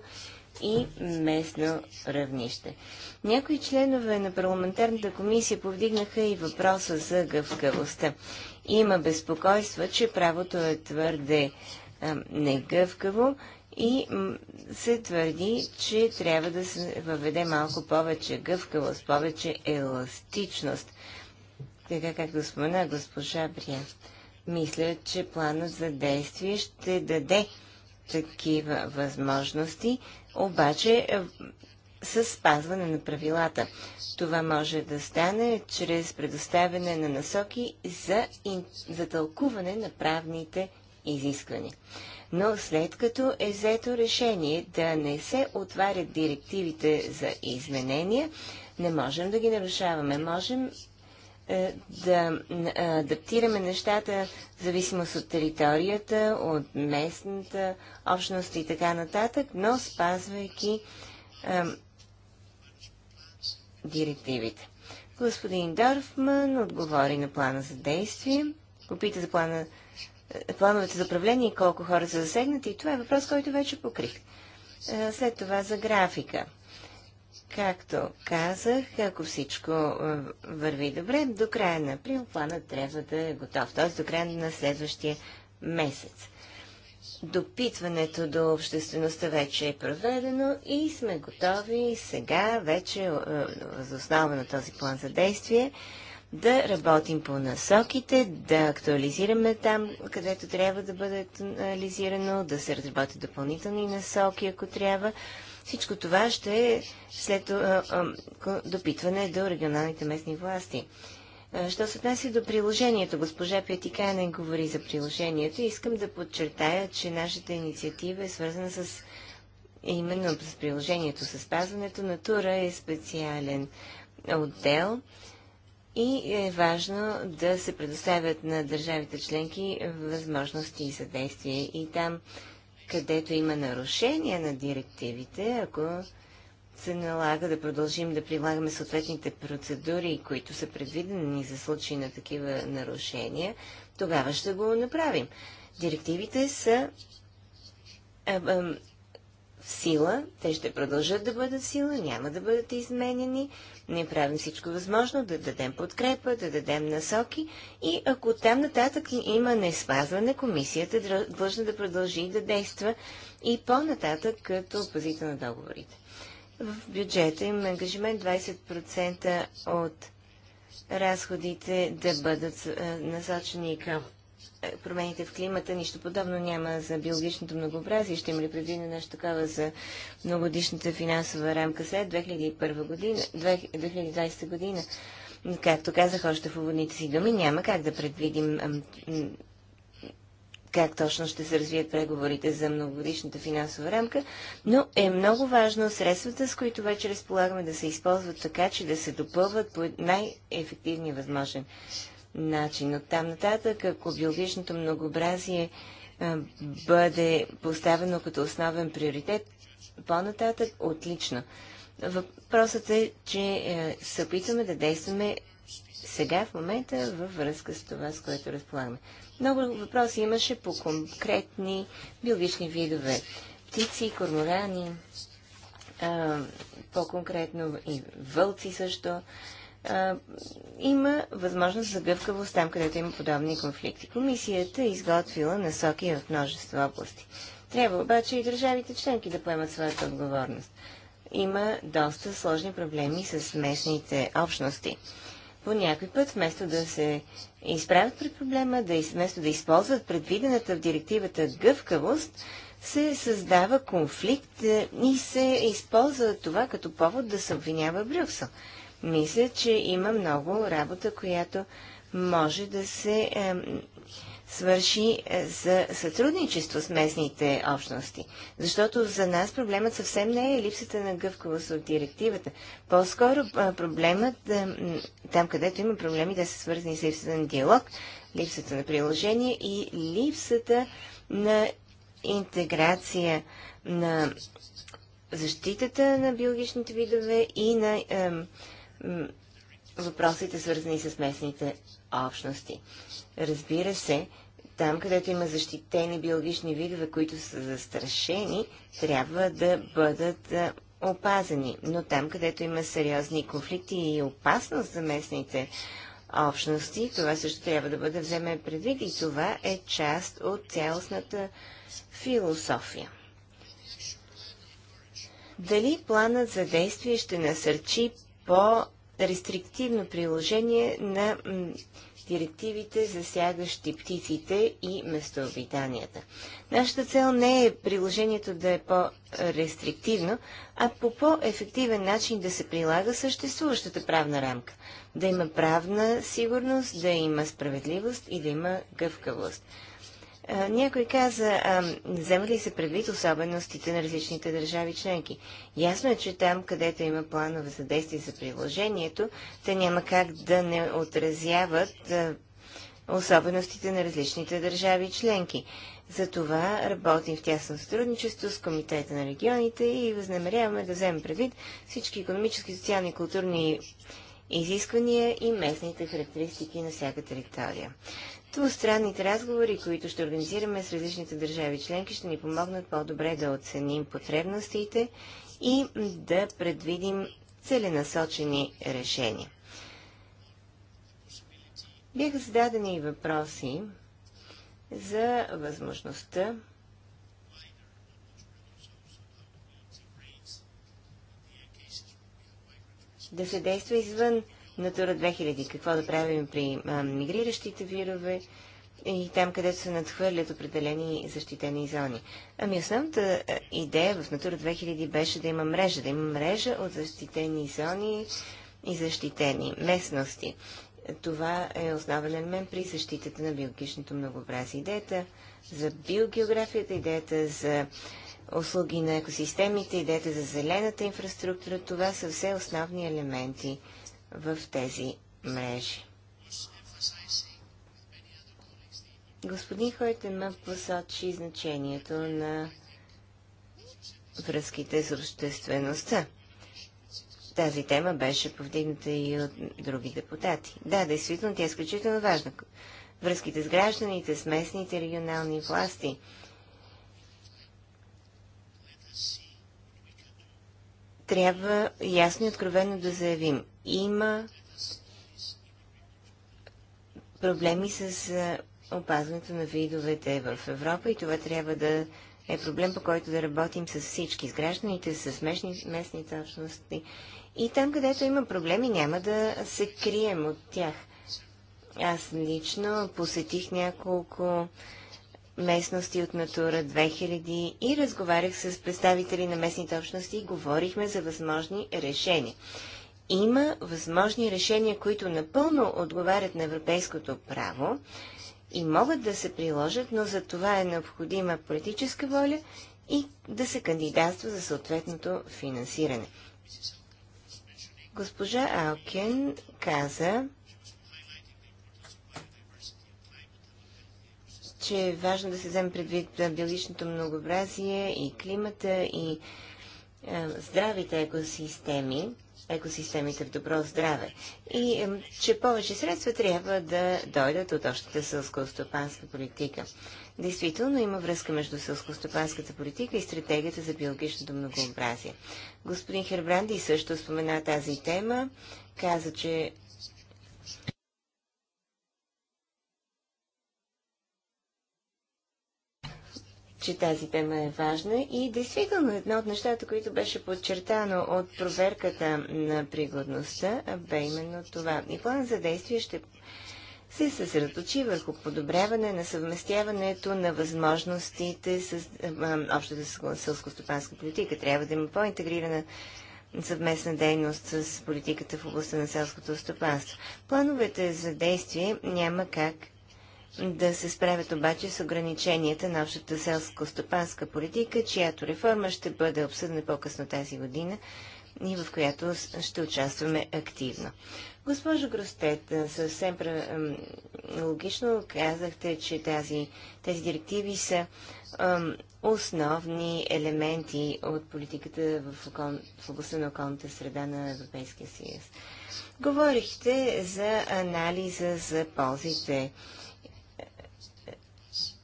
и местно равнище. Някои членове на парламентарната комисия повдигнаха и въпроса за гъвкавостта. Има безпокойство, че правото е твърде а, негъвкаво и се твърди, че трябва да се въведе малко повече гъвкавост, повече еластичност така както спомена госпожа Бриан. Мисля, че планът за действие ще даде такива възможности, обаче е, с спазване на правилата. Това може да стане чрез предоставяне на насоки за, ин... за тълкуване на правните изисквания. Но след като е взето решение да не се отварят директивите за изменения, не можем да ги нарушаваме. Можем е, да е, адаптираме нещата в зависимост от територията, от местната общност и така нататък, но спазвайки е, директивите. Господин Дорфман отговори на плана за действие, попита за плана, плановете за управление и колко хора са засегнати и това е въпрос, който вече покрих. След това за графика. Както казах, ако всичко е, върви добре, до края на април планът трябва да е готов, т.е. до края на следващия месец. Допитването до обществеността вече е проведено и сме готови сега, вече е, за основа на този план за действие, да работим по насоките, да актуализираме там, където трябва да бъде актуализирано, да се разработят допълнителни насоки, ако трябва, всичко това ще е след а, а, допитване до регионалните местни власти. що се отнася до приложението, госпожа Пятиканен говори за приложението и искам да подчертая, че нашата инициатива е свързана с именно с приложението, с спазването. Натура е специален отдел и е важно да се предоставят на държавите членки възможности за действие. И там където има нарушения на директивите, ако се налага да продължим да прилагаме съответните процедури, които са предвидени за случаи на такива нарушения, тогава ще го направим. Директивите са а, а, в сила, те ще продължат да бъдат в сила, няма да бъдат изменени. Ние правим всичко възможно, да дадем подкрепа, да дадем насоки и ако там нататък има неспазване, комисията длъжна да продължи да действа и по-нататък като опозита на договорите. В бюджета има ангажимент 20% от разходите да бъдат насочени към е, промените в климата, нищо подобно няма за биологичното многообразие. Ще има ли предвидено нещо такава за многодишната финансова рамка след 2001 година, 2020 година? Както казах още в уводните си думи, няма как да предвидим как точно ще се развият преговорите за многогодишната финансова рамка, но е много важно средствата, с които вече разполагаме, да се използват така, че да се допълват по най-ефективния възможен начин. От там нататък, ако биологичното многообразие бъде поставено като основен приоритет, по-нататък отлично. Въпросът е, че е, се опитваме да действаме сега, в момента, във връзка с това, с което разполагаме. Много въпроси имаше по конкретни биологични видове. Птици, корморани, по-конкретно и вълци също а, има възможност за гъвкавост там, където има подобни конфликти. Комисията е изготвила насоки в множество области. Трябва обаче и държавите членки да поемат своята отговорност. Има доста сложни проблеми с местните общности. По някой път, вместо да се изправят пред проблема, да, вместо да използват предвидената в директивата гъвкавост, се създава конфликт е, и се използва това като повод да се обвинява Брюксел мисля, че има много работа, която може да се е, свърши за сътрудничество с местните общности. Защото за нас проблемът съвсем не е липсата на гъвкавост от директивата. По-скоро е, проблемът, е, там където има проблеми, да се свързани с липсата на диалог, липсата на приложение и липсата на интеграция на защитата на биологичните видове и на е, въпросите, свързани с местните общности. Разбира се, там, където има защитени биологични видове, които са застрашени, трябва да бъдат опазани. опазени. Но там, където има сериозни конфликти и опасност за местните общности, това също трябва да бъде вземе предвид и това е част от цялостната философия. Дали планът за действие ще насърчи по-рестриктивно приложение на директивите, засягащи птиците и местообитанията. Нашата цел не е приложението да е по-рестриктивно, а по по-ефективен начин да се прилага съществуващата правна рамка. Да има правна сигурност, да има справедливост и да има гъвкавост. Някой каза, взема ли се предвид особеностите на различните държави членки? Ясно е, че там, където има планове за действие за приложението, те няма как да не отразяват а, особеностите на различните държави членки. Затова работим в тясно сътрудничество с Комитета на регионите и възнамеряваме да вземем предвид всички економически, социални и културни изисквания и местните характеристики на всяка територия. Двустранните разговори, които ще организираме с различните държави членки, ще ни помогнат по-добре да оценим потребностите и да предвидим целенасочени решения. Бяха зададени и въпроси за възможността да се действа извън Натура 2000. Какво да правим при а, мигриращите вирове и там, където се надхвърлят определени защитени зони. Ами основната идея в Натура 2000 беше да има мрежа, да има мрежа от защитени зони и защитени местности. Това е основен елемент при защитата на биологичното многообразие. Идеята за биогеографията, идеята за услуги на екосистемите, идеята за зелената инфраструктура, това са все основни елементи – в тези мрежи. Господин Хойтема посочи значението на връзките с обществеността. Тази тема беше повдигната и от други депутати. Да, действително, тя е изключително важна. Връзките с гражданите, с местните регионални власти – трябва ясно и откровено да заявим. Има проблеми с опазването на видовете в Европа и това трябва да е проблем, по който да работим с всички, с гражданите, с местни, местните общности. И там, където има проблеми, няма да се крием от тях. Аз лично посетих няколко местности от Натура 2000 и разговарях с представители на местните общности и говорихме за възможни решения. Има възможни решения, които напълно отговарят на европейското право и могат да се приложат, но за това е необходима политическа воля и да се кандидатства за съответното финансиране. Госпожа Алкен каза, че е важно да се вземе предвид биологичното многообразие и климата и е, здравите екосистеми, екосистемите в добро здраве. И е, че повече средства трябва да дойдат от общата сълско-стопанска политика. Действително има връзка между сълскостопанската политика и стратегията за биологичното многообразие. Господин Хербранди също спомена тази тема, каза, че че тази тема е важна и действително една от нещата, които беше подчертано от проверката на пригодността, бе именно това. И план за действие ще се съсредоточи върху подобряване на съвместяването на възможностите с а, общата сълско-стопанска политика. Трябва да има по-интегрирана съвместна дейност с политиката в областта на селското стопанство. Плановете за действие няма как да се справят обаче с ограниченията на общата селско-стопанска политика, чиято реформа ще бъде обсъдена по-късно тази година и в която ще участваме активно. Госпожо Гростет, съвсем логично казахте, че тази, тези директиви са ам, основни елементи от политиката в, окол... в областта на околната среда на Европейския съюз. Говорихте за анализа за ползите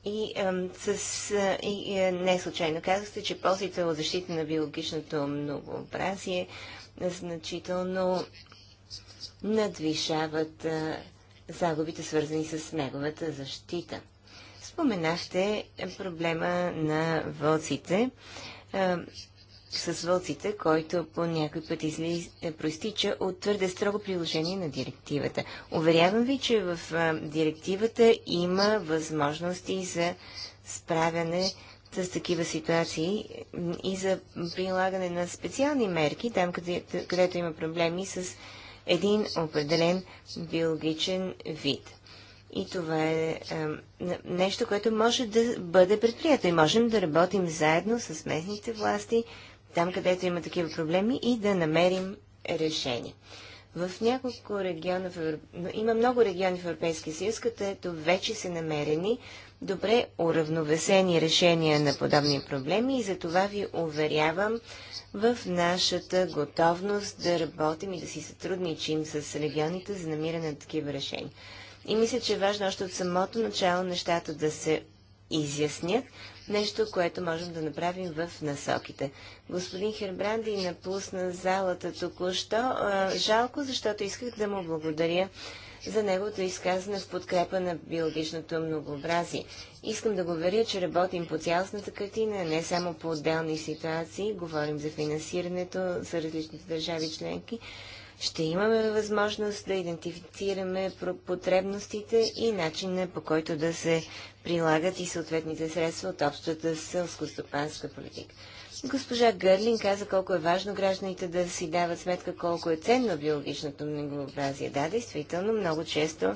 и, с, а, и не случайно казахте, че ползите от защита на биологичното многообразие значително надвишават а, загубите, свързани с неговата защита. Споменахте проблема на вълците. А, с вълците, който по някой път изли, е, проистича от твърде строго приложение на директивата. Уверявам ви, че в а, директивата има възможности за справяне с такива ситуации и за прилагане на специални мерки, там където, където има проблеми с един определен биологичен вид. И това е, е нещо, което може да бъде предприятие. И можем да работим заедно с местните власти, там, където има такива проблеми и да намерим решение. В няколко региона, в има много региони в Европейския съюз, където вече са намерени добре уравновесени решения на подобни проблеми и за това ви уверявам в нашата готовност да работим и да си сътрудничим с регионите за намиране на такива решения. И мисля, че е важно още от самото начало нещата да се изяснят, нещо, което можем да направим в насоките. Господин Хербранди напусна залата току-що. Жалко, защото исках да му благодаря за неговото изказване в подкрепа на биологичното многообразие. Искам да го веря, че работим по цялостната картина, не само по отделни ситуации. Говорим за финансирането за различните държави членки, ще имаме възможност да идентифицираме потребностите и начина по който да се прилагат и съответните средства от общата сълско-стопанска политика. Госпожа Гърлин каза колко е важно гражданите да си дават сметка колко е ценно биологичното многообразие. Да, действително, много често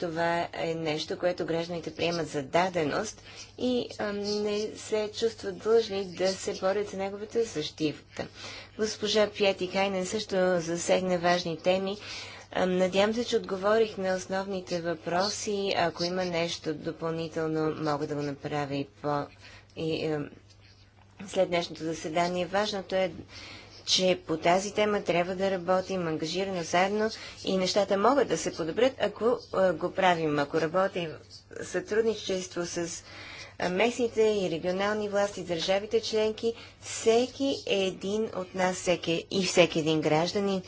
това е нещо, което гражданите приемат за даденост и не се чувстват длъжни да се борят за неговата защита. Госпожа Пяти Хайнен също засегне важни теми. Надявам се, че отговорих на основните въпроси. Ако има нещо допълнително, мога да го направя и по... И, след днешното заседание. Важното е че по тази тема трябва да работим ангажирано заедно и нещата могат да се подобрят, ако го правим, ако работим в сътрудничество с местните и регионални власти, държавите членки, всеки един от нас всеки, и всеки един гражданин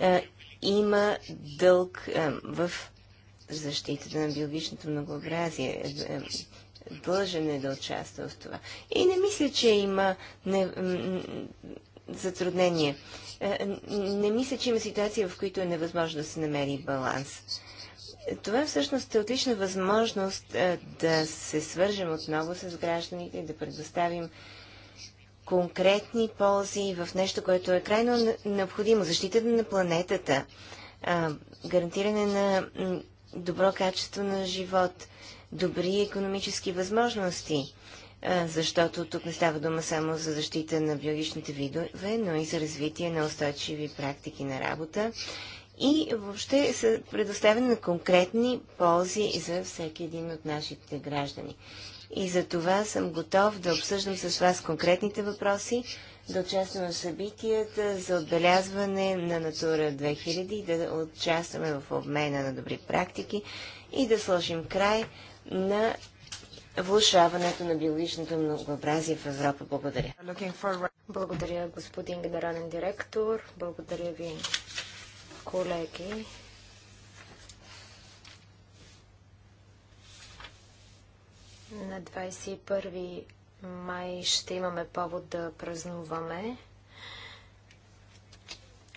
а, има дълг а, в защитата на биологичното многообразие. Е, е, Дължен е да участва в това. И не мисля, че има не, затруднения. Е, не мисля, че има ситуация, в които е невъзможно да се намери баланс. Това всъщност е отлична възможност е, да се свържем отново с гражданите и да предоставим конкретни ползи в нещо, което е крайно необходимо. Защитата на планетата, е, гарантиране на добро качество на живот, добри економически възможности, защото тук не става дума само за защита на биологичните видове, но и за развитие на устойчиви практики на работа и въобще са предоставяне на конкретни ползи за всеки един от нашите граждани. И за това съм готов да обсъждам с вас конкретните въпроси, да участваме в събитията за отбелязване на Натура 2000, да участваме в обмена на добри практики и да сложим край на влушаването на биологичното многообразие в Европа. Благодаря. Благодаря, господин генерален директор. Благодаря ви, колеги. На 21 май ще имаме повод да празнуваме.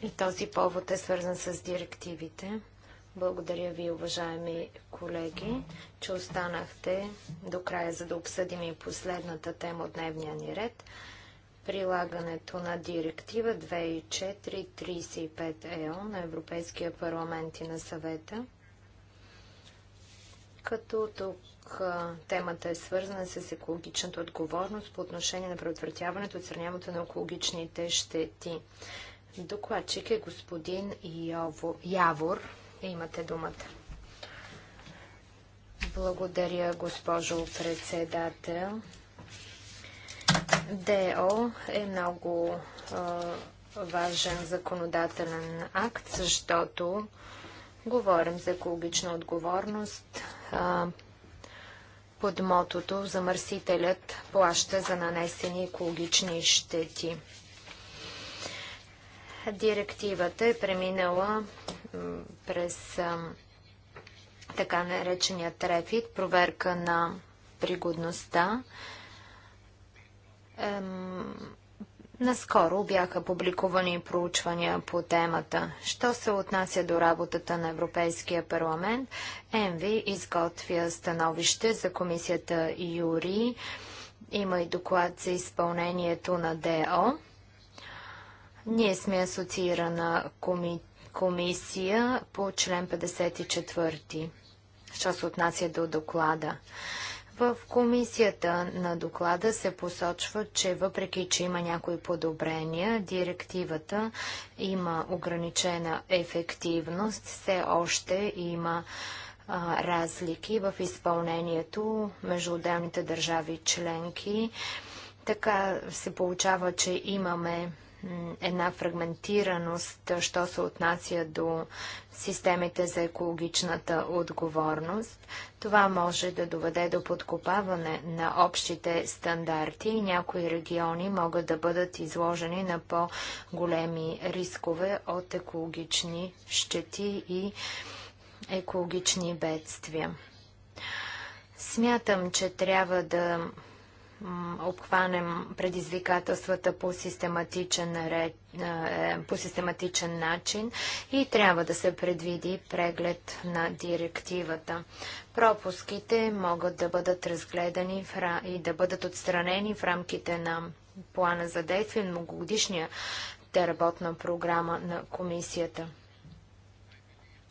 И този повод е свързан с директивите. Благодаря ви, уважаеми колеги, че останахте до края, за да обсъдим и последната тема от дневния ни ред прилагането на директива 2435 ео на Европейския парламент и на съвета. Като тук темата е свързана с екологичната отговорност по отношение на предотвратяването и отстраняването на екологичните щети. Докладчик е господин Йово, Явор. Имате думата. Благодаря, госпожо председател. ДО е, е много е, важен законодателен акт, защото говорим за екологична отговорност е, под мотото замърсителят плаща за нанесени екологични щети. Директивата е преминала през така наречения трефит, проверка на пригодността. Ем, наскоро бяха публикувани проучвания по темата. Що се отнася до работата на Европейския парламент, ЕМВИ изготвя становище за комисията Юри. Има и доклад за изпълнението на ДО. Ние сме асоциирана комитет комисия по член 54, що се отнася до доклада. В комисията на доклада се посочва, че въпреки, че има някои подобрения, директивата има ограничена ефективност, все още има а, разлики в изпълнението между отделните държави членки. Така се получава, че имаме една фрагментираност, що се отнася до системите за екологичната отговорност. Това може да доведе до подкопаване на общите стандарти и някои региони могат да бъдат изложени на по-големи рискове от екологични щети и екологични бедствия. Смятам, че трябва да обхванем предизвикателствата по систематичен, ред, е, по систематичен начин и трябва да се предвиди преглед на директивата. Пропуските могат да бъдат разгледани и да бъдат отстранени в рамките на плана за действие на многогодишния работна програма на комисията.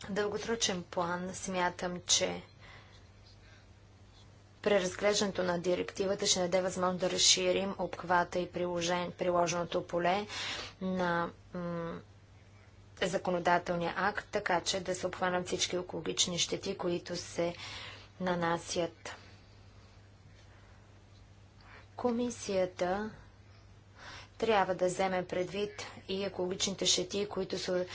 Дългосрочен план смятам, че преразглеждането на директивата ще даде възможност да разширим обхвата и приложен, приложеното поле на законодателния акт, така че да се обхванат всички екологични щети, които се нанасят. Комисията трябва да вземе предвид и екологичните щети, които са,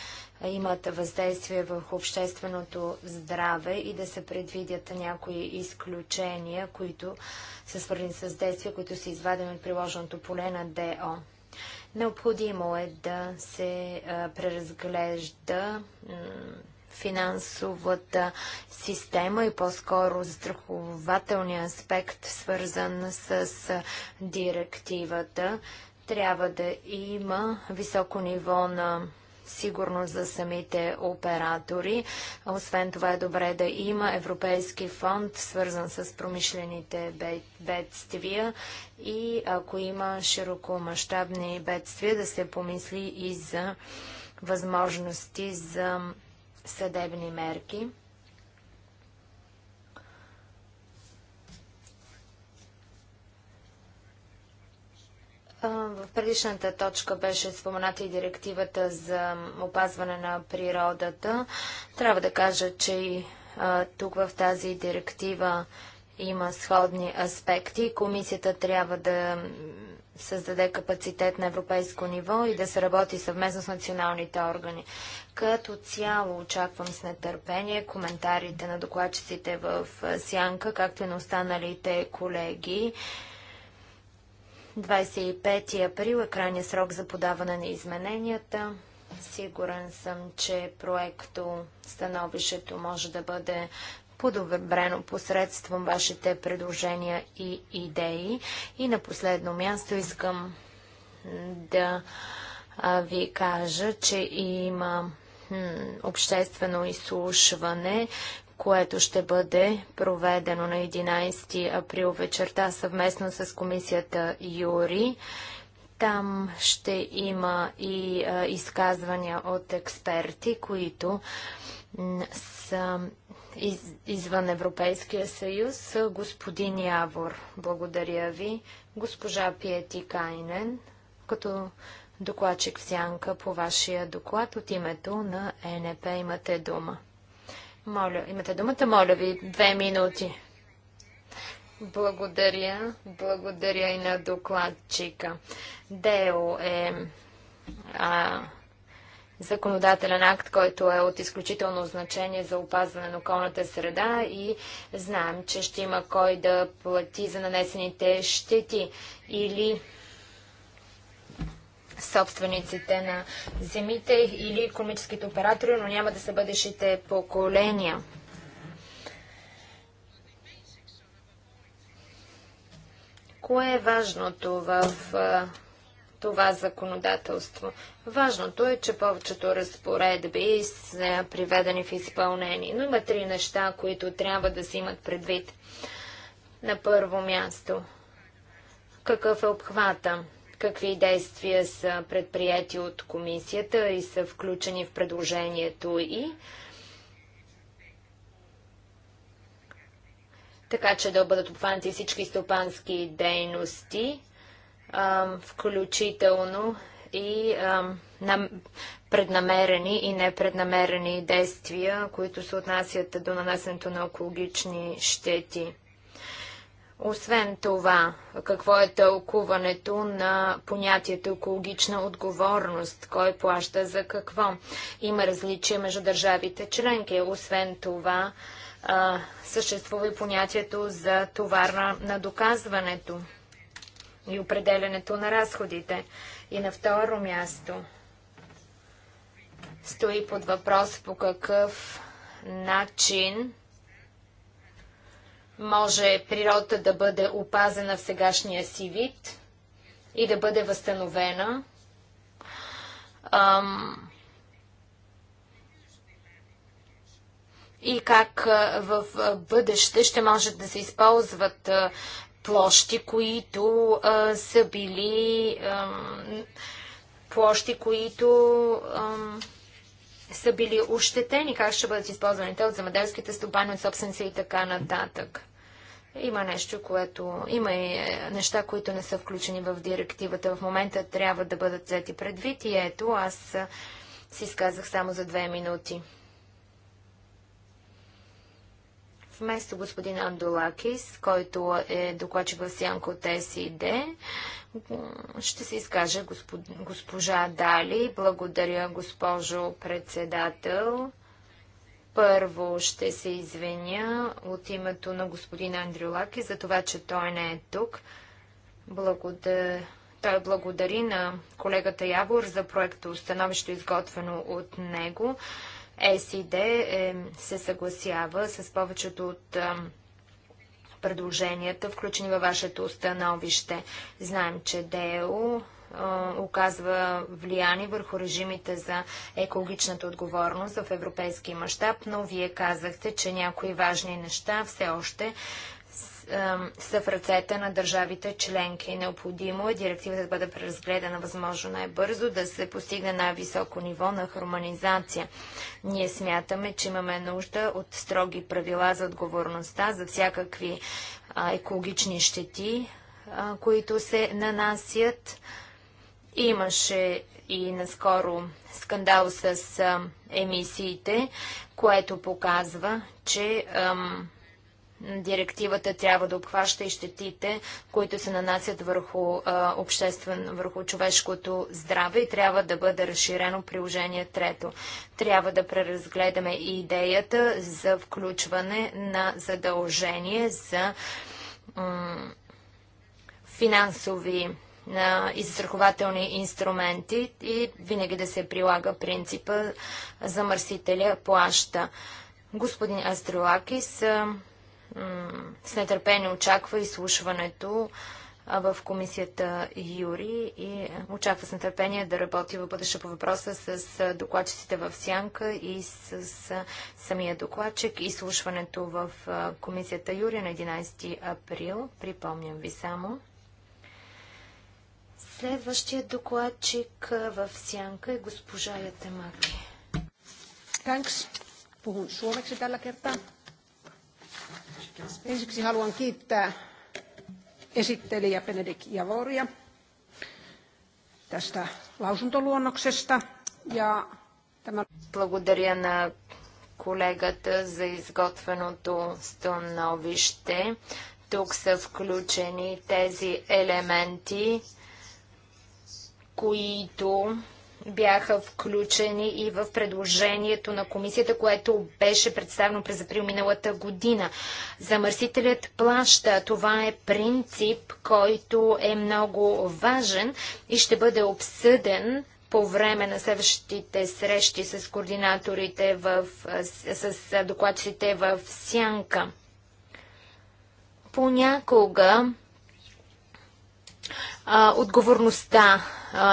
имат въздействие върху общественото здраве и да се предвидят някои изключения, които са свързани с действия, които са извадени от приложеното поле на ДО. Необходимо е да се преразглежда финансовата система и по-скоро застрахователния аспект, свързан с директивата. Трябва да има високо ниво на сигурност за самите оператори. Освен това е добре да има Европейски фонд, свързан с промишлените бедствия и ако има широкомащабни бедствия, да се помисли и за възможности за съдебни мерки. В предишната точка беше спомената и директивата за опазване на природата. Трябва да кажа, че и тук в тази директива има сходни аспекти. Комисията трябва да създаде капацитет на европейско ниво и да се работи съвместно с националните органи. Като цяло очаквам с нетърпение коментарите на докладчиците в Сянка, както и на останалите колеги. 25 април е крайният срок за подаване на измененията. Сигурен съм, че проекто становището може да бъде подобрено посредством вашите предложения и идеи. И на последно място искам да ви кажа, че има обществено изслушване което ще бъде проведено на 11 април вечерта съвместно с комисията Юри. Там ще има и а, изказвания от експерти, които са из, извън Европейския съюз. Господин Явор, благодаря ви. Госпожа Пиети Кайнен, като докладчик в сянка по вашия доклад от името на ЕНП имате дума. Моля, имате думата, моля ви, две минути. Благодаря, благодаря и на докладчика. ДЕО е а, законодателен акт, който е от изключително значение за опазване на околната среда и знаем, че ще има кой да плати за нанесените щети или собствениците на земите или економическите оператори, но няма да са бъдещите поколения. Кое е важното в това законодателство. Важното е, че повечето разпоредби са приведени в изпълнение, но има три неща, които трябва да се имат предвид. На първо място, какъв е обхвата? какви действия са предприяти от комисията и са включени в предложението и така че да бъдат обхванати всички стопански дейности, включително и преднамерени и непреднамерени действия, които се отнасят до нанасенето на екологични щети. Освен това, какво е тълкуването на понятието екологична отговорност? Кой плаща за какво? Има различия между държавите членки. Освен това, съществува и понятието за товарна на доказването и определенето на разходите. И на второ място стои под въпрос по какъв начин може природата да бъде опазена в сегашния си вид и да бъде възстановена. Ам... И как в бъдеще ще може да се използват площи, които а, са били ам, площи, които ам, са били ощетени, как ще бъдат използвани те от земеделските стопани, от собственици и така нататък. Има нещо, което... Има и е, неща, които не са включени в директивата. В момента трябва да бъдат взети предвид и ето, аз е, си изказах само за две минути. Вместо господин Андолакис, който е докладчик в Сянко ТСИД, ще се изкаже госпожа Дали. Благодаря, госпожо председател. Първо ще се извиня от името на господин Андрю Лаки за това, че той не е тук. Благода... Той благодари на колегата Явор за проекта установище, изготвено от него. СИД е, се съгласява с повечето от е, предложенията, включени във вашето установище. Знаем, че ДЕО оказва влияние върху режимите за екологичната отговорност в европейски мащаб, но вие казахте, че някои важни неща все още са в ръцете на държавите членки. Необходимо е директивата да бъде преразгледана възможно най-бързо, да се постигне най-високо ниво на хармонизация. Ние смятаме, че имаме нужда от строги правила за отговорността за всякакви екологични щети, които се нанасят. Имаше и наскоро скандал с а, емисиите, което показва, че ам, директивата трябва да обхваща и щетите, които се нанасят върху, а, обществен, върху човешкото здраве и трябва да бъде разширено приложение трето. Трябва да преразгледаме и идеята за включване на задължение за финансови на изстрахователни инструменти и винаги да се прилага принципа замърсителя плаща. Господин Астрилакис с нетърпение очаква изслушването в комисията Юри и очаква с нетърпение да работи в бъдеще по въпроса с докладчиците в Сянка и с самия докладчик. слушването в комисията Юри е на 11 април, припомням ви само. Следващия докладчик в сянка е госпожа Ятемаки. Thanks. Puhun suomeksi tällä kertaa. Ensiksi haluan kiittää esittelijä Benedikt Javoria tästä lausuntoluonnoksesta. Ja tämä... Благодаря на колегата за изготвеното становище. Тук са включени тези елементи, които бяха включени и в предложението на комисията, което беше представено през април миналата година. Замърсителят плаща. Това е принцип, който е много важен и ще бъде обсъден по време на следващите срещи с координаторите в, с, с докладците в Сянка. Понякога а, отговорността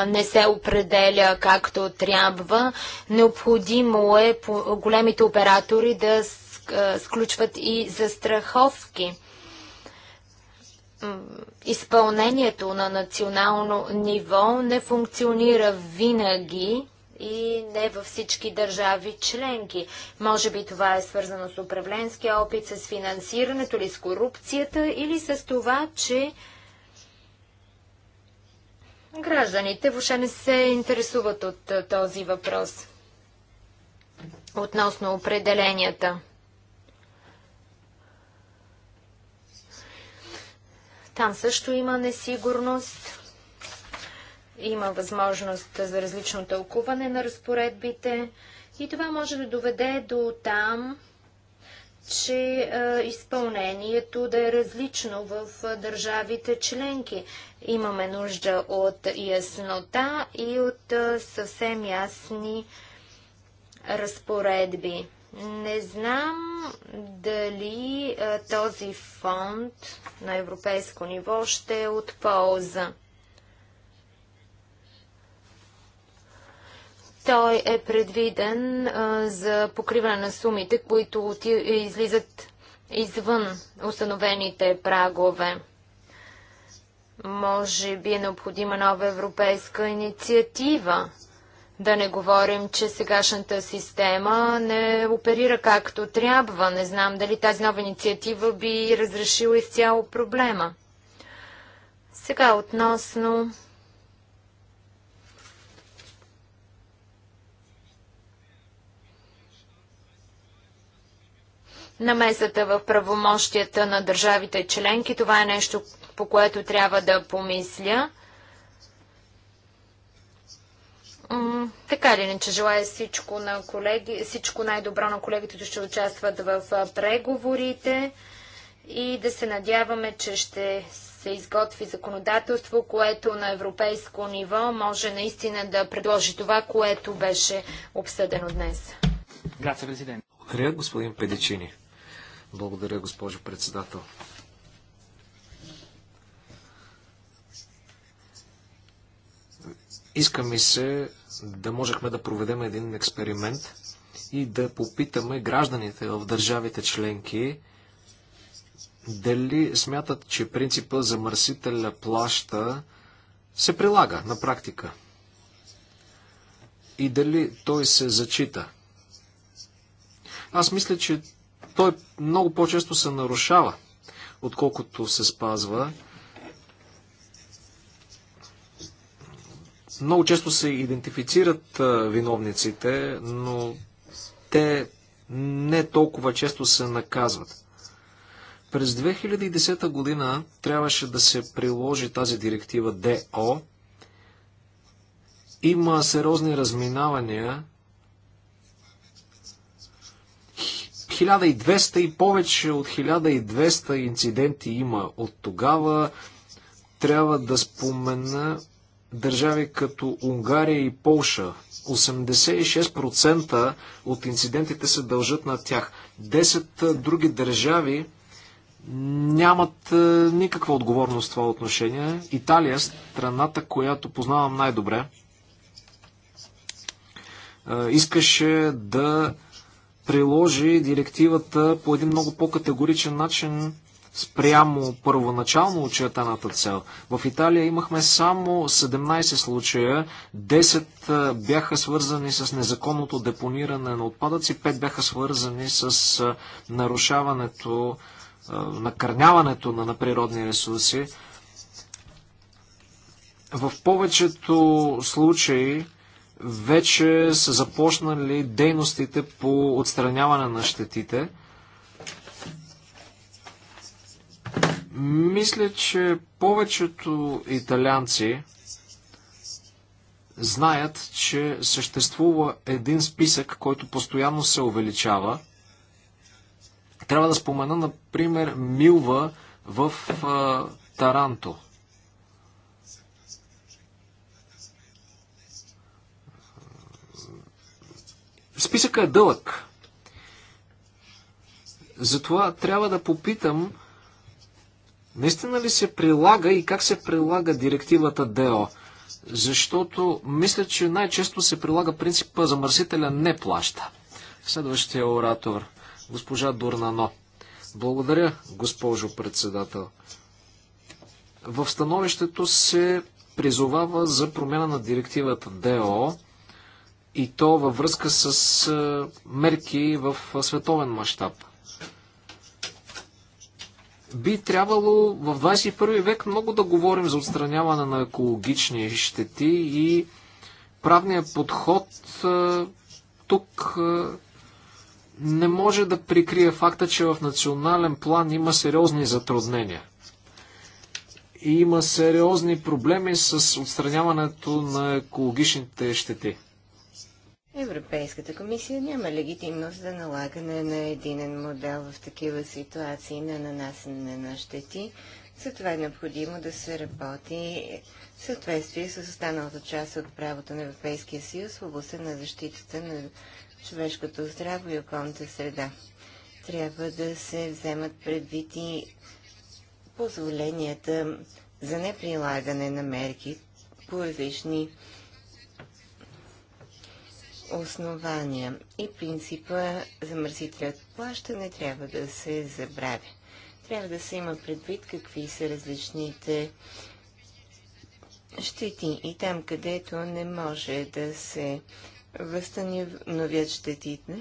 не се определя както трябва. Необходимо е по, големите оператори да сключват и застраховки. Изпълнението на национално ниво не функционира винаги и не във всички държави членки. Може би това е свързано с управленския опит, с финансирането или с корупцията или с това, че Гражданите въобще не се интересуват от този въпрос относно определенията. Там също има несигурност, има възможност за различно тълкуване на разпоредбите и това може да доведе до там, че а, изпълнението да е различно в държавите членки. Имаме нужда от яснота и от а, съвсем ясни разпоредби. Не знам дали този фонд на европейско ниво ще е от полза. Той е предвиден а, за покриване на сумите, които е, излизат извън установените прагове. Може би е необходима нова европейска инициатива. Да не говорим, че сегашната система не оперира както трябва. Не знам дали тази нова инициатива би разрешила изцяло проблема. Сега относно намесата в правомощията на държавите членки. Това е нещо, по което трябва да помисля. М така не, че желая всичко, на колеги, всичко най-добро на колегите, които ще участват в преговорите и да се надяваме, че ще се изготви законодателство, което на европейско ниво може наистина да предложи това, което беше обсъдено днес. Благодаря, господин Педичини. Благодаря, госпожо председател. Иска ми се да можехме да проведем един експеримент и да попитаме гражданите в държавите членки дали смятат, че принципа замърсителя плаща се прилага на практика и дали той се зачита. Аз мисля, че той много по-често се нарушава, отколкото се спазва. Много често се идентифицират виновниците, но те не толкова често се наказват. През 2010 година трябваше да се приложи тази директива ДО. Има сериозни разминавания 1200 и повече от 1200 инциденти има от тогава. Трябва да спомена държави като Унгария и Полша. 86% от инцидентите се дължат на тях. 10 други държави нямат никаква отговорност в това отношение. Италия, страната, която познавам най-добре, искаше да приложи директивата по един много по-категоричен начин спрямо първоначално очертаната цел. В Италия имахме само 17 случая, 10 бяха свързани с незаконното депониране на отпадъци, 5 бяха свързани с нарушаването, накърняването на, на природни ресурси. В повечето случаи вече са започнали дейностите по отстраняване на щетите. Мисля, че повечето италианци знаят, че съществува един списък, който постоянно се увеличава. Трябва да спомена, например, Милва в а, Таранто – Списъка е дълъг. Затова трябва да попитам, наистина ли се прилага и как се прилага директивата ДО? Защото мисля, че най-често се прилага принципа замърсителя не плаща. Следващия оратор, госпожа Дурнано. Благодаря, госпожо председател. В становището се призовава за промяна на директивата ДО и то във връзка с мерки в световен мащаб. Би трябвало в 21 век много да говорим за отстраняване на екологични щети и правният подход тук не може да прикрие факта, че в национален план има сериозни затруднения. И има сериозни проблеми с отстраняването на екологичните щети. Европейската комисия няма легитимност за налагане на единен модел в такива ситуации на нанасене на щети, затова е необходимо да се работи в съответствие с останалата част от правото на Европейския съюз в областта на защитата на човешкото здраво и околната среда. Трябва да се вземат предвид и позволенията за неприлагане на мерки по различни основания и принципа замърсителят плаща не трябва да се забравя. Трябва да се има предвид какви са различните щети и там, където не може да се възстановят щетите,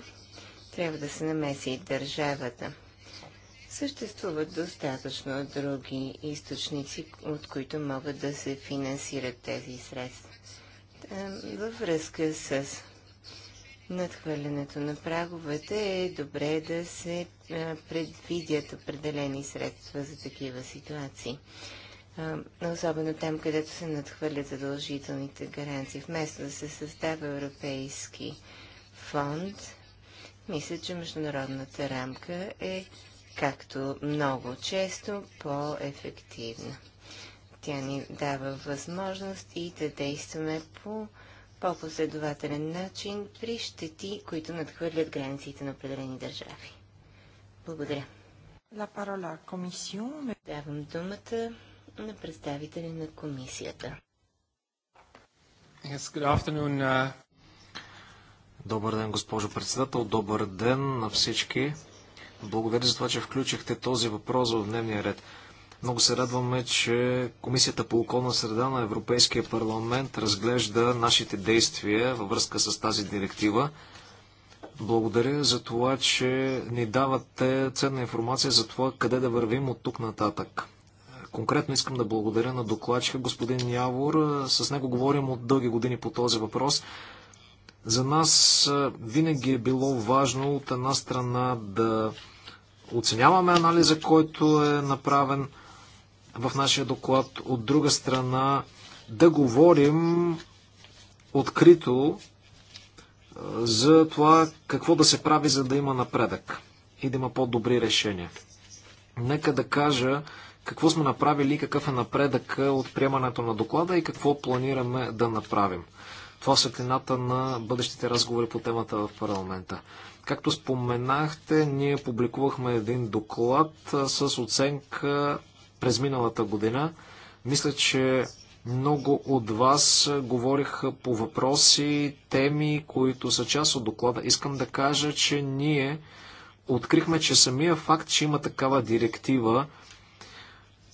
трябва да се намеси и държавата. Съществуват достатъчно други източници, от които могат да се финансират тези средства. Във връзка с надхвърлянето на праговете, е добре да се предвидят определени средства за такива ситуации. Особено там, където се надхвърлят задължителните гаранции. Вместо да се създава европейски фонд, мисля, че международната рамка е, както много често, по-ефективна. Тя ни дава възможност и да действаме по по-последователен начин при щети, които надхвърлят границите на определени държави. Благодаря. La parola Давам думата на представители на комисията. Yes, good afternoon. Uh, Добър ден, госпожо председател. Добър ден на всички. Благодаря за това, че включихте този въпрос в дневния ред. Много се радваме, че Комисията по околна среда на Европейския парламент разглежда нашите действия във връзка с тази директива. Благодаря за това, че ни давате ценна информация за това къде да вървим от тук нататък. Конкретно искам да благодаря на докладчика господин Явор. С него говорим от дълги години по този въпрос. За нас е, винаги е било важно от една страна да оценяваме анализа, който е направен, в нашия доклад. От друга страна, да говорим открито за това какво да се прави, за да има напредък и да има по-добри решения. Нека да кажа какво сме направили и какъв е напредък от приемането на доклада и какво планираме да направим. Това е светлината на бъдещите разговори по темата в парламента. Както споменахте, ние публикувахме един доклад с оценка през миналата година. Мисля, че много от вас говориха по въпроси, теми, които са част от доклада. Искам да кажа, че ние открихме, че самия факт, че има такава директива,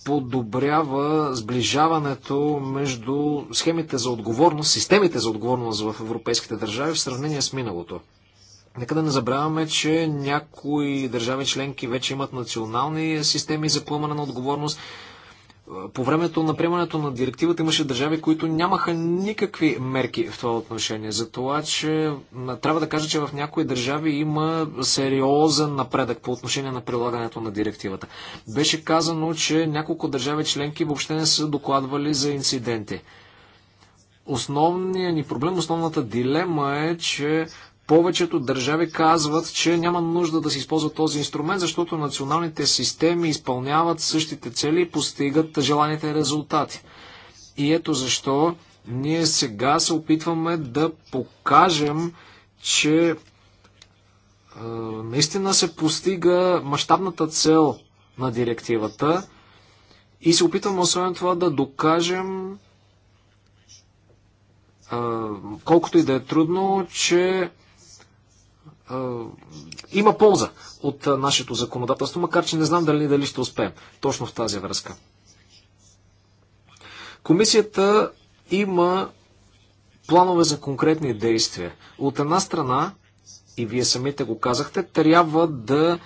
подобрява сближаването между схемите за отговорност, системите за отговорност в европейските държави в сравнение с миналото. Нека да не забравяме, че някои държави членки вече имат национални системи за поемане на отговорност. По времето на приемането на директивата имаше държави, които нямаха никакви мерки в това отношение. За това, че трябва да кажа, че в някои държави има сериозен напредък по отношение на прилагането на директивата. Беше казано, че няколко държави членки въобще не са докладвали за инциденти. Основният ни проблем, основната дилема е, че повечето държави казват, че няма нужда да се използва този инструмент, защото националните системи изпълняват същите цели и постигат желаните резултати. И ето защо ние сега се опитваме да покажем, че е, наистина се постига мащабната цел на директивата и се опитваме освен това да докажем, е, колкото и да е трудно, че има полза от нашето законодателство, макар че не знам дали, дали ще успеем точно в тази връзка. Комисията има планове за конкретни действия. От една страна, и вие самите го казахте, трябва да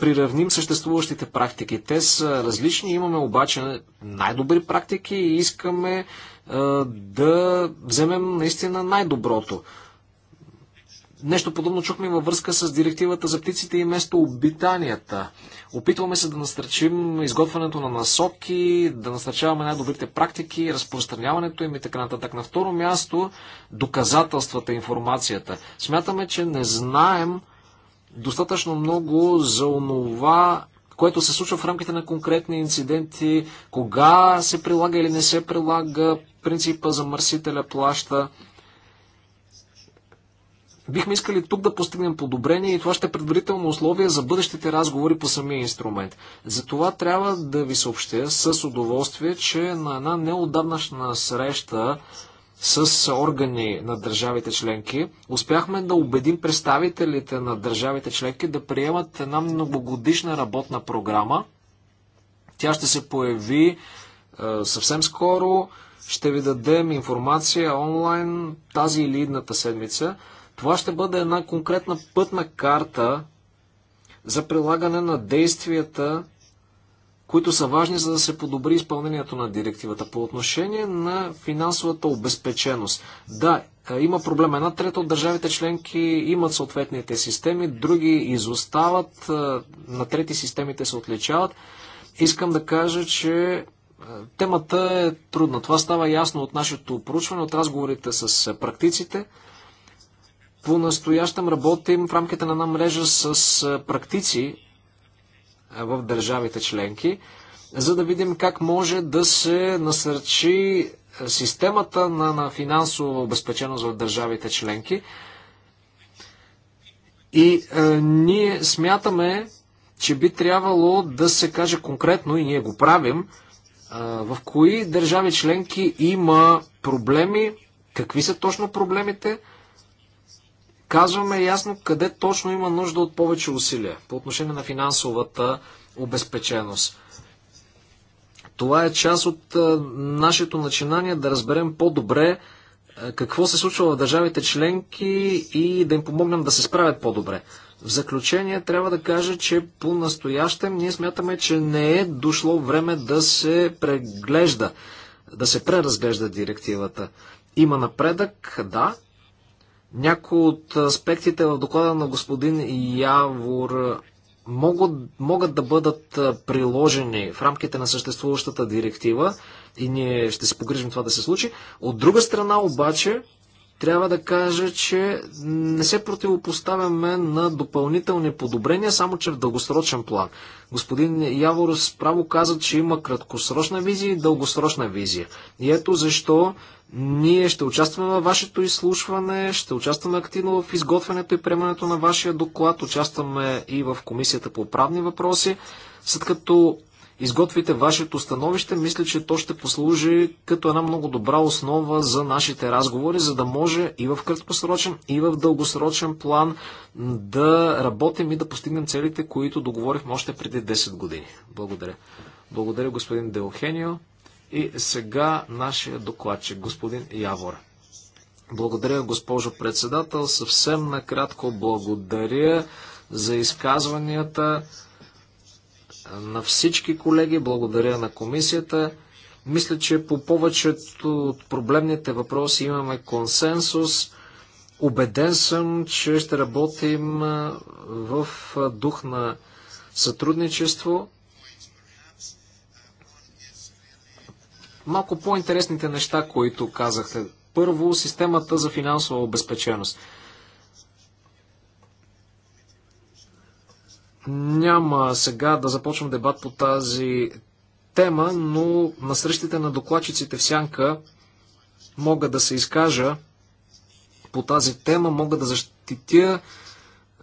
приравним съществуващите практики. Те са различни, имаме обаче най-добри практики и искаме е, да вземем наистина най-доброто Нещо подобно чухме във връзка с директивата за птиците и место обитанията. Опитваме се да насърчим изготвянето на насоки, да насърчаваме най-добрите практики, разпространяването им и така нататък. На второ място, доказателствата, информацията. Смятаме, че не знаем достатъчно много за онова, което се случва в рамките на конкретни инциденти, кога се прилага или не се прилага принципа за мърсителя плаща. Бихме искали тук да постигнем подобрение и това ще е предварително условие за бъдещите разговори по самия инструмент. Затова трябва да ви съобщя с удоволствие, че на една неодавнашна среща с органи на държавите членки, успяхме да убедим представителите на държавите членки да приемат една многогодишна работна програма. Тя ще се появи е, съвсем скоро. Ще ви дадем информация онлайн тази или идната седмица. Това ще бъде една конкретна пътна карта за прилагане на действията, които са важни за да се подобри изпълнението на директивата. По отношение на финансовата обезпеченост. Да, е, има проблем. Една трета от държавите членки имат съответните системи, други изостават, е, на трети системите се отличават. Искам да кажа, че е, темата е трудна. Това става ясно от нашето проучване, от разговорите с практиците. По-настоящем работим в рамките на една мрежа с практици в държавите членки, за да видим как може да се насърчи системата на, на финансова обезпеченост в държавите членки. И е, ние смятаме, че би трябвало да се каже конкретно, и ние го правим, е, в кои държави членки има проблеми, какви са точно проблемите, Казваме ясно къде точно има нужда от повече усилия по отношение на финансовата обезпеченост. Това е част от е, нашето начинание да разберем по-добре е, какво се случва в държавите членки и да им помогнем да се справят по-добре. В заключение трябва да кажа, че по-настоящем ние смятаме, че не е дошло време да се преглежда, да се преразглежда директивата. Има напредък, да, някои от аспектите в доклада на господин Явор могат, могат да бъдат приложени в рамките на съществуващата директива и ние ще се погрижим това да се случи. От друга страна обаче, трябва да кажа, че не се противопоставяме на допълнителни подобрения, само че в дългосрочен план. Господин Явор справо каза, че има краткосрочна визия и дългосрочна визия. И ето защо ние ще участваме във вашето изслушване, ще участваме активно в изготвянето и приемането на вашия доклад, участваме и в Комисията по правни въпроси. След като изготвите вашето становище, мисля, че то ще послужи като една много добра основа за нашите разговори, за да може и в краткосрочен, и в дългосрочен план да работим и да постигнем целите, които договорихме още преди 10 години. Благодаря. Благодаря, господин Деохенио. И сега нашия докладчик, господин Явор. Благодаря, госпожо председател. Съвсем накратко благодаря за изказванията на всички колеги, благодаря на комисията. Мисля, че по повечето от проблемните въпроси имаме консенсус. Обеден съм, че ще работим в дух на сътрудничество. малко по-интересните неща, които казахте. Първо, системата за финансова обезпеченост. Няма сега да започвам дебат по тази тема, но на срещите на докладчиците в Сянка мога да се изкажа по тази тема, мога да защитя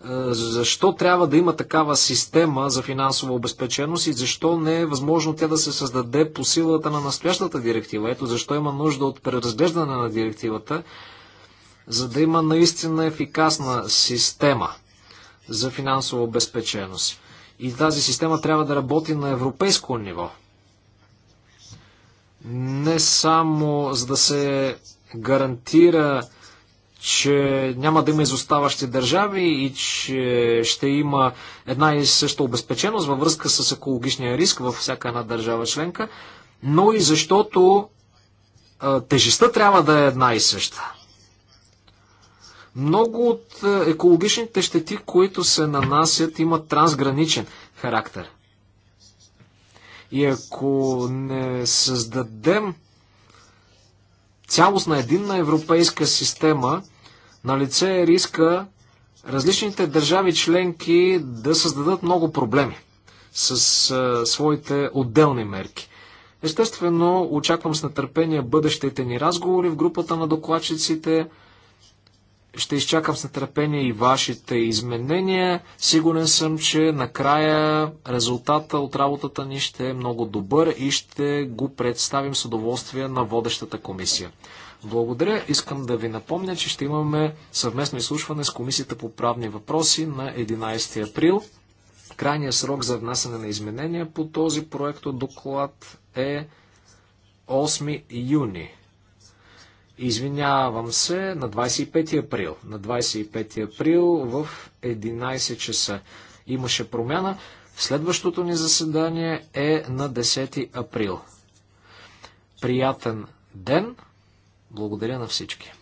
защо трябва да има такава система за финансова обезпеченост и защо не е възможно тя да се създаде по силата на настоящата директива. Ето защо има нужда от преразглеждане на директивата, за да има наистина ефикасна система за финансова обезпеченост. И тази система трябва да работи на европейско ниво. Не само за да се гарантира че няма да има изоставащи държави и че ще има една и съща обезпеченост във връзка с екологичния риск във всяка една държава членка, но и защото тежестта трябва да е една и съща. Много от екологичните щети, които се нанасят, имат трансграничен характер. И ако не създадем цялостна единна европейска система, на лице е риска различните държави членки да създадат много проблеми с а, своите отделни мерки. Естествено, очаквам с нетърпение бъдещите ни разговори в групата на докладчиците. Ще изчакам с нетърпение и вашите изменения. Сигурен съм, че накрая резултата от работата ни ще е много добър и ще го представим с удоволствие на водещата комисия. Благодаря. Искам да ви напомня, че ще имаме съвместно изслушване с Комисията по правни въпроси на 11 април. Крайният срок за внасяне на изменения по този проект от доклад е 8 юни. Извинявам се, на 25 април. На 25 април в 11 часа имаше промяна. Следващото ни заседание е на 10 април. Приятен ден! Благодаря на всички.